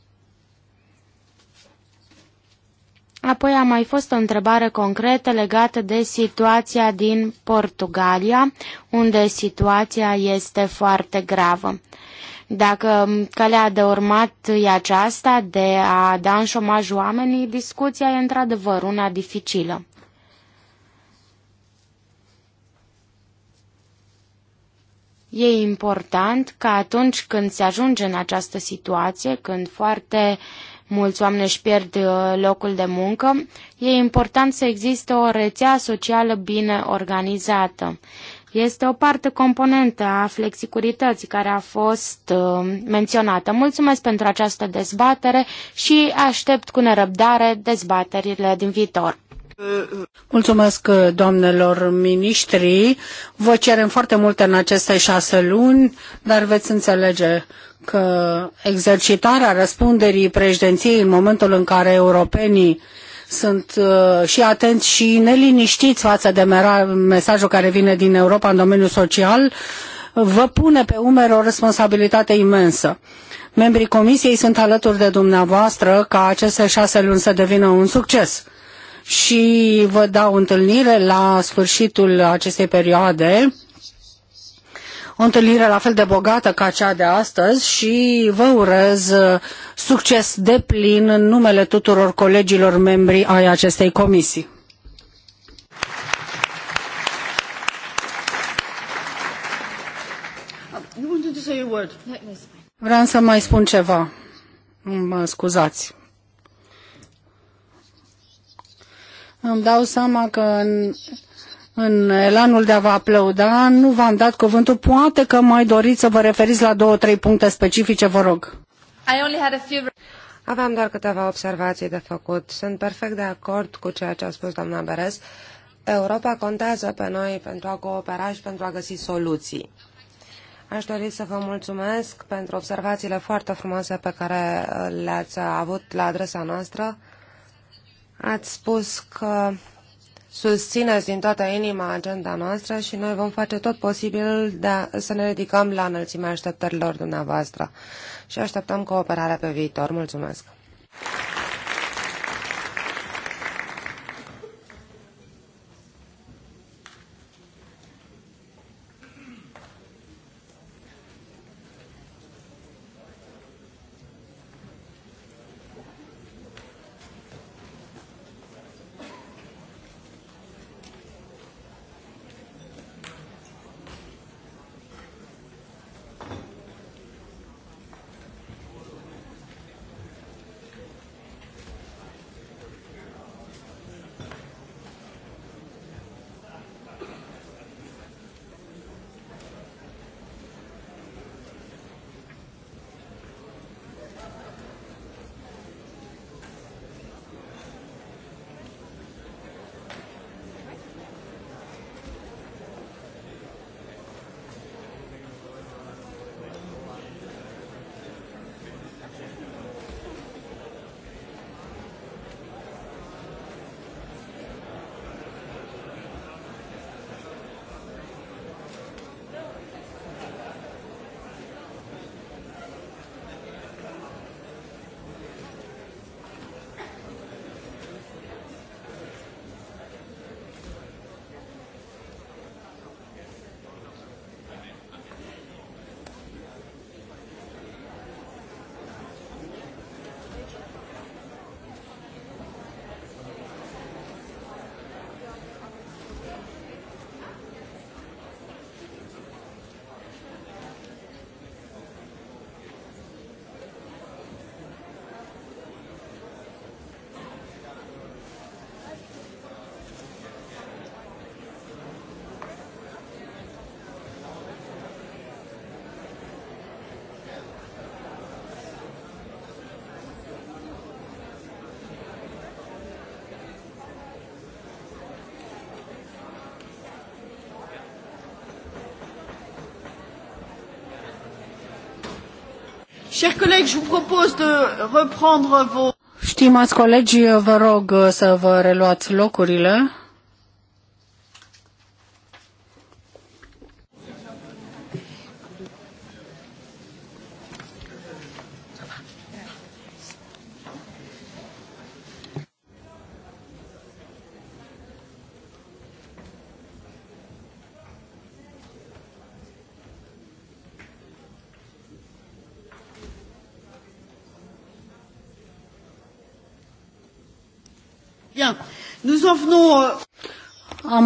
Apoi a mai fost o întrebare concretă legată de situația din Portugalia, unde situația este foarte gravă. Dacă calea de urmat e aceasta de a da în șomaj oamenii, discuția e într-adevăr una dificilă. E important ca atunci când se ajunge în această situație, când foarte uh, mulți oameni își pierd uh, locul de muncă, e important să existe o rețea socială bine organizată. Este o parte componentă a flexicurității care a fost uh, menționată. Mulțumesc pentru această dezbatere și aștept cu nerăbdare dezbaterile din viitor. Mulțumesc, doamnelor miniștri. Vă cerem foarte multe în aceste șase luni, dar veți înțelege că exercitarea răspunderii președinției în momentul în care europenii sunt uh, și atenți și neliniștiți față de mesajul care vine din Europa în domeniul social, vă pune pe umeri o responsabilitate imensă. Membrii comisiei sunt alături de dumneavoastră ca aceste șase luni să devină un succes și vă dau întâlnire la sfârșitul acestei perioade o întâlnire la fel de bogată ca cea de astăzi și vă urez succes de plin în numele tuturor colegilor membri ai acestei comisii. Vreau să mai spun ceva. Mă scuzați. Îmi dau seama că în, în elanul de a vă aplauda nu v-am dat cuvântul. Poate că mai doriți să vă referiți la două, trei puncte specifice, vă rog. I only had a few... Aveam doar câteva observații de făcut. Sunt perfect de acord cu ceea ce a spus doamna Beres. Europa contează pe noi pentru a coopera și pentru a găsi soluții. Aș dori să vă mulțumesc pentru observațiile foarte frumoase pe care le-ați avut la adresa noastră Ați spus că susțineți din toată inima agenda noastră și noi vom face tot posibilul de a, să ne ridicăm la înălțimea așteptărilor dumneavoastră și așteptăm cooperarea pe viitor. Mulțumesc! Chers collègues, je vous propose de reprendre vos... Stimați colegi, vă rog uh, să vă reluați locurile.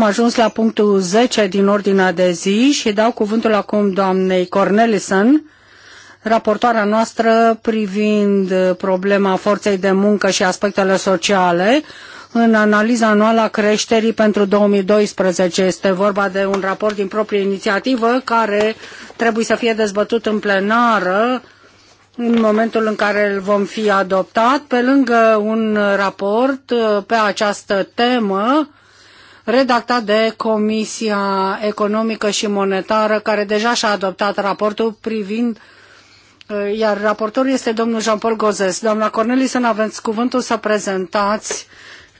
ajuns la punctul 10 din ordinea de zi și dau cuvântul acum doamnei Cornelison, raportoarea noastră privind problema forței de muncă și aspectele sociale în analiza anuală a creșterii pentru 2012. Este vorba de un raport din proprie inițiativă care trebuie să fie dezbătut în plenară în momentul în care îl vom fi adoptat, pe lângă un raport pe această temă redactat de Comisia Economică și Monetară, care deja și-a adoptat raportul privind eh, iar raportorul este domnul Jean-Paul Gozes. Doamna Cornelison, aveți cuvântul să prezentați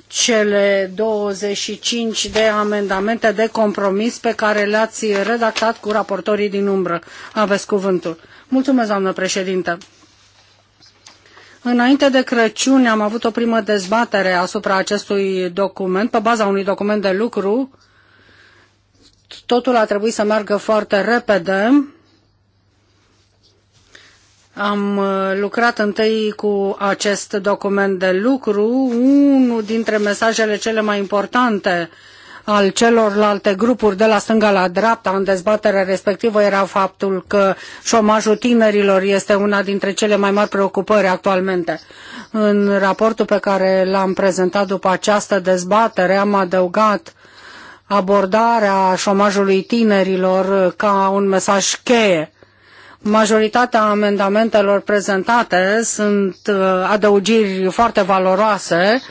cele 25 de amendamente de compromis pe care le-ați redactat cu raportorii din umbră. Aveți cuvântul. Mulțumesc, doamnă președintă. Înainte de Crăciun am avut o primă dezbatere asupra acestui document, pe baza unui document de lucru. Totul a trebuit să meargă foarte repede. Am uh, lucrat întâi cu acest document de lucru. Unul dintre mesajele cele mai importante uh, al celorlalte grupuri de la stânga la dreapta în dezbaterea respectivă era faptul că șomajul tinerilor este una dintre cele mai mari preocupări actualmente. În raportul pe care l-am prezentat după această dezbatere am adăugat abordarea șomajului tinerilor ca un mesaj cheie. Majoritatea amendamentelor prezentate sunt uh, adăugiri foarte valoroase.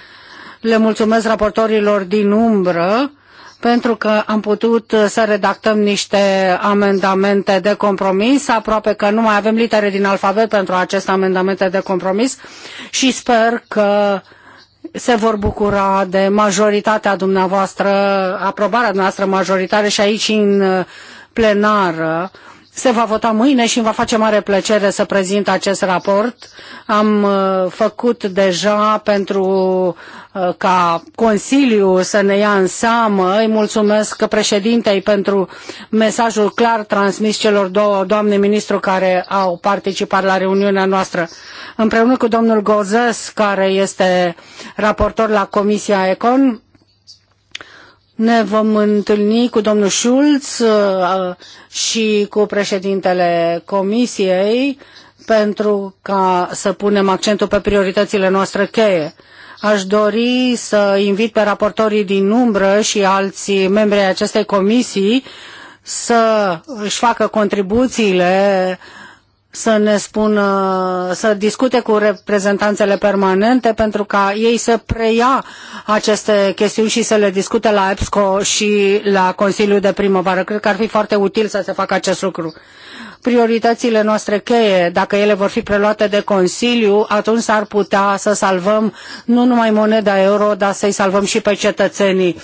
Le mulțumesc raportorilor din umbră pentru că am putut uh, să redactăm niște amendamente de compromis, aproape că nu mai avem litere din alfabet pentru aceste amendamente de compromis și sper că se vor bucura de majoritatea dumneavoastră, aprobarea noastră majoritară și aici în uh, plenară. Se va vota mâine și îmi va face mare plăcere să prezint acest raport. Am uh, făcut deja pentru Uh, ca Consiliu să ne ia în seamă. Îi mulțumesc președintei pentru mesajul clar transmis celor două doamne ministru care au participat la reuniunea noastră. Împreună cu domnul Gozes, care este raportor la Comisia Econ, ne vom întâlni cu domnul Schulz uh, și cu președintele Comisiei pentru ca să punem accentul pe prioritățile noastre cheie. Aș dori să invit pe raportorii din umbră și alți membri ai acestei comisii să își facă contribuțiile să ne spună, să discute cu reprezentanțele permanente pentru ca ei să preia aceste chestiuni și să le discute la EPSCO și la Consiliul de Primăvară. Cred că ar fi foarte util să se facă acest lucru prioritățile noastre cheie, dacă ele vor fi preluate de Consiliu, atunci s-ar putea să salvăm nu numai moneda euro, dar să-i salvăm și pe cetățenii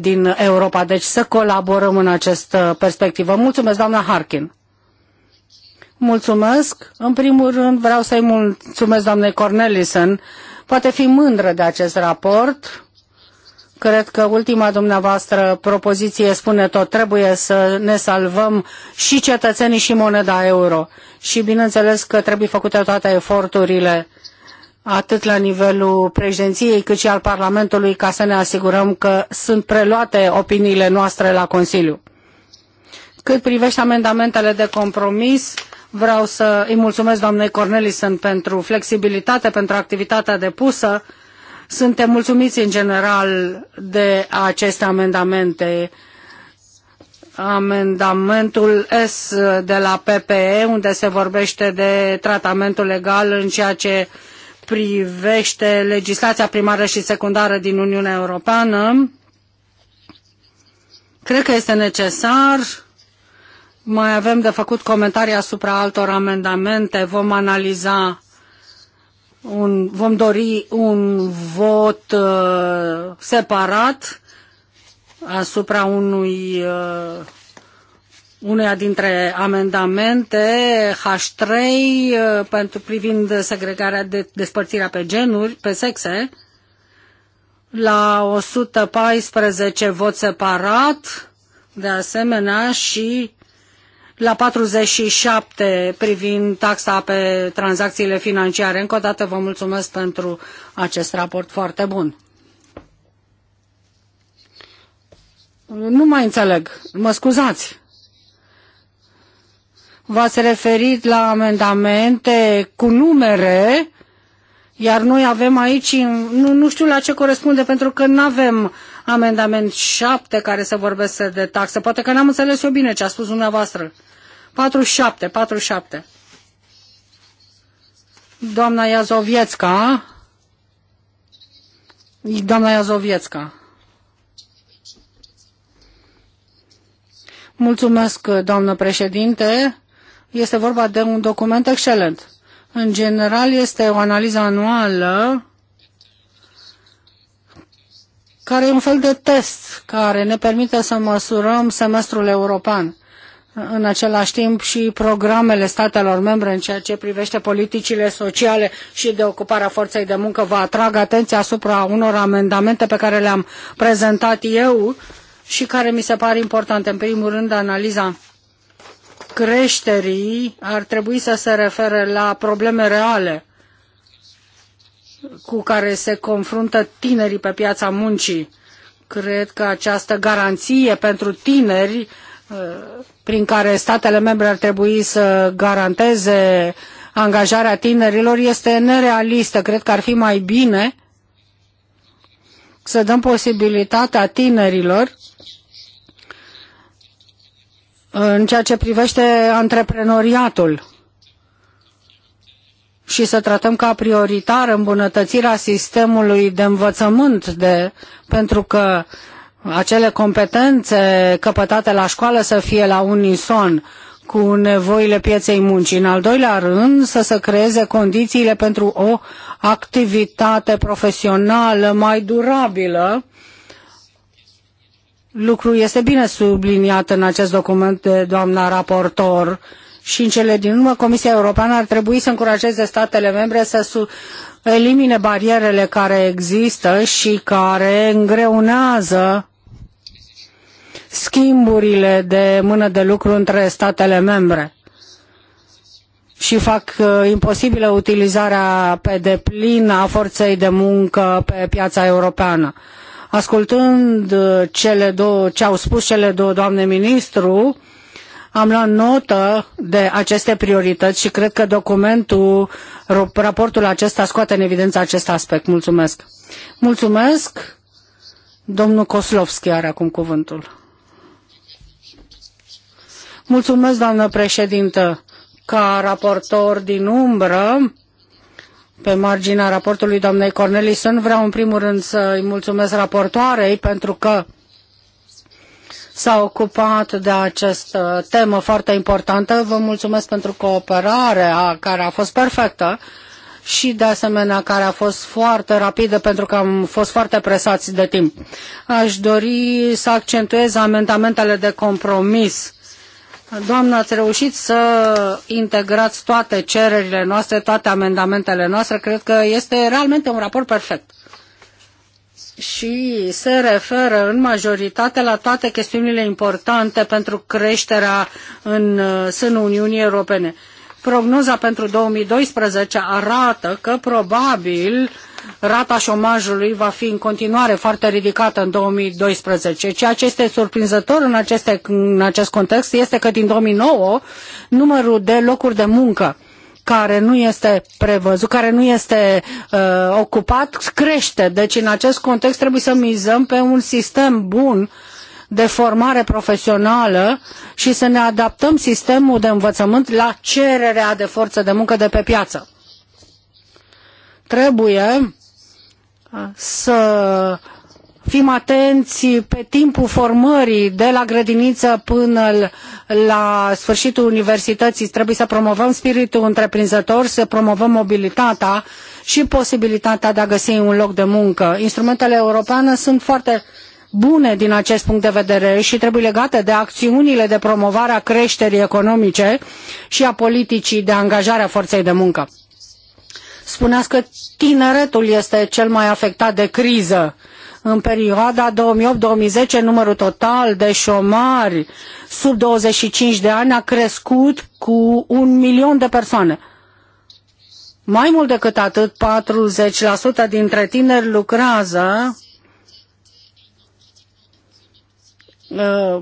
din Europa. Deci să colaborăm în această perspectivă. Mulțumesc, doamna Harkin. Mulțumesc. În primul rând vreau să-i mulțumesc doamnei Cornelison. Poate fi mândră de acest raport Cred că ultima dumneavoastră propoziție spune tot, trebuie să ne salvăm și cetățenii și moneda euro. Și bineînțeles că trebuie făcute toate eforturile, atât la nivelul președinției cât și al Parlamentului, ca să ne asigurăm că sunt preluate opiniile noastre la Consiliu. Cât privește amendamentele de compromis, vreau să îi mulțumesc doamnei Cornelison pentru flexibilitate, pentru activitatea depusă suntem mulțumiți în general de aceste amendamente amendamentul S de la PPE, unde se vorbește de tratamentul legal în ceea ce privește legislația primară și secundară din Uniunea Europeană. Cred că este necesar. Mai avem de făcut comentarii asupra altor amendamente. Vom analiza un, vom dori un vot uh, separat asupra unui uh, uneia dintre amendamente H3 uh, pentru privind segregarea de despărțirea pe genuri, pe sexe. La 114 vot separat, de asemenea și la 47 privind taxa pe tranzacțiile financiare. Încă o dată vă mulțumesc pentru acest raport foarte bun. Nu mai înțeleg. Mă scuzați. V-ați referit la amendamente cu numere, iar noi avem aici, nu, nu știu la ce corespunde, pentru că nu avem amendament 7 care se vorbească de taxe. Poate că n-am înțeles eu bine ce a spus dumneavoastră. 47, 47. Doamna Iazovietska. Doamna Iazovietska. Mulțumesc, doamnă președinte. Este vorba de un document excelent. În general, este o analiză anuală care e un fel de test care ne permite să măsurăm semestrul european în același timp și programele statelor membre în ceea ce privește politicile sociale și de ocuparea forței de muncă. Vă atrag atenția asupra unor amendamente pe care le-am prezentat eu și care mi se par importante. În primul rând, analiza creșterii ar trebui să se refere la probleme reale cu care se confruntă tinerii pe piața muncii. Cred că această garanție pentru tineri uh, prin care statele membre ar trebui să garanteze angajarea tinerilor este nerealistă. Cred că ar fi mai bine să dăm posibilitatea tinerilor în ceea ce privește antreprenoriatul și să tratăm ca prioritar îmbunătățirea sistemului de învățământ, de, pentru că acele competențe căpătate la școală să fie la unison cu nevoile pieței muncii. În al doilea rând, să se creeze condițiile pentru o activitate profesională mai durabilă. Lucru este bine subliniat în acest document de doamna raportor și în cele din urmă Comisia Europeană ar trebui să încurajeze statele membre să elimine barierele care există și care îngreunează schimburile de mână de lucru între statele membre și fac uh, imposibilă utilizarea pe deplin a forței de muncă pe piața europeană. Ascultând uh, cele două, ce au spus cele două doamne ministru, uh, am luat notă de aceste priorități și cred că documentul, raportul acesta scoate în evidență acest aspect. Mulțumesc. Mulțumesc. Domnul Koslovski are acum cuvântul. Mulțumesc, doamnă președintă. Ca raportor din umbră, pe marginea raportului doamnei Cornelison, vreau în primul rând să-i mulțumesc raportoarei pentru că s-a ocupat de această temă foarte importantă. Vă mulțumesc pentru cooperarea care a fost perfectă și de asemenea care a fost foarte rapidă pentru că am fost foarte presați de timp. Aș dori să accentuez amendamentele de compromis. Doamna, ați reușit să integrați toate cererile noastre, toate amendamentele noastre. Cred că este realmente un raport perfect și se referă în majoritate la toate chestiunile importante pentru creșterea în uh, sânul Uniunii Europene. Prognoza pentru 2012 arată că probabil rata șomajului va fi în continuare foarte ridicată în 2012. Ceea ce este surprinzător în, aceste, în acest context este că din 2009 numărul de locuri de muncă care nu este prevăzut, care nu este uh, ocupat, crește. Deci în acest context trebuie să mizăm pe un sistem bun de formare profesională și să ne adaptăm sistemul de învățământ la cererea de forță de muncă de pe piață. Trebuie uh, să fim atenți pe timpul formării de la grădiniță până la sfârșitul universității. Trebuie să promovăm spiritul întreprinzător, să promovăm mobilitatea și posibilitatea de a găsi un loc de muncă. Instrumentele europene sunt foarte bune din acest punct de vedere și trebuie legate de acțiunile de promovare a creșterii economice și a politicii de angajare a forței de muncă. Spuneați că tineretul este cel mai afectat de criză în perioada 2008-2010, numărul total de șomari sub 25 de ani a crescut cu un milion de persoane. Mai mult decât atât, 40% dintre tineri lucrează uh,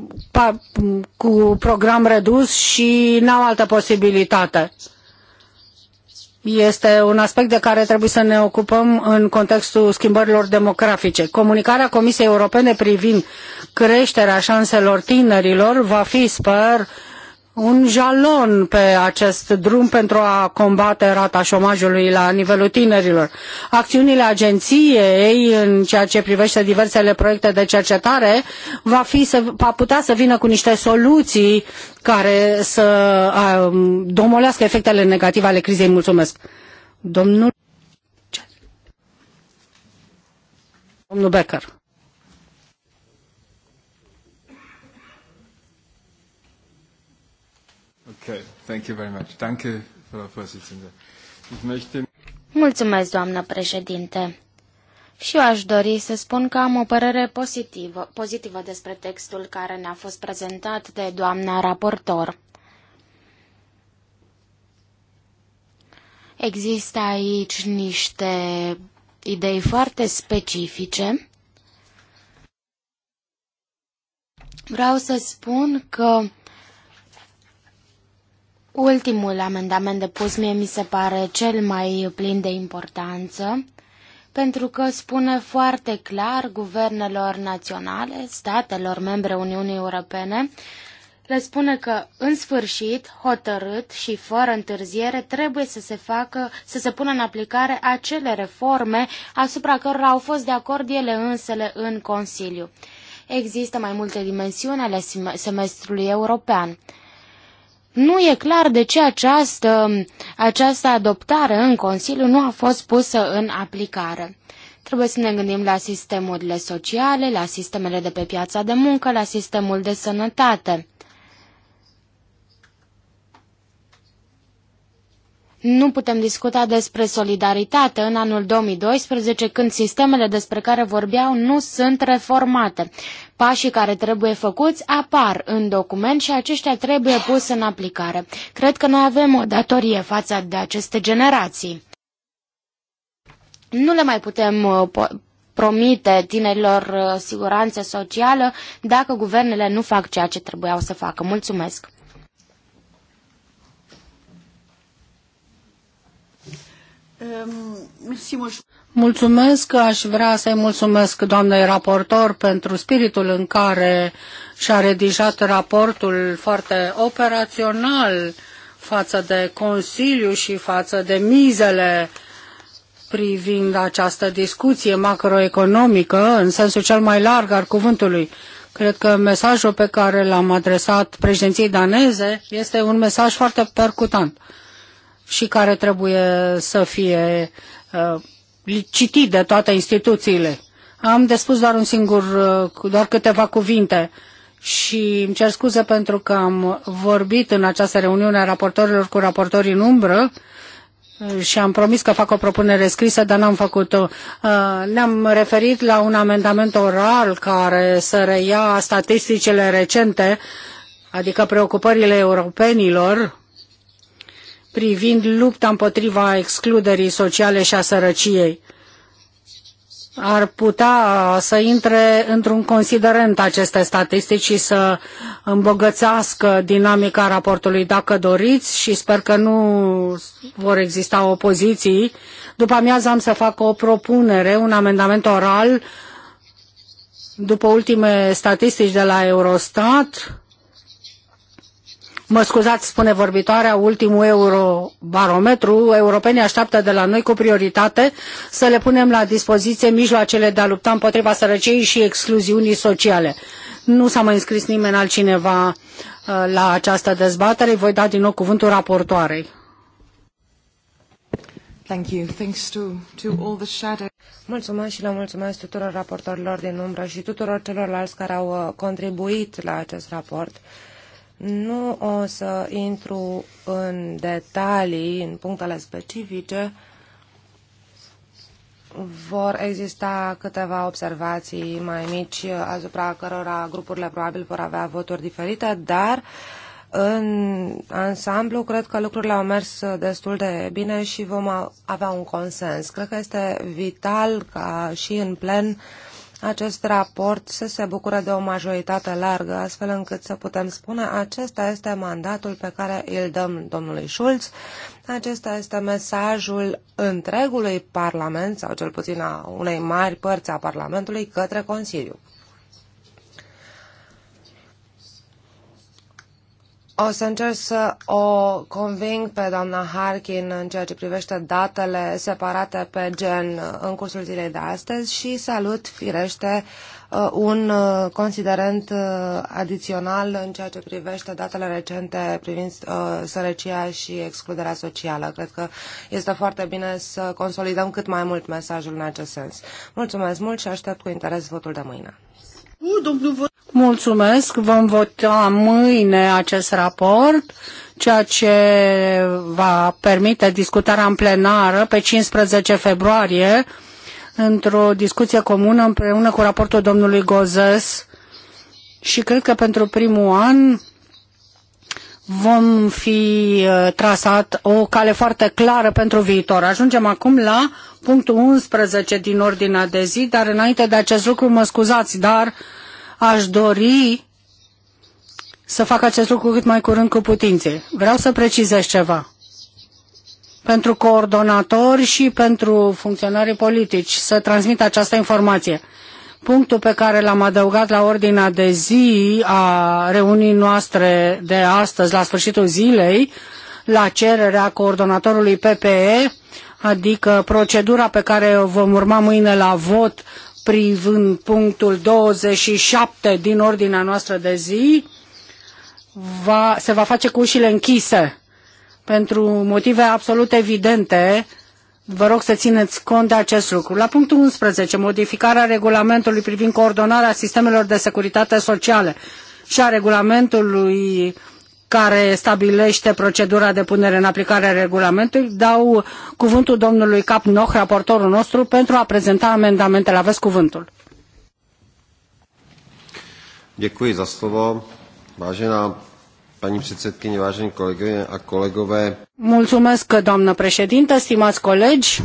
cu program redus și n-au altă posibilitate este un aspect de care trebuie să ne ocupăm în contextul schimbărilor demografice. Comunicarea Comisiei Europene privind creșterea șanselor tinerilor va fi, sper, un jalon pe acest drum pentru a combate rata șomajului la nivelul tinerilor. Acțiunile agenției în ceea ce privește diversele proiecte de cercetare va, fi să, va putea să vină cu niște soluții care să a, um, domolească efectele negative ale crizei. Mulțumesc. Domnul, Domnul Becker. Thank you very much. Danke, Frau Vorsitzende. Ich möchte... Mulțumesc, doamnă președinte. Și eu aș dori să spun că am o părere pozitivă, pozitivă despre textul care ne-a fost prezentat de doamna raportor. Există aici niște idei foarte specifice. Vreau să spun că Ultimul amendament depus mie mi se pare cel mai plin de importanță, pentru că spune foarte clar guvernelor naționale, statelor membre Uniunii Europene, le spune că, în sfârșit, hotărât și fără întârziere, trebuie să se facă, să se pună în aplicare acele reforme asupra cărora au fost de acord ele însele în Consiliu. Există mai multe dimensiuni ale semestrului european nu e clar de ce această, această adoptare în Consiliu nu a fost pusă în aplicare. Trebuie să ne gândim la sistemurile sociale, la sistemele de pe piața de muncă, la sistemul de sănătate. Nu putem discuta despre solidaritate în anul 2012 când sistemele despre care vorbeau nu sunt reformate. Pașii care trebuie făcuți apar în document și aceștia trebuie pus în aplicare. Cred că noi avem o datorie față de aceste generații. Nu le mai putem uh, promite tinerilor uh, siguranță socială dacă guvernele nu fac ceea ce trebuiau să facă. Mulțumesc! Ehm, mulțumesc, aș vrea să-i mulțumesc doamnei raportor pentru spiritul în care și-a redijat raportul foarte operațional față de Consiliu și față de mizele privind această discuție macroeconomică în sensul cel mai larg al cuvântului. Cred că mesajul pe care l-am adresat președinției daneze este un mesaj foarte percutant și care trebuie să fie uh, citit de toate instituțiile. Am de spus doar un singur, uh, doar câteva cuvinte și îmi cer scuze pentru că am vorbit în această reuniune a raportorilor cu raportorii în umbră uh, și am promis că fac o propunere scrisă, dar n-am făcut-o. Uh, ne-am referit la un amendament oral care să reia statisticile recente, adică preocupările europenilor privind lupta împotriva excluderii sociale și a sărăciei. Ar putea uh, să intre într-un considerent aceste statistici și să îmbogățească dinamica raportului dacă doriți și sper că nu vor exista opoziții. După amiază am să fac o propunere, un amendament oral după ultime statistici de la Eurostat Mă scuzați, spune vorbitoarea, ultimul eurobarometru, europenii așteaptă de la noi cu prioritate să le punem la dispoziție mijloacele de a lupta împotriva sărăciei și excluziunii sociale. Nu s-a mai înscris nimeni altcineva uh, la această dezbatere. Voi da din nou cuvântul raportoarei. Thank you. Thanks to, to all the shadow. Mulțumesc și le mulțumesc tuturor raportorilor din umbră și tuturor celorlalți care au uh, contribuit la acest raport nu o să intru în detalii, în punctele specifice. Vor exista câteva observații mai mici asupra cărora grupurile probabil vor avea voturi diferite, dar în ansamblu cred că lucrurile au mers destul de bine și vom avea un consens. Cred că este vital ca și în plen uh, acest raport să se bucure de o majoritate largă, astfel încât să putem spune acesta este mandatul pe care îl dăm domnului Schulz, acesta este mesajul întregului Parlament, sau cel puțin a unei mari părți a Parlamentului, către Consiliu. O să încerc să o conving pe doamna Harkin în ceea ce privește datele separate pe gen uh, în cursul zilei de astăzi și salut firește uh, un uh, considerent adițional în ceea ce privește datele recente privind sărăcia și excluderea socială. Cred că este foarte bine să consolidăm cât mai mult mesajul în acest sens. Mulțumesc mult și aștept cu interes votul de mâine. Mulțumesc, vom vota mâine acest raport, ceea ce va permite discutarea în plenară pe 15 februarie într-o discuție comună împreună cu raportul domnului Gozes și cred că pentru primul an vom fi uh, trasat o cale foarte clară pentru viitor. Ajungem acum la punctul 11 din ordinea de zi, dar înainte de acest lucru mă scuzați, dar aș dori să fac acest lucru cât mai curând cu putințe. Vreau să precizez ceva pentru coordonatori și pentru funcționarii politici să transmit această informație. Punctul pe care l-am adăugat la ordinea de zi a reunii noastre de astăzi, la sfârșitul zilei, la cererea coordonatorului PPE, adică procedura pe care o vom urma mâine la vot privind punctul 27 din ordinea noastră de zi, va, se va face cu ușile închise pentru motive absolut evidente Vă rog să țineți cont de acest lucru. La punctul 11, modificarea regulamentului privind coordonarea sistemelor de securitate sociale și a regulamentului care stabilește procedura de punere în aplicare a regulamentului, dau cuvântul domnului Cap Noh, raportorul nostru, pentru a prezenta amendamentele. Aveți cuvântul. Mulțumesc pentru slovo. Pani předsedkyně, vážení kolegové a kolegové. Mulțumesc, doamnă președintă, stimați colegi.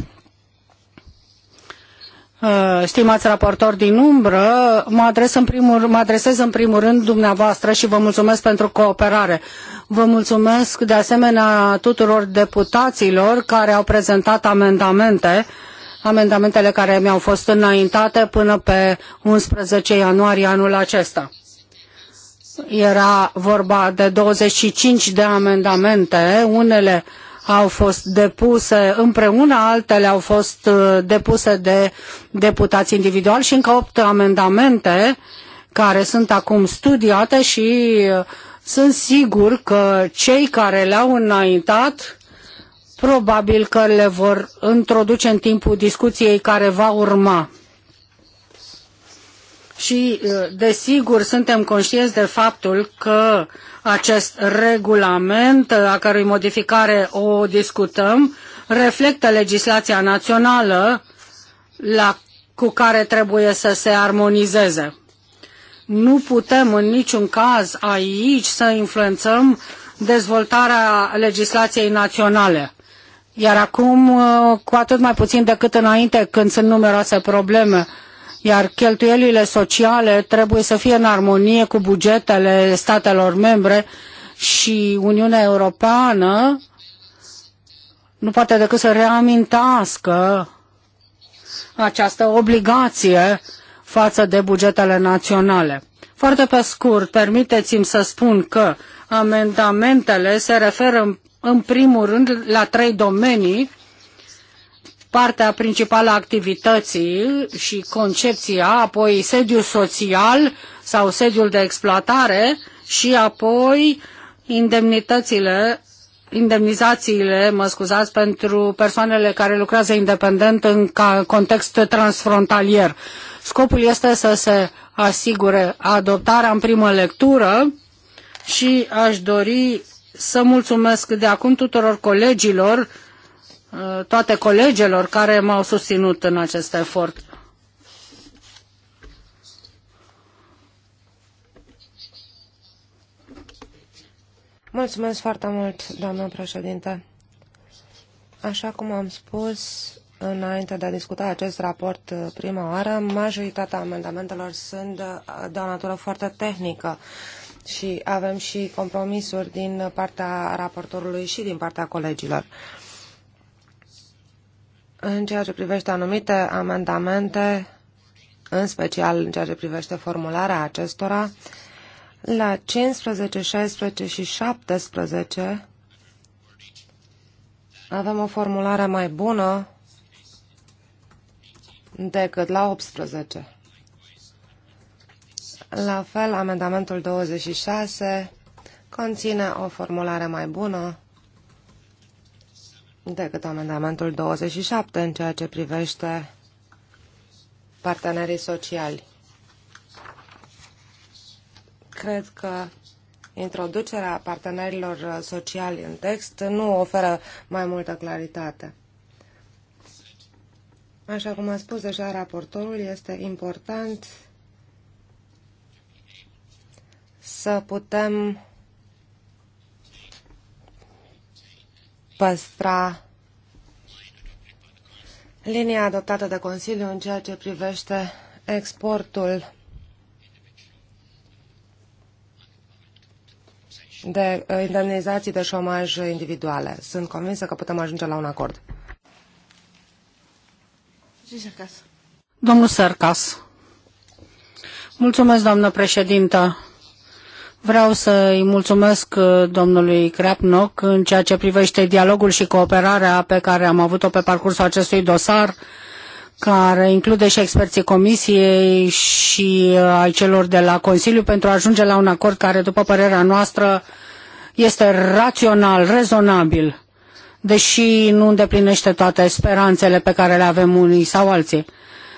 Uh, stimați raportori din umbră, mă, adres în primul, mă adresez în primul rând dumneavoastră și vă mulțumesc pentru cooperare. Vă mulțumesc de asemenea tuturor deputaților care au prezentat amendamente, amendamentele care mi-au fost înaintate până pe 11 ianuarie anul acesta. Era vorba de 25 de amendamente, unele au fost depuse împreună, altele au fost uh, depuse de deputați individual și încă 8 amendamente care sunt acum studiate și uh, sunt sigur că cei care le-au înaintat probabil că le vor introduce în timpul discuției care va urma și, uh, desigur, suntem conștienți de faptul că acest regulament, uh, a cărui modificare o discutăm, reflectă legislația națională la, cu care trebuie să se armonizeze. Nu putem în niciun caz aici să influențăm dezvoltarea legislației naționale. Iar acum, uh, cu atât mai puțin decât înainte, când sunt numeroase probleme iar cheltuielile sociale trebuie să fie în armonie cu bugetele statelor membre și Uniunea Europeană nu poate decât să reamintească această obligație față de bugetele naționale. Foarte pe scurt, permiteți-mi să spun că amendamentele se referă în, în primul rând la trei domenii partea principală a activității și concepția, apoi sediul social sau sediul de exploatare și apoi indemnitățile, indemnizațiile, mă scuzați, pentru persoanele care lucrează independent în context transfrontalier. Scopul este să se asigure adoptarea în primă lectură și aș dori să mulțumesc de acum tuturor colegilor Uh, toate colegelor care m-au susținut în acest efort. Mulțumesc foarte mult, doamnă președinte. Așa cum am spus înainte de a discuta acest raport uh, prima oară, majoritatea amendamentelor sunt uh, de o natură foarte tehnică și avem și compromisuri din partea raportorului și din partea colegilor. În ceea ce privește anumite amendamente, în special în ceea ce privește formularea acestora, la 15, 16 și 17 avem o formulare mai bună decât la 18. La fel, amendamentul 26 conține o formulare mai bună decât amendamentul 27 în ceea ce privește partenerii sociali. Cred că introducerea partenerilor sociali în text nu oferă mai multă claritate. Așa cum a spus deja raportorul, este important să putem păstra linia adoptată de Consiliu în ceea ce privește exportul de uh, indemnizații de șomaj individuale. Sunt convinsă că putem ajunge la un acord. Domnul Sărcas. Mulțumesc, doamnă președintă. Vreau să-i mulțumesc uh, domnului Krapnok în ceea ce privește dialogul și cooperarea pe care am avut-o pe parcursul acestui dosar, care include și experții Comisiei și uh, ai celor de la Consiliu pentru a ajunge la un acord care, după părerea noastră, este rațional, rezonabil, deși nu îndeplinește toate speranțele pe care le avem unii sau alții.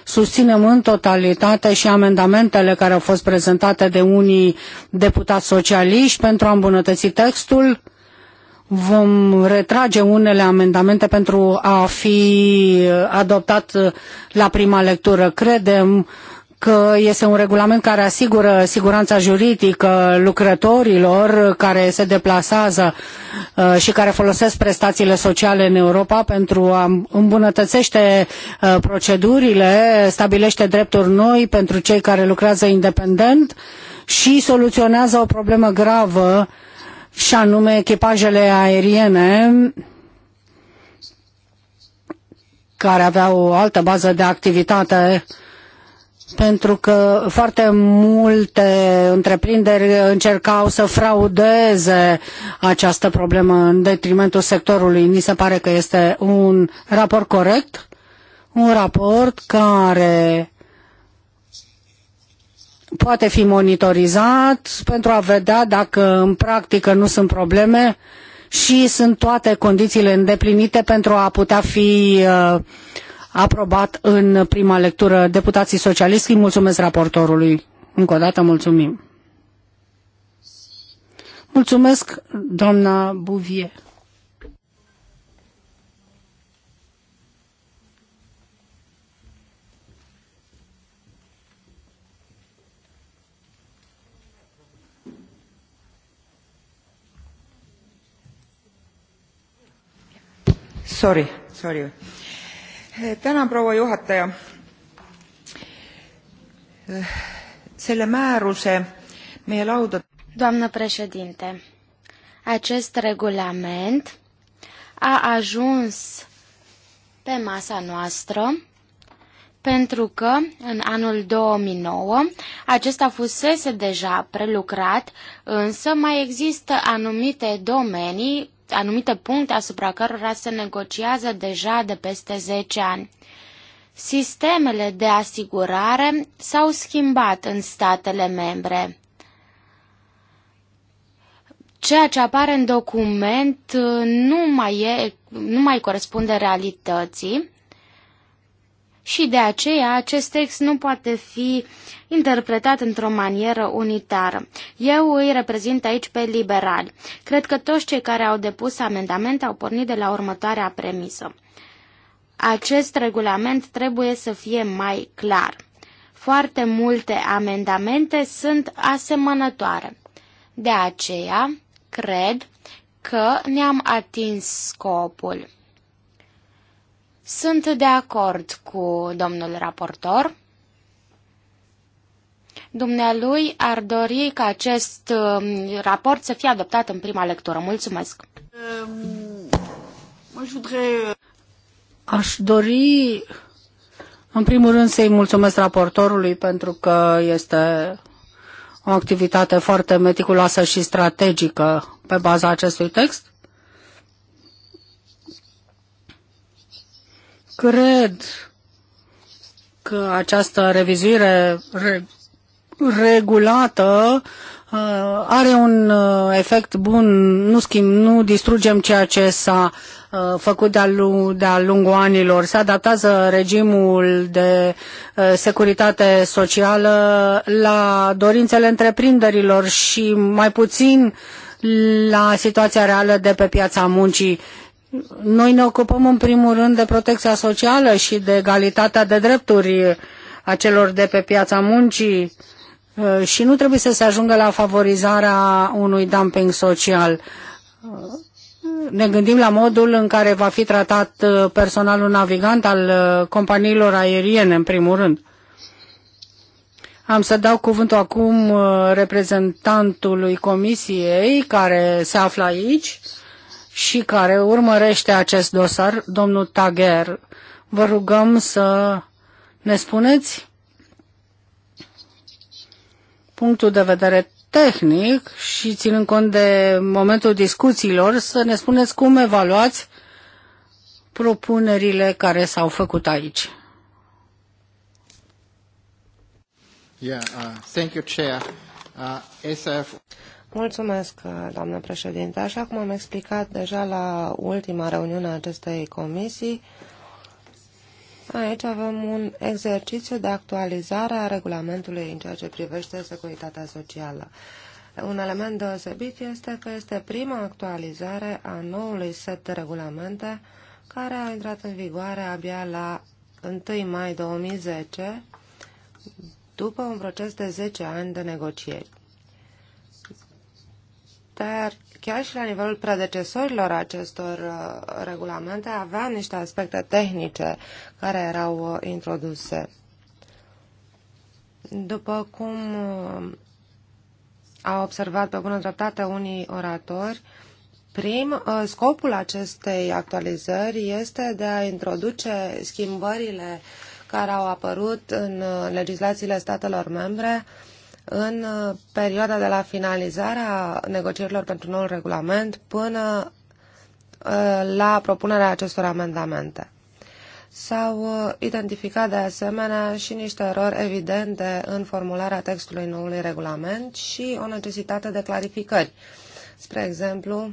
Susținem în totalitate și amendamentele care au fost prezentate de unii deputați socialiști pentru a îmbunătăți textul. Vom retrage unele amendamente pentru a fi adoptat la prima lectură. Credem că este un regulament care asigură siguranța juridică lucrătorilor care se deplasează uh, și care folosesc prestațiile sociale în Europa pentru a îmbunătățește uh, procedurile, stabilește drepturi noi pentru cei care lucrează independent și soluționează o problemă gravă și anume echipajele aeriene care aveau o altă bază de activitate uh, pentru că foarte multe întreprinderi încercau să fraudeze această problemă în detrimentul sectorului. Mi se pare că este un raport corect, un raport care poate fi monitorizat pentru a vedea dacă în practică nu sunt probleme și sunt toate condițiile îndeplinite pentru a putea fi uh, aprobat în prima lectură deputații socialiști. Îi mulțumesc raportorului. Încă o dată mulțumim. Mulțumesc, doamna Bouvier. Sorry, sorry. Doamnă președinte, acest regulament a ajuns pe masa noastră pentru că în anul 2009 acesta fusese deja prelucrat, însă mai există anumite domenii anumite puncte asupra cărora se negociază deja de peste 10 ani. Sistemele de asigurare s-au schimbat în statele membre. Ceea ce apare în document uh, nu mai, e, nu mai corespunde realității și de aceea acest text nu poate fi interpretat într-o manieră unitară. Eu îi reprezint aici pe liberali. Cred că toți cei care au depus amendamente au pornit de la următoarea premisă. Acest regulament trebuie să fie mai clar. Foarte multe amendamente sunt asemănătoare. De aceea, cred că ne-am atins scopul. Sunt de acord cu domnul raportor. Dumnealui ar dori ca acest um, raport să fie adoptat în prima lectură. Mulțumesc! Um, aș dori, în primul rând, să-i mulțumesc raportorului pentru că este o activitate foarte meticuloasă și strategică pe baza acestui text. Cred că această revizuire re, regulată uh, are un uh, efect bun, nu schimb, nu distrugem ceea ce s-a uh, făcut de-a, de lungul anilor. Se adaptează regimul de uh, securitate socială la dorințele întreprinderilor și mai puțin la situația reală de pe piața muncii noi ne ocupăm în primul rând de protecția socială și de egalitatea de drepturi uh, a celor de pe piața muncii uh, și nu trebuie să se ajungă la favorizarea unui dumping social. Uh, ne gândim la modul în care va fi tratat personalul navigant al companiilor aeriene, în primul rând. Am să dau cuvântul acum reprezentantului comisiei care se află aici și care urmărește acest dosar, domnul Tager. Vă rugăm să ne spuneți punctul de vedere tehnic și ținând cont de momentul discuțiilor, să ne spuneți cum evaluați propunerile care s-au făcut aici. Yeah, uh, thank you, Chair. Uh, SF... Mulțumesc, doamnă președinte. Așa cum am explicat deja la ultima reuniune a acestei comisii, aici avem un exercițiu de actualizare a regulamentului în ceea ce privește securitatea socială. Un element deosebit este că este prima actualizare a noului set de regulamente care a intrat în vigoare abia la 1 mai 2010, după un proces de 10 ani de negocieri dar chiar și la nivelul predecesorilor acestor uh, regulamente avea niște aspecte tehnice care erau uh, introduse. După cum uh, a observat pe bună dreptate unii oratori, prim, scopul acestei actualizări este de a introduce schimbările care au apărut în legislațiile statelor membre uh, în uh, perioada de la finalizarea negocierilor pentru noul regulament până uh, la propunerea acestor amendamente. S-au uh, identificat de asemenea și niște erori evidente în formularea textului noului regulament și o necesitate de clarificări. Spre exemplu,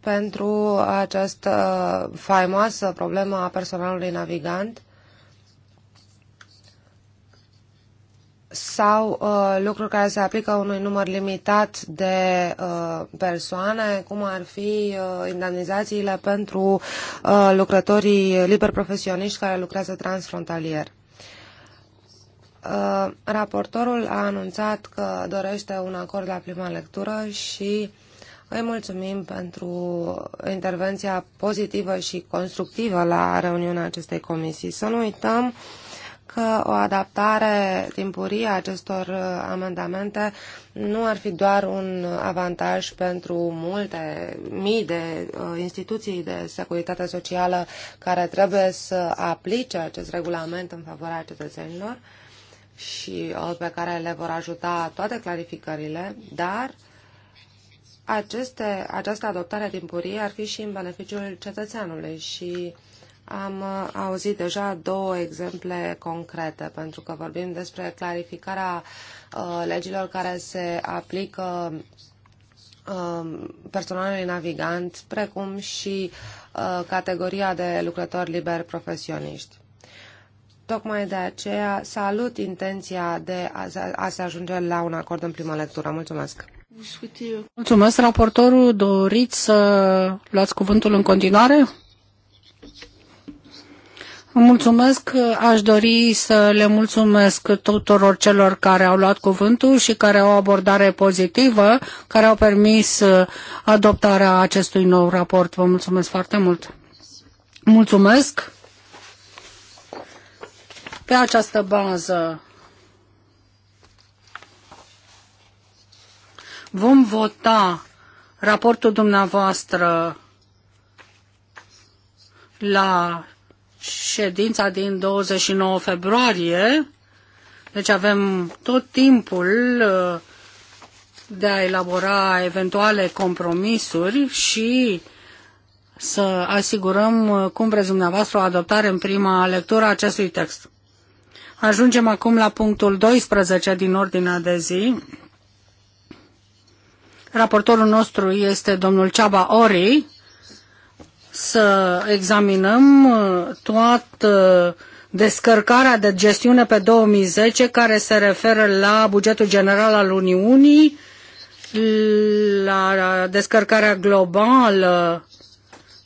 pentru această faimoasă problemă a personalului navigant, sau uh, lucruri care se aplică unui număr limitat de uh, persoane, cum ar fi uh, indemnizațiile pentru uh, lucrătorii liber profesioniști care lucrează transfrontalier. Uh, raportorul a anunțat că dorește un acord la prima lectură și îi mulțumim pentru intervenția pozitivă și constructivă la reuniunea acestei comisii. Să nu uităm uh, că o adaptare timpurie a acestor uh, amendamente nu ar fi doar un avantaj pentru multe mii de uh, instituții de securitate socială care trebuie să aplice acest regulament în favoarea cetățenilor și uh, pe care le vor ajuta toate clarificările, dar aceste, această adoptare timpurie ar fi și în beneficiul cetățeanului și uh, am uh, auzit deja două exemple concrete, pentru că vorbim despre clarificarea uh, legilor care se aplică um, personalului navigant, precum și uh, categoria de lucrători liberi profesioniști. Tocmai de aceea salut intenția de a, a se ajunge la un acord în primă lectură. Mulțumesc! Mulțumesc, raportorul. Doriți să luați cuvântul în continuare? Mulțumesc, aș dori să le mulțumesc tuturor celor care au luat cuvântul și care au o abordare pozitivă, care au permis adoptarea acestui nou raport. Vă mulțumesc foarte mult! Mulțumesc! Pe această bază vom vota raportul dumneavoastră la ședința din 29 februarie, deci avem tot timpul uh, de a elabora eventuale compromisuri și să asigurăm, uh, cum vreți dumneavoastră, o adoptare în prima lectură a acestui text. Ajungem acum la punctul 12 din ordinea de zi. Raportorul nostru este domnul Ceaba Ori să examinăm uh, toată descărcarea de gestiune pe 2010 care se referă la bugetul general al Uniunii, la descărcarea globală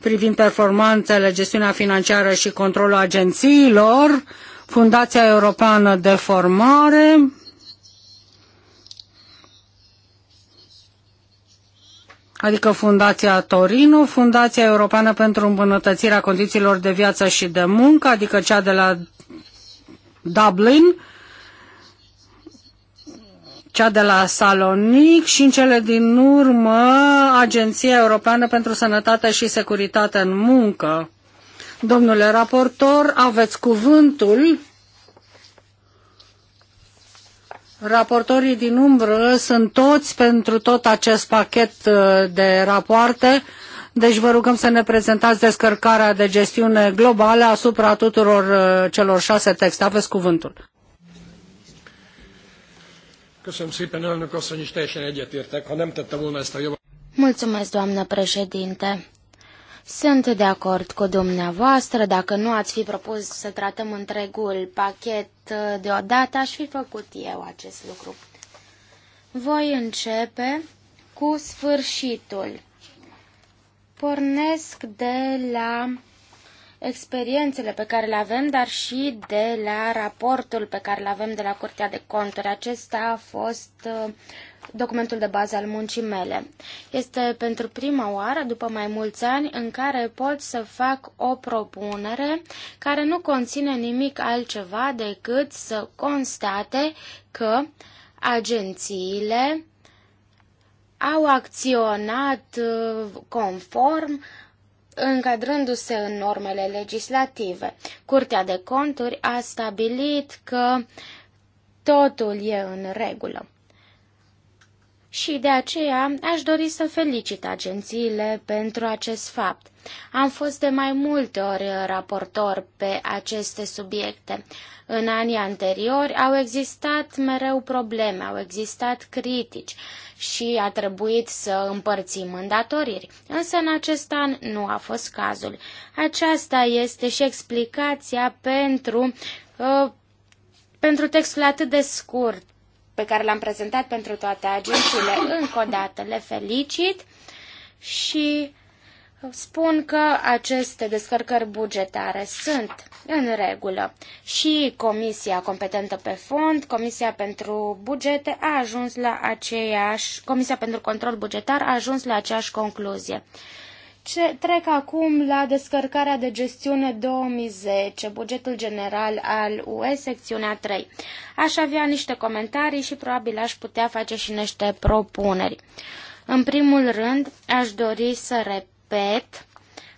privind performanțele, gestiunea financiară și controlul agențiilor, Fundația Europeană de Formare, adică Fundația Torino, Fundația Europeană pentru îmbunătățirea condițiilor de viață și de muncă, adică cea de la Dublin, cea de la Salonic și în cele din urmă Agenția Europeană pentru Sănătate și Securitate în Muncă. Domnule raportor, aveți cuvântul Raportorii din umbră sunt toți pentru tot acest pachet uh, de rapoarte, deci vă rugăm să ne prezentați descărcarea de gestiune globală asupra tuturor uh, celor șase texte. Aveți cuvântul. Mulțumesc, doamnă președinte. Sunt de acord cu dumneavoastră. Dacă nu ați fi propus să tratăm întregul pachet uh, deodată, aș fi făcut eu acest lucru. Voi începe cu sfârșitul. Pornesc de la experiențele pe care le avem, dar și de la raportul pe care le avem de la Curtea de Conturi. Acesta a fost uh, documentul de bază al muncii mele. Este pentru prima oară, după mai mulți ani, în care pot să fac o propunere care nu conține nimic altceva decât să constate că agențiile au acționat uh, conform încadrându-se în normele legislative. Curtea de conturi a stabilit că totul e în regulă și de aceea aș dori să felicit agențiile pentru acest fapt. Am fost de mai multe ori raportor pe aceste subiecte. În anii anteriori au existat mereu probleme, au existat critici și a trebuit să împărțim îndatoriri. Însă în acest an nu a fost cazul. Aceasta este și explicația pentru uh, pentru textul atât de scurt pe care l-am prezentat pentru toate agențiile. Încă o dată le felicit și spun că aceste descărcări bugetare sunt în regulă și comisia competentă pe fond, comisia pentru bugete a ajuns la aceeași, comisia pentru control bugetar a ajuns la aceeași concluzie. Ce, trec acum la descărcarea de gestiune 2010, bugetul general al UE, secțiunea 3. Aș avea niște comentarii și probabil aș putea face și niște propuneri. În primul rând, aș dori să repet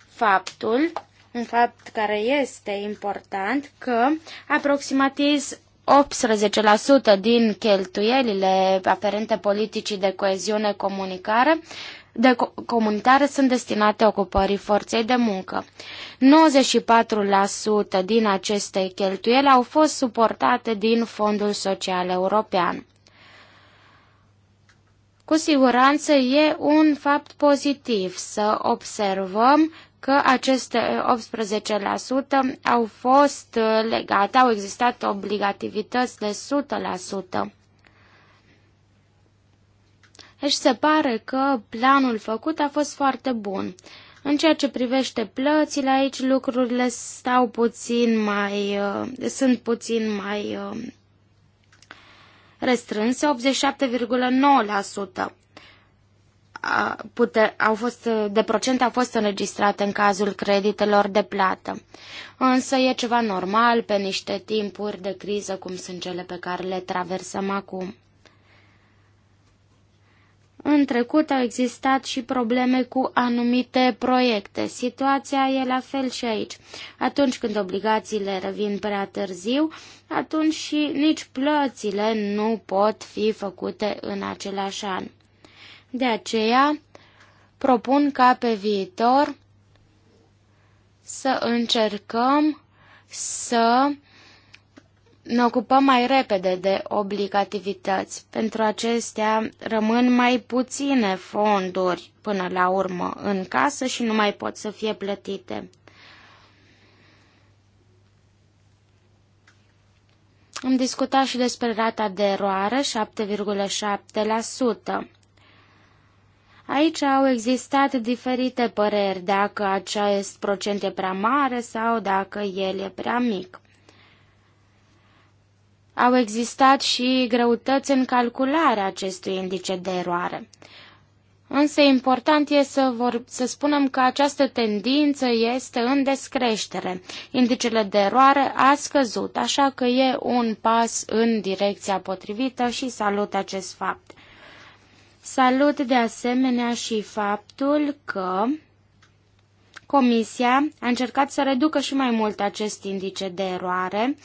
faptul, un fapt care este important, că aproximativ 18% din cheltuielile aferente politicii de coeziune comunicare de comunitare sunt destinate ocupării forței de muncă. 94% din aceste cheltuieli au fost suportate din Fondul Social European. Cu siguranță e un fapt pozitiv să observăm că aceste 18% au fost legate, au existat obligativități de 100%. Își se pare că planul făcut a fost foarte bun. În ceea ce privește plățile aici, lucrurile stau puțin mai, uh, sunt puțin mai uh, restrânse, 87,9% pute, au fost, de procent au fost înregistrate în cazul creditelor de plată. Însă e ceva normal pe niște timpuri de criză cum sunt cele pe care le traversăm acum. În trecut au existat și probleme cu anumite proiecte. Situația e la fel și aici. Atunci când obligațiile revin prea târziu, atunci și nici plățile nu pot fi făcute în același an. De aceea, propun ca pe viitor să încercăm să ne ocupăm mai repede de obligativități. Pentru acestea rămân mai puține fonduri până la urmă în casă și nu mai pot să fie plătite. Am discutat și despre rata de eroare, 7,7%. Aici au existat diferite păreri dacă acest procent e prea mare sau dacă el e prea mic. Au existat și greutăți în calcularea acestui indice de eroare. Însă important e să, vor, să spunem că această tendință este în descreștere. Indicele de eroare a scăzut, așa că e un pas în direcția potrivită și salut acest fapt. Salut de asemenea și faptul că Comisia a încercat să reducă și mai mult acest indice de eroare,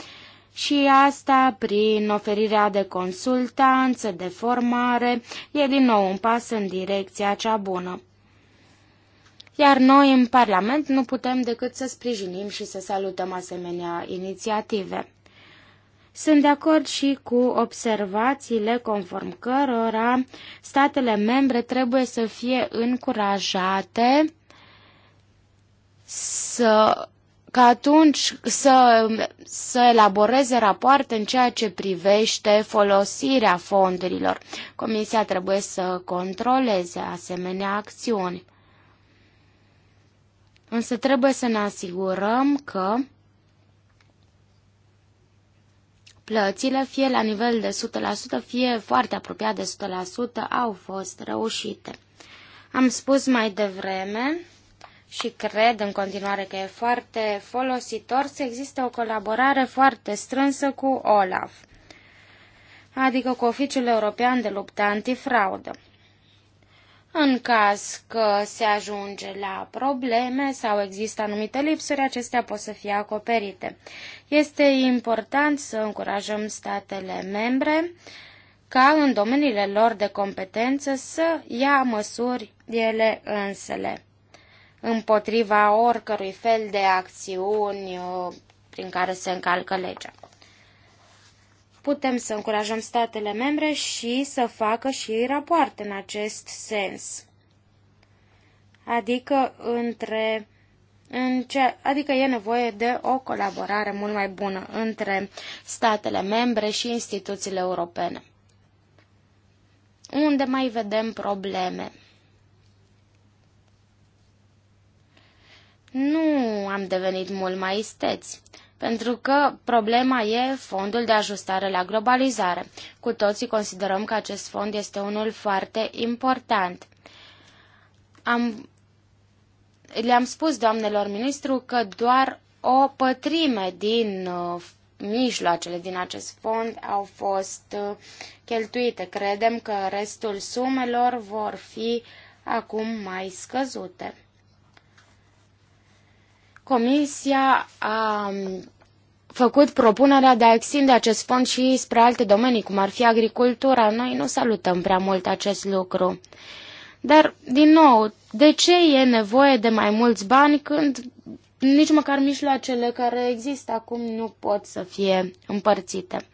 și asta prin oferirea de consultanță, de formare, e din nou un pas în direcția cea bună. Iar noi în Parlament nu putem decât să sprijinim și să salutăm asemenea inițiative. Sunt de acord și cu observațiile conform cărora statele membre trebuie să fie încurajate să ca atunci să, să elaboreze rapoarte în ceea ce privește folosirea fondurilor. Comisia trebuie să controleze asemenea acțiuni. Însă trebuie să ne asigurăm că plățile, fie la nivel de 100%, fie foarte apropiat de 100%, au fost reușite. Am spus mai devreme și cred în continuare că e foarte folositor să existe o colaborare foarte strânsă cu OLAF, adică cu Oficiul European de Luptă Antifraudă. În caz că se ajunge la probleme sau există anumite lipsuri, acestea pot să fie acoperite. Este important să încurajăm statele membre ca în domeniile lor de competență să ia măsuri ele însele împotriva oricărui fel de acțiuni uh, prin care se încalcă legea. Putem să încurajăm statele membre și să facă și rapoarte în acest sens. Adică între în ce, adică e nevoie de o colaborare mult mai bună între statele membre și instituțiile europene. Unde mai vedem probleme? nu am devenit mult mai isteți, pentru că problema e fondul de ajustare la globalizare. Cu toții considerăm că acest fond este unul foarte important. Am, le-am spus doamnelor ministru că doar o pătrime din uh, mijloacele din acest fond au fost uh, cheltuite. Credem că restul sumelor vor fi acum mai scăzute. Comisia a um, făcut propunerea de a extinde acest fond și spre alte domenii, cum ar fi agricultura. Noi nu salutăm prea mult acest lucru. Dar, din nou, de ce e nevoie de mai mulți bani când nici măcar mijloacele care există acum nu pot să fie împărțite?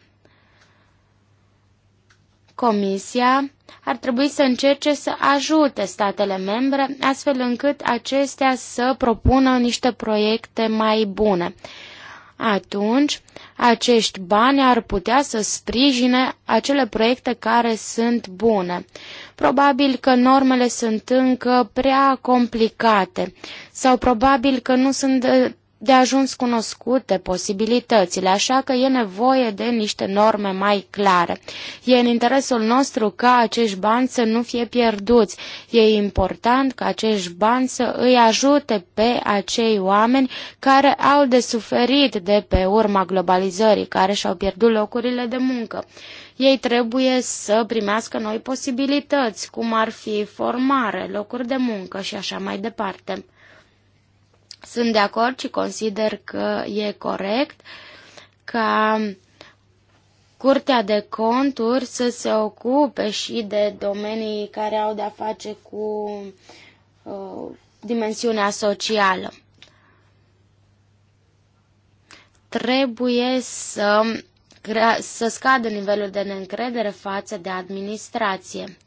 Comisia ar trebui să încerce să ajute statele membre astfel încât acestea să propună niște proiecte mai bune. Atunci, acești bani ar putea să sprijine acele proiecte care sunt bune. Probabil că normele sunt încă prea complicate sau probabil că nu sunt de ajuns cunoscute posibilitățile, așa că e nevoie de niște norme mai clare. E în interesul nostru ca acești bani să nu fie pierduți. E important ca acești bani să îi ajute pe acei oameni care au de suferit de pe urma globalizării, care și-au pierdut locurile de muncă. Ei trebuie să primească noi posibilități, cum ar fi formare, locuri de muncă și așa mai departe. Sunt de acord și consider că e corect ca Curtea de Conturi să se ocupe și de domenii care au de-a face cu uh, dimensiunea socială. Trebuie să, să scadă nivelul de neîncredere față de administrație.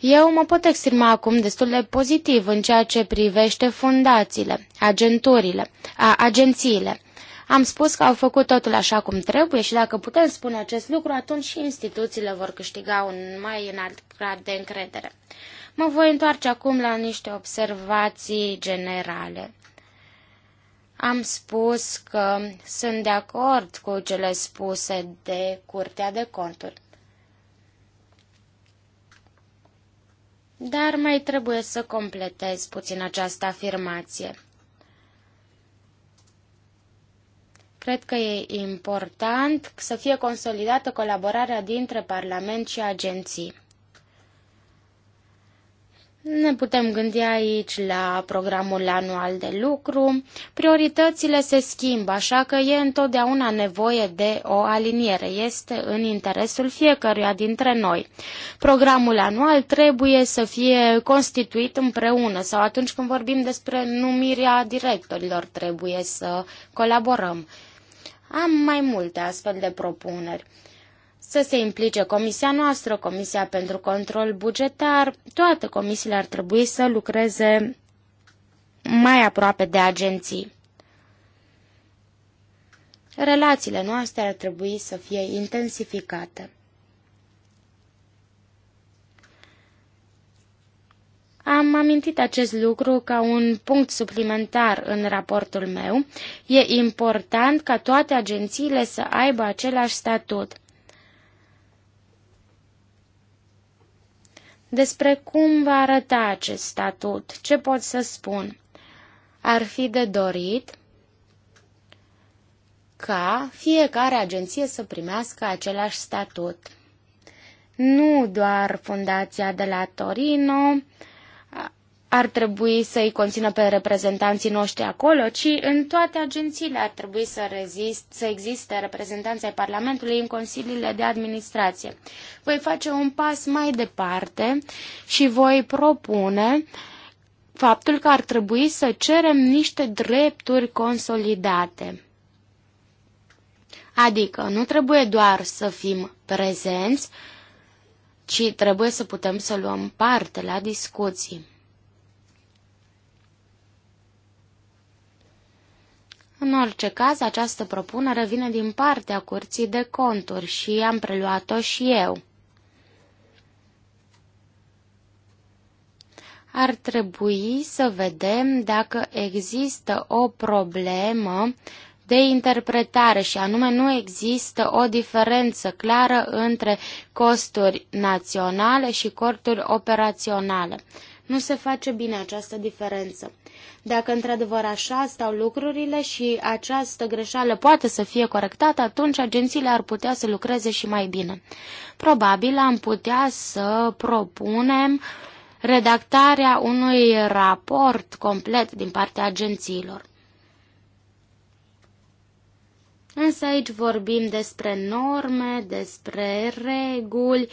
Eu mă pot exprima acum destul de pozitiv în ceea ce privește fundațiile, agenturile, a, agențiile. Am spus că au făcut totul așa cum trebuie și dacă putem spune acest lucru, atunci și instituțiile vor câștiga un mai înalt grad de încredere. Mă voi întoarce acum la niște observații generale. Am spus că sunt de acord cu cele spuse de Curtea de Conturi. dar mai trebuie să completez puțin această afirmație. Cred că e important să fie consolidată colaborarea dintre Parlament și agenții. Ne putem gândi aici la programul anual de lucru. Prioritățile se schimbă, așa că e întotdeauna nevoie de o aliniere. Este în interesul fiecăruia dintre noi. Programul anual trebuie să fie constituit împreună sau atunci când vorbim despre numirea directorilor trebuie să colaborăm. Am mai multe astfel de propuneri să se implice comisia noastră, Comisia pentru Control Bugetar, toate comisiile ar trebui să lucreze mai aproape de agenții. Relațiile noastre ar trebui să fie intensificate. Am amintit acest lucru ca un punct suplimentar în raportul meu. E important ca toate agențiile să aibă același statut. Despre cum va arăta acest statut, ce pot să spun? Ar fi de dorit ca fiecare agenție să primească același statut. Nu doar fundația de la Torino, ar trebui să îi conțină pe reprezentanții noștri acolo, ci în toate agențiile ar trebui să, rezist, să existe reprezentanți ai Parlamentului în consiliile de administrație. Voi face un pas mai departe și voi propune faptul că ar trebui să cerem niște drepturi consolidate. Adică nu trebuie doar să fim prezenți, ci trebuie să putem să luăm parte la discuții. În orice caz, această propunere vine din partea curții de conturi și am preluat-o și eu. Ar trebui să vedem dacă există o problemă de interpretare și anume nu există o diferență clară între costuri naționale și costuri operaționale nu se face bine această diferență. Dacă într-adevăr așa stau lucrurile și această greșeală poate să fie corectată, atunci agențiile ar putea să lucreze și mai bine. Probabil am putea să propunem redactarea unui raport complet din partea agențiilor. Însă aici vorbim despre norme, despre reguli,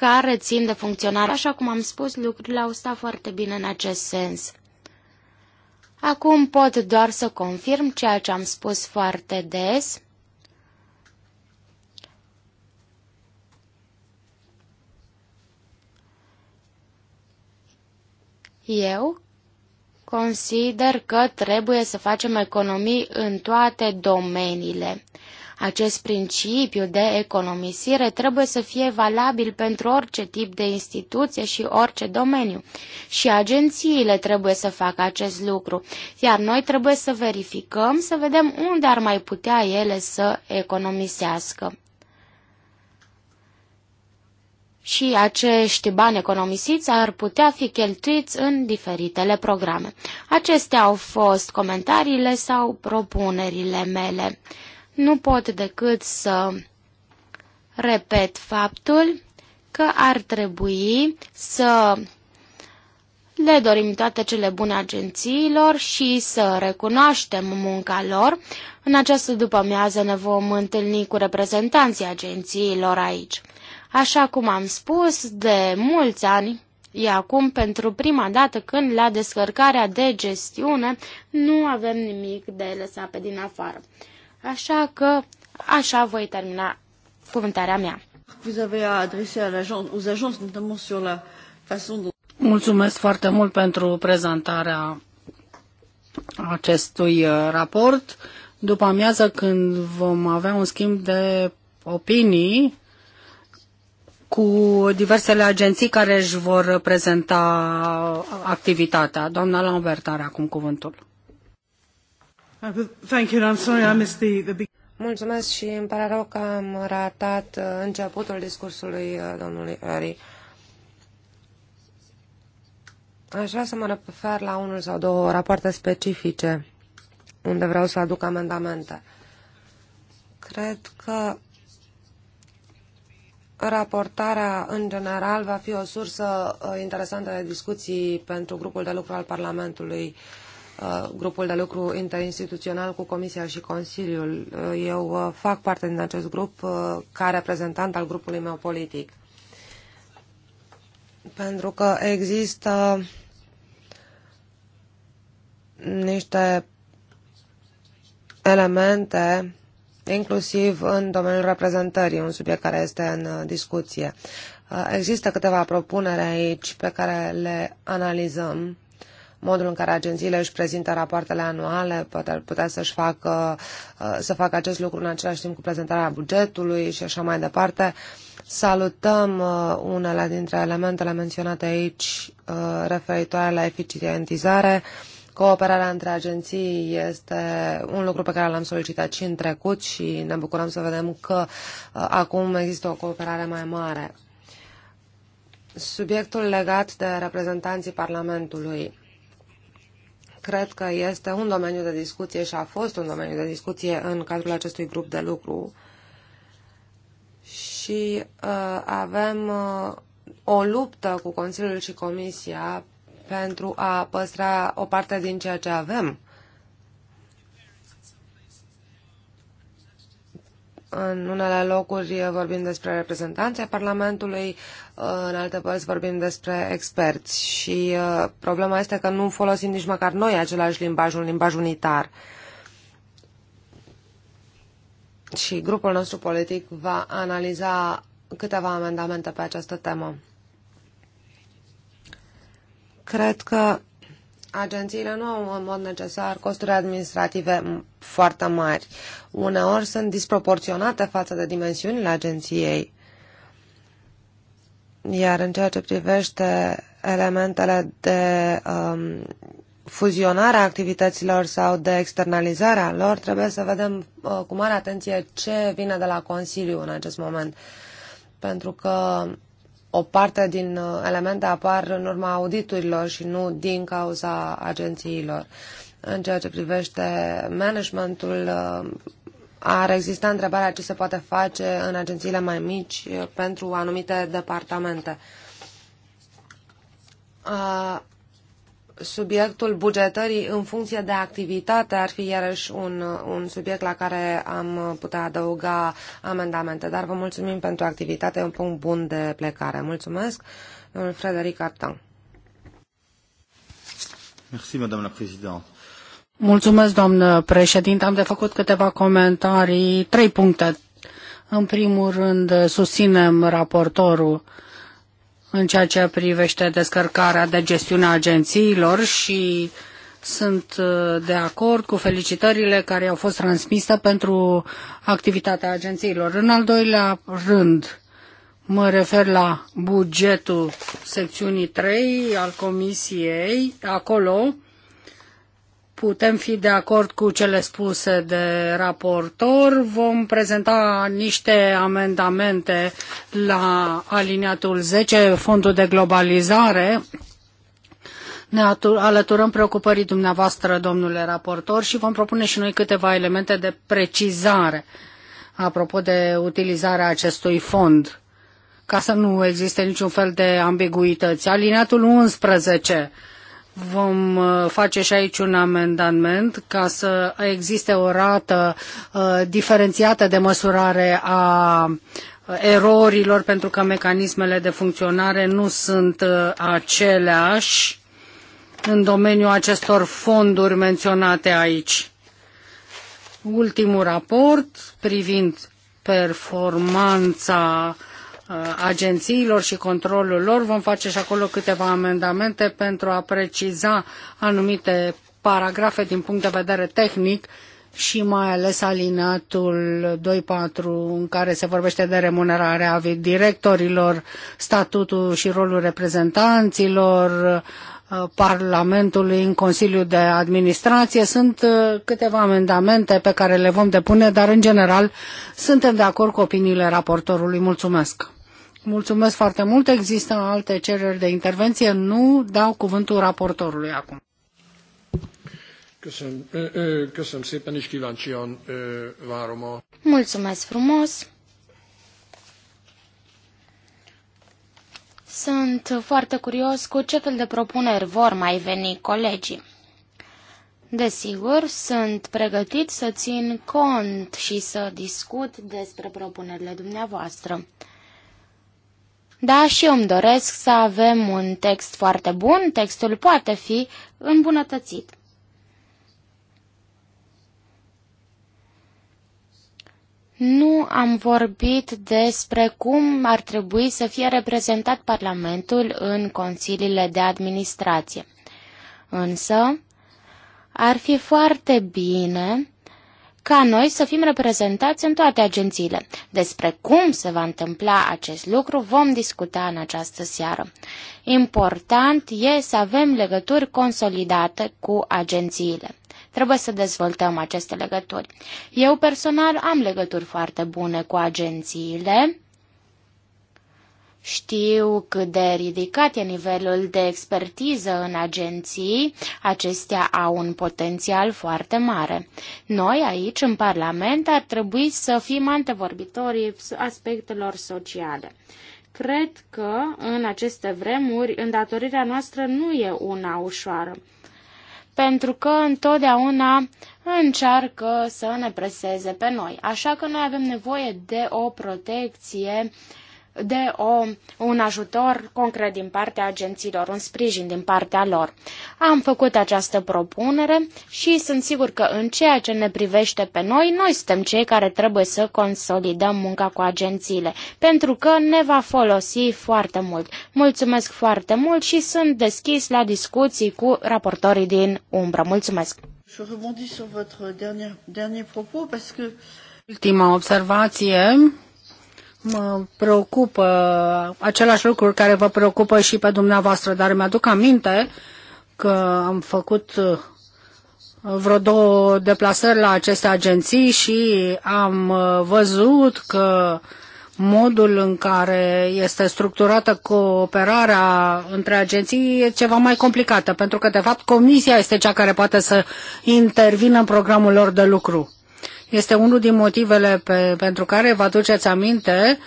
care țin de funcționare. Așa cum am spus, lucrurile au stat foarte bine în acest sens. Acum pot doar să confirm ceea ce am spus foarte des. Eu consider că trebuie să facem economii în toate domeniile. Acest principiu de economisire trebuie să fie valabil pentru orice tip de instituție și orice domeniu. Și agențiile trebuie să facă acest lucru, iar noi trebuie să verificăm, să vedem unde ar mai putea ele să economisească. și acești bani economisiți ar putea fi cheltuiți în diferitele programe. Acestea au fost comentariile sau propunerile mele nu pot decât să repet faptul că ar trebui să le dorim toate cele bune agențiilor și să recunoaștem munca lor. În această după-amiază ne vom întâlni cu reprezentanții agențiilor aici. Așa cum am spus, de mulți ani, e acum pentru prima dată când la descărcarea de gestiune nu avem nimic de lăsat pe din afară. Așa că așa voi termina cuvântarea mea. Mulțumesc foarte mult pentru prezentarea acestui uh, raport. După amiază, când vom avea un schimb de opinii cu diversele agenții care își vor prezenta activitatea. Doamna Lambert are acum cuvântul. Mulțumesc și îmi pare rău că am ratat uh, începutul discursului uh, domnului Ari. Aș vrea să mă refer la unul sau două rapoarte specifice unde vreau să aduc amendamente. Cred că raportarea în general va fi o sursă uh, interesantă de discuții pentru grupul de lucru al Parlamentului uh, Uh, grupul de lucru interinstituțional cu Comisia și Consiliul. Uh, eu uh, fac parte din acest grup ca reprezentant al grupului meu politic. Pentru că există niște elemente, inclusiv în domeniul reprezentării, un subiect care este în discuție. Există câteva propuneri aici pe care le analizăm modul în care agențiile își prezintă rapoartele anuale, poate ar putea să-și facă, uh, să facă acest lucru în același timp cu prezentarea bugetului și așa mai departe. Salutăm uh, unele dintre elementele menționate aici uh, referitoare la eficientizare. Cooperarea între agenții este un lucru pe care l-am solicitat și în trecut și ne bucurăm să vedem că acum există o cooperare mai mare. Subiectul legat de reprezentanții Parlamentului. Cred că este un domeniu de discuție și a fost un domeniu de discuție în cadrul acestui grup de lucru și uh, avem uh, o luptă cu Consiliul și Comisia pentru a păstra o parte din ceea ce avem În unele locuri vorbim despre reprezentanții Parlamentului, în alte părți vorbim despre experți și uh, problema este că nu folosim nici măcar noi același limbaj, un limbaj unitar. Și grupul nostru politic va analiza câteva amendamente pe această temă. Cred că agențiile nu au în mod necesar costuri administrative foarte mari. Uneori sunt disproporționate față de dimensiunile agenției. Iar în ceea ce privește elementele de um, fuzionare a activităților sau de externalizarea lor, trebuie să vedem uh, cu mare atenție ce vine de la Consiliu în acest moment. Pentru că o parte din uh, elemente apar în urma auditurilor și nu din cauza agențiilor. În ceea ce privește managementul, uh, ar exista întrebarea ce se poate face în agențiile mai mici uh, pentru anumite departamente subiectul bugetării în funcție de activitate ar fi iarăși un, un subiect la care am putea adăuga amendamente, dar vă mulțumim pentru activitate, un punct bun de plecare. Mulțumesc, domnul Frederic Artan. Merci, madame la présidente. Mulțumesc, doamnă președinte. Am de făcut câteva comentarii, trei puncte. În primul rând, susținem raportorul uh, în ceea ce privește descărcarea de gestiune a agențiilor și sunt uh, de acord cu felicitările care au fost transmise pentru activitatea agențiilor. În al doilea rând, mă refer la bugetul secțiunii 3 al Comisiei. Acolo putem fi de acord cu cele spuse de raportor. Vom prezenta niște amendamente la aliniatul 10, fondul de globalizare. Ne alăturăm preocupării dumneavoastră, domnule raportor, și vom propune și noi câteva elemente de precizare apropo de utilizarea acestui fond, ca să nu existe niciun fel de ambiguități. Aliniatul 11 Vom uh, face și aici un amendament ca să existe o rată uh, diferențiată de măsurare a uh, erorilor pentru că mecanismele de funcționare nu sunt uh, aceleași în domeniul acestor fonduri menționate aici. Ultimul raport privind performanța Uh, agențiilor și controlul lor. Vom face și acolo câteva amendamente pentru a preciza anumite paragrafe din punct de vedere tehnic și mai ales alineatul 2.4 în care se vorbește de remunerarea directorilor, statutul și rolul reprezentanților, uh, Parlamentului în Consiliul de Administrație. Sunt uh, câteva amendamente pe care le vom depune, dar în general suntem de acord cu opiniile raportorului. Mulțumesc! Mulțumesc foarte mult. Există alte cereri de intervenție. Nu dau cuvântul raportorului acum. Mulțumesc frumos! Sunt foarte curios cu ce fel de propuneri vor mai veni colegii. Desigur, sunt pregătit să țin cont și să discut despre propunerile dumneavoastră. Da, și eu îmi doresc să avem un text foarte bun, textul poate fi îmbunătățit. Nu am vorbit despre cum ar trebui să fie reprezentat Parlamentul în consiliile de administrație. Însă, ar fi foarte bine ca noi să fim reprezentați în toate agențiile. Despre cum se va întâmpla acest lucru vom discuta în această seară. Important e să avem legături consolidate cu agențiile. Trebuie să dezvoltăm aceste legături. Eu personal am legături foarte bune cu agențiile știu cât de ridicat e nivelul de expertiză în agenții, acestea au un potențial foarte mare. Noi aici, în Parlament, ar trebui să fim antevorbitorii aspectelor sociale. Cred că în aceste vremuri îndatorirea noastră nu e una ușoară, pentru că întotdeauna încearcă să ne preseze pe noi. Așa că noi avem nevoie de o protecție uh, de o, un ajutor concret din partea agențiilor, un sprijin din partea lor. Am făcut această propunere și sunt sigur că în ceea ce ne privește pe noi, noi suntem cei care trebuie să consolidăm munca cu agențiile, pentru că ne va folosi foarte mult. Mulțumesc foarte mult și sunt deschis la discuții cu raportorii din umbră. Mulțumesc! Ultima observație mă preocupă același lucru care vă preocupă și pe dumneavoastră, dar mi-aduc aminte că am făcut uh, vreo două deplasări la aceste agenții și am uh, văzut că modul în care este structurată cooperarea între agenții e ceva mai complicată, pentru că, de fapt, comisia este cea care poate să intervină în programul lor de lucru. Este unul din motivele pe, pentru care, vă aduceți aminte,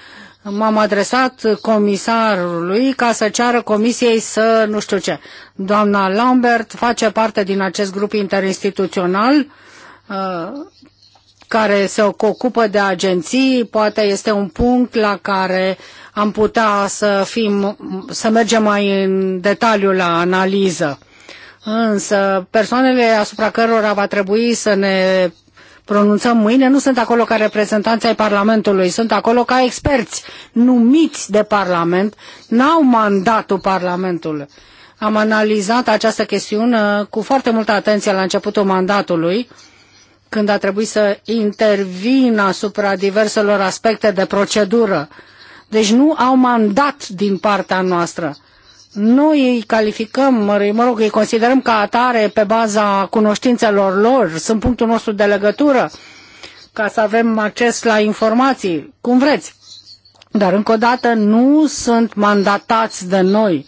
m-am adresat comisarului ca să ceară comisiei să nu știu ce. Doamna Lambert face parte din acest grup interinstituțional uh, care se ocupă de agenții, poate este un punct la care am putea să, fim, să mergem mai în detaliu la analiză. Însă persoanele asupra cărora va trebui să ne pronunțăm mâine nu sunt acolo ca reprezentanți ai Parlamentului, sunt acolo ca experți numiți de Parlament, n-au mandatul Parlamentului. Am analizat această chestiune cu foarte multă atenție la începutul mandatului, când a trebuit să intervin asupra diverselor aspecte de procedură. Deci nu au mandat din partea noastră. Noi îi calificăm, mă rog, îi considerăm ca atare pe baza cunoștințelor lor, sunt punctul nostru de legătură, ca să avem acces la informații, cum vreți. Dar, încă o dată, nu sunt mandatați de noi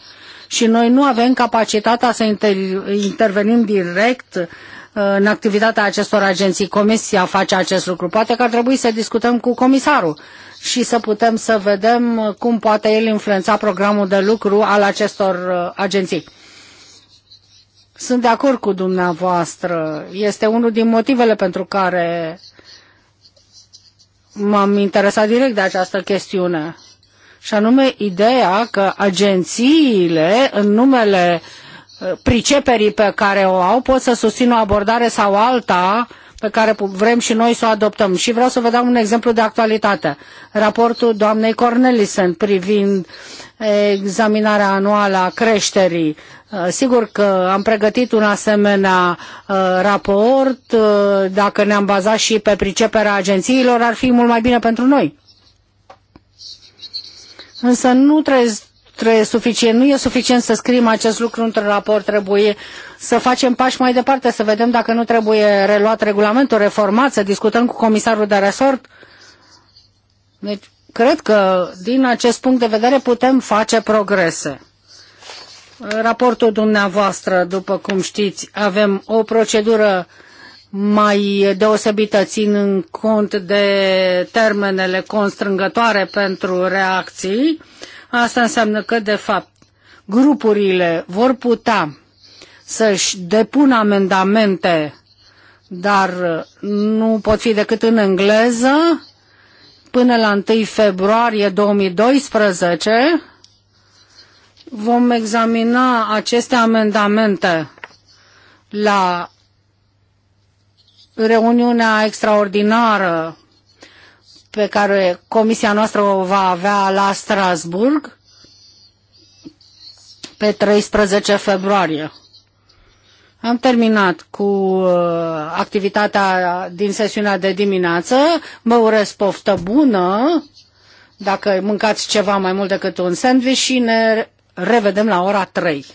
și noi nu avem capacitatea să inter- intervenim direct uh, în activitatea acestor agenții. Comisia face acest lucru. Poate că ar trebui să discutăm cu comisarul și să putem să vedem cum poate el influența programul de lucru al acestor uh, agenții. Sunt de acord cu dumneavoastră. Este unul din motivele pentru care m-am interesat direct de această chestiune. Și anume ideea că agențiile, în numele uh, priceperii pe care o au, pot să susțină o abordare sau alta uh, pe care vrem și noi să o adoptăm. Și vreau să vă dau un exemplu de actualitate. Raportul doamnei Cornelison privind examinarea anuală a creșterii. Uh, sigur că am pregătit un asemenea uh, raport. Uh, dacă ne-am bazat și pe priceperea agențiilor, ar fi mult mai bine pentru noi. Însă nu trebuie suficient, nu e suficient să scriem acest lucru într-un raport, trebuie să facem pași mai departe, să vedem dacă nu trebuie reluat regulamentul, reformat, să discutăm cu comisarul de resort. Deci, cred că din acest punct de vedere putem face progrese. Raportul dumneavoastră, după cum știți, avem o procedură mai deosebită ținând cont de termenele constrângătoare pentru reacții. Asta înseamnă că, de fapt, grupurile vor putea să-și depună amendamente, dar nu pot fi decât în engleză, până la 1 februarie 2012 vom examina aceste amendamente la reuniunea extraordinară pe care comisia noastră o va avea la Strasburg pe 13 februarie. Am terminat cu uh, activitatea din sesiunea de dimineață. Mă urez poftă bună dacă mâncați ceva mai mult decât un sandwich și ne revedem la ora 3.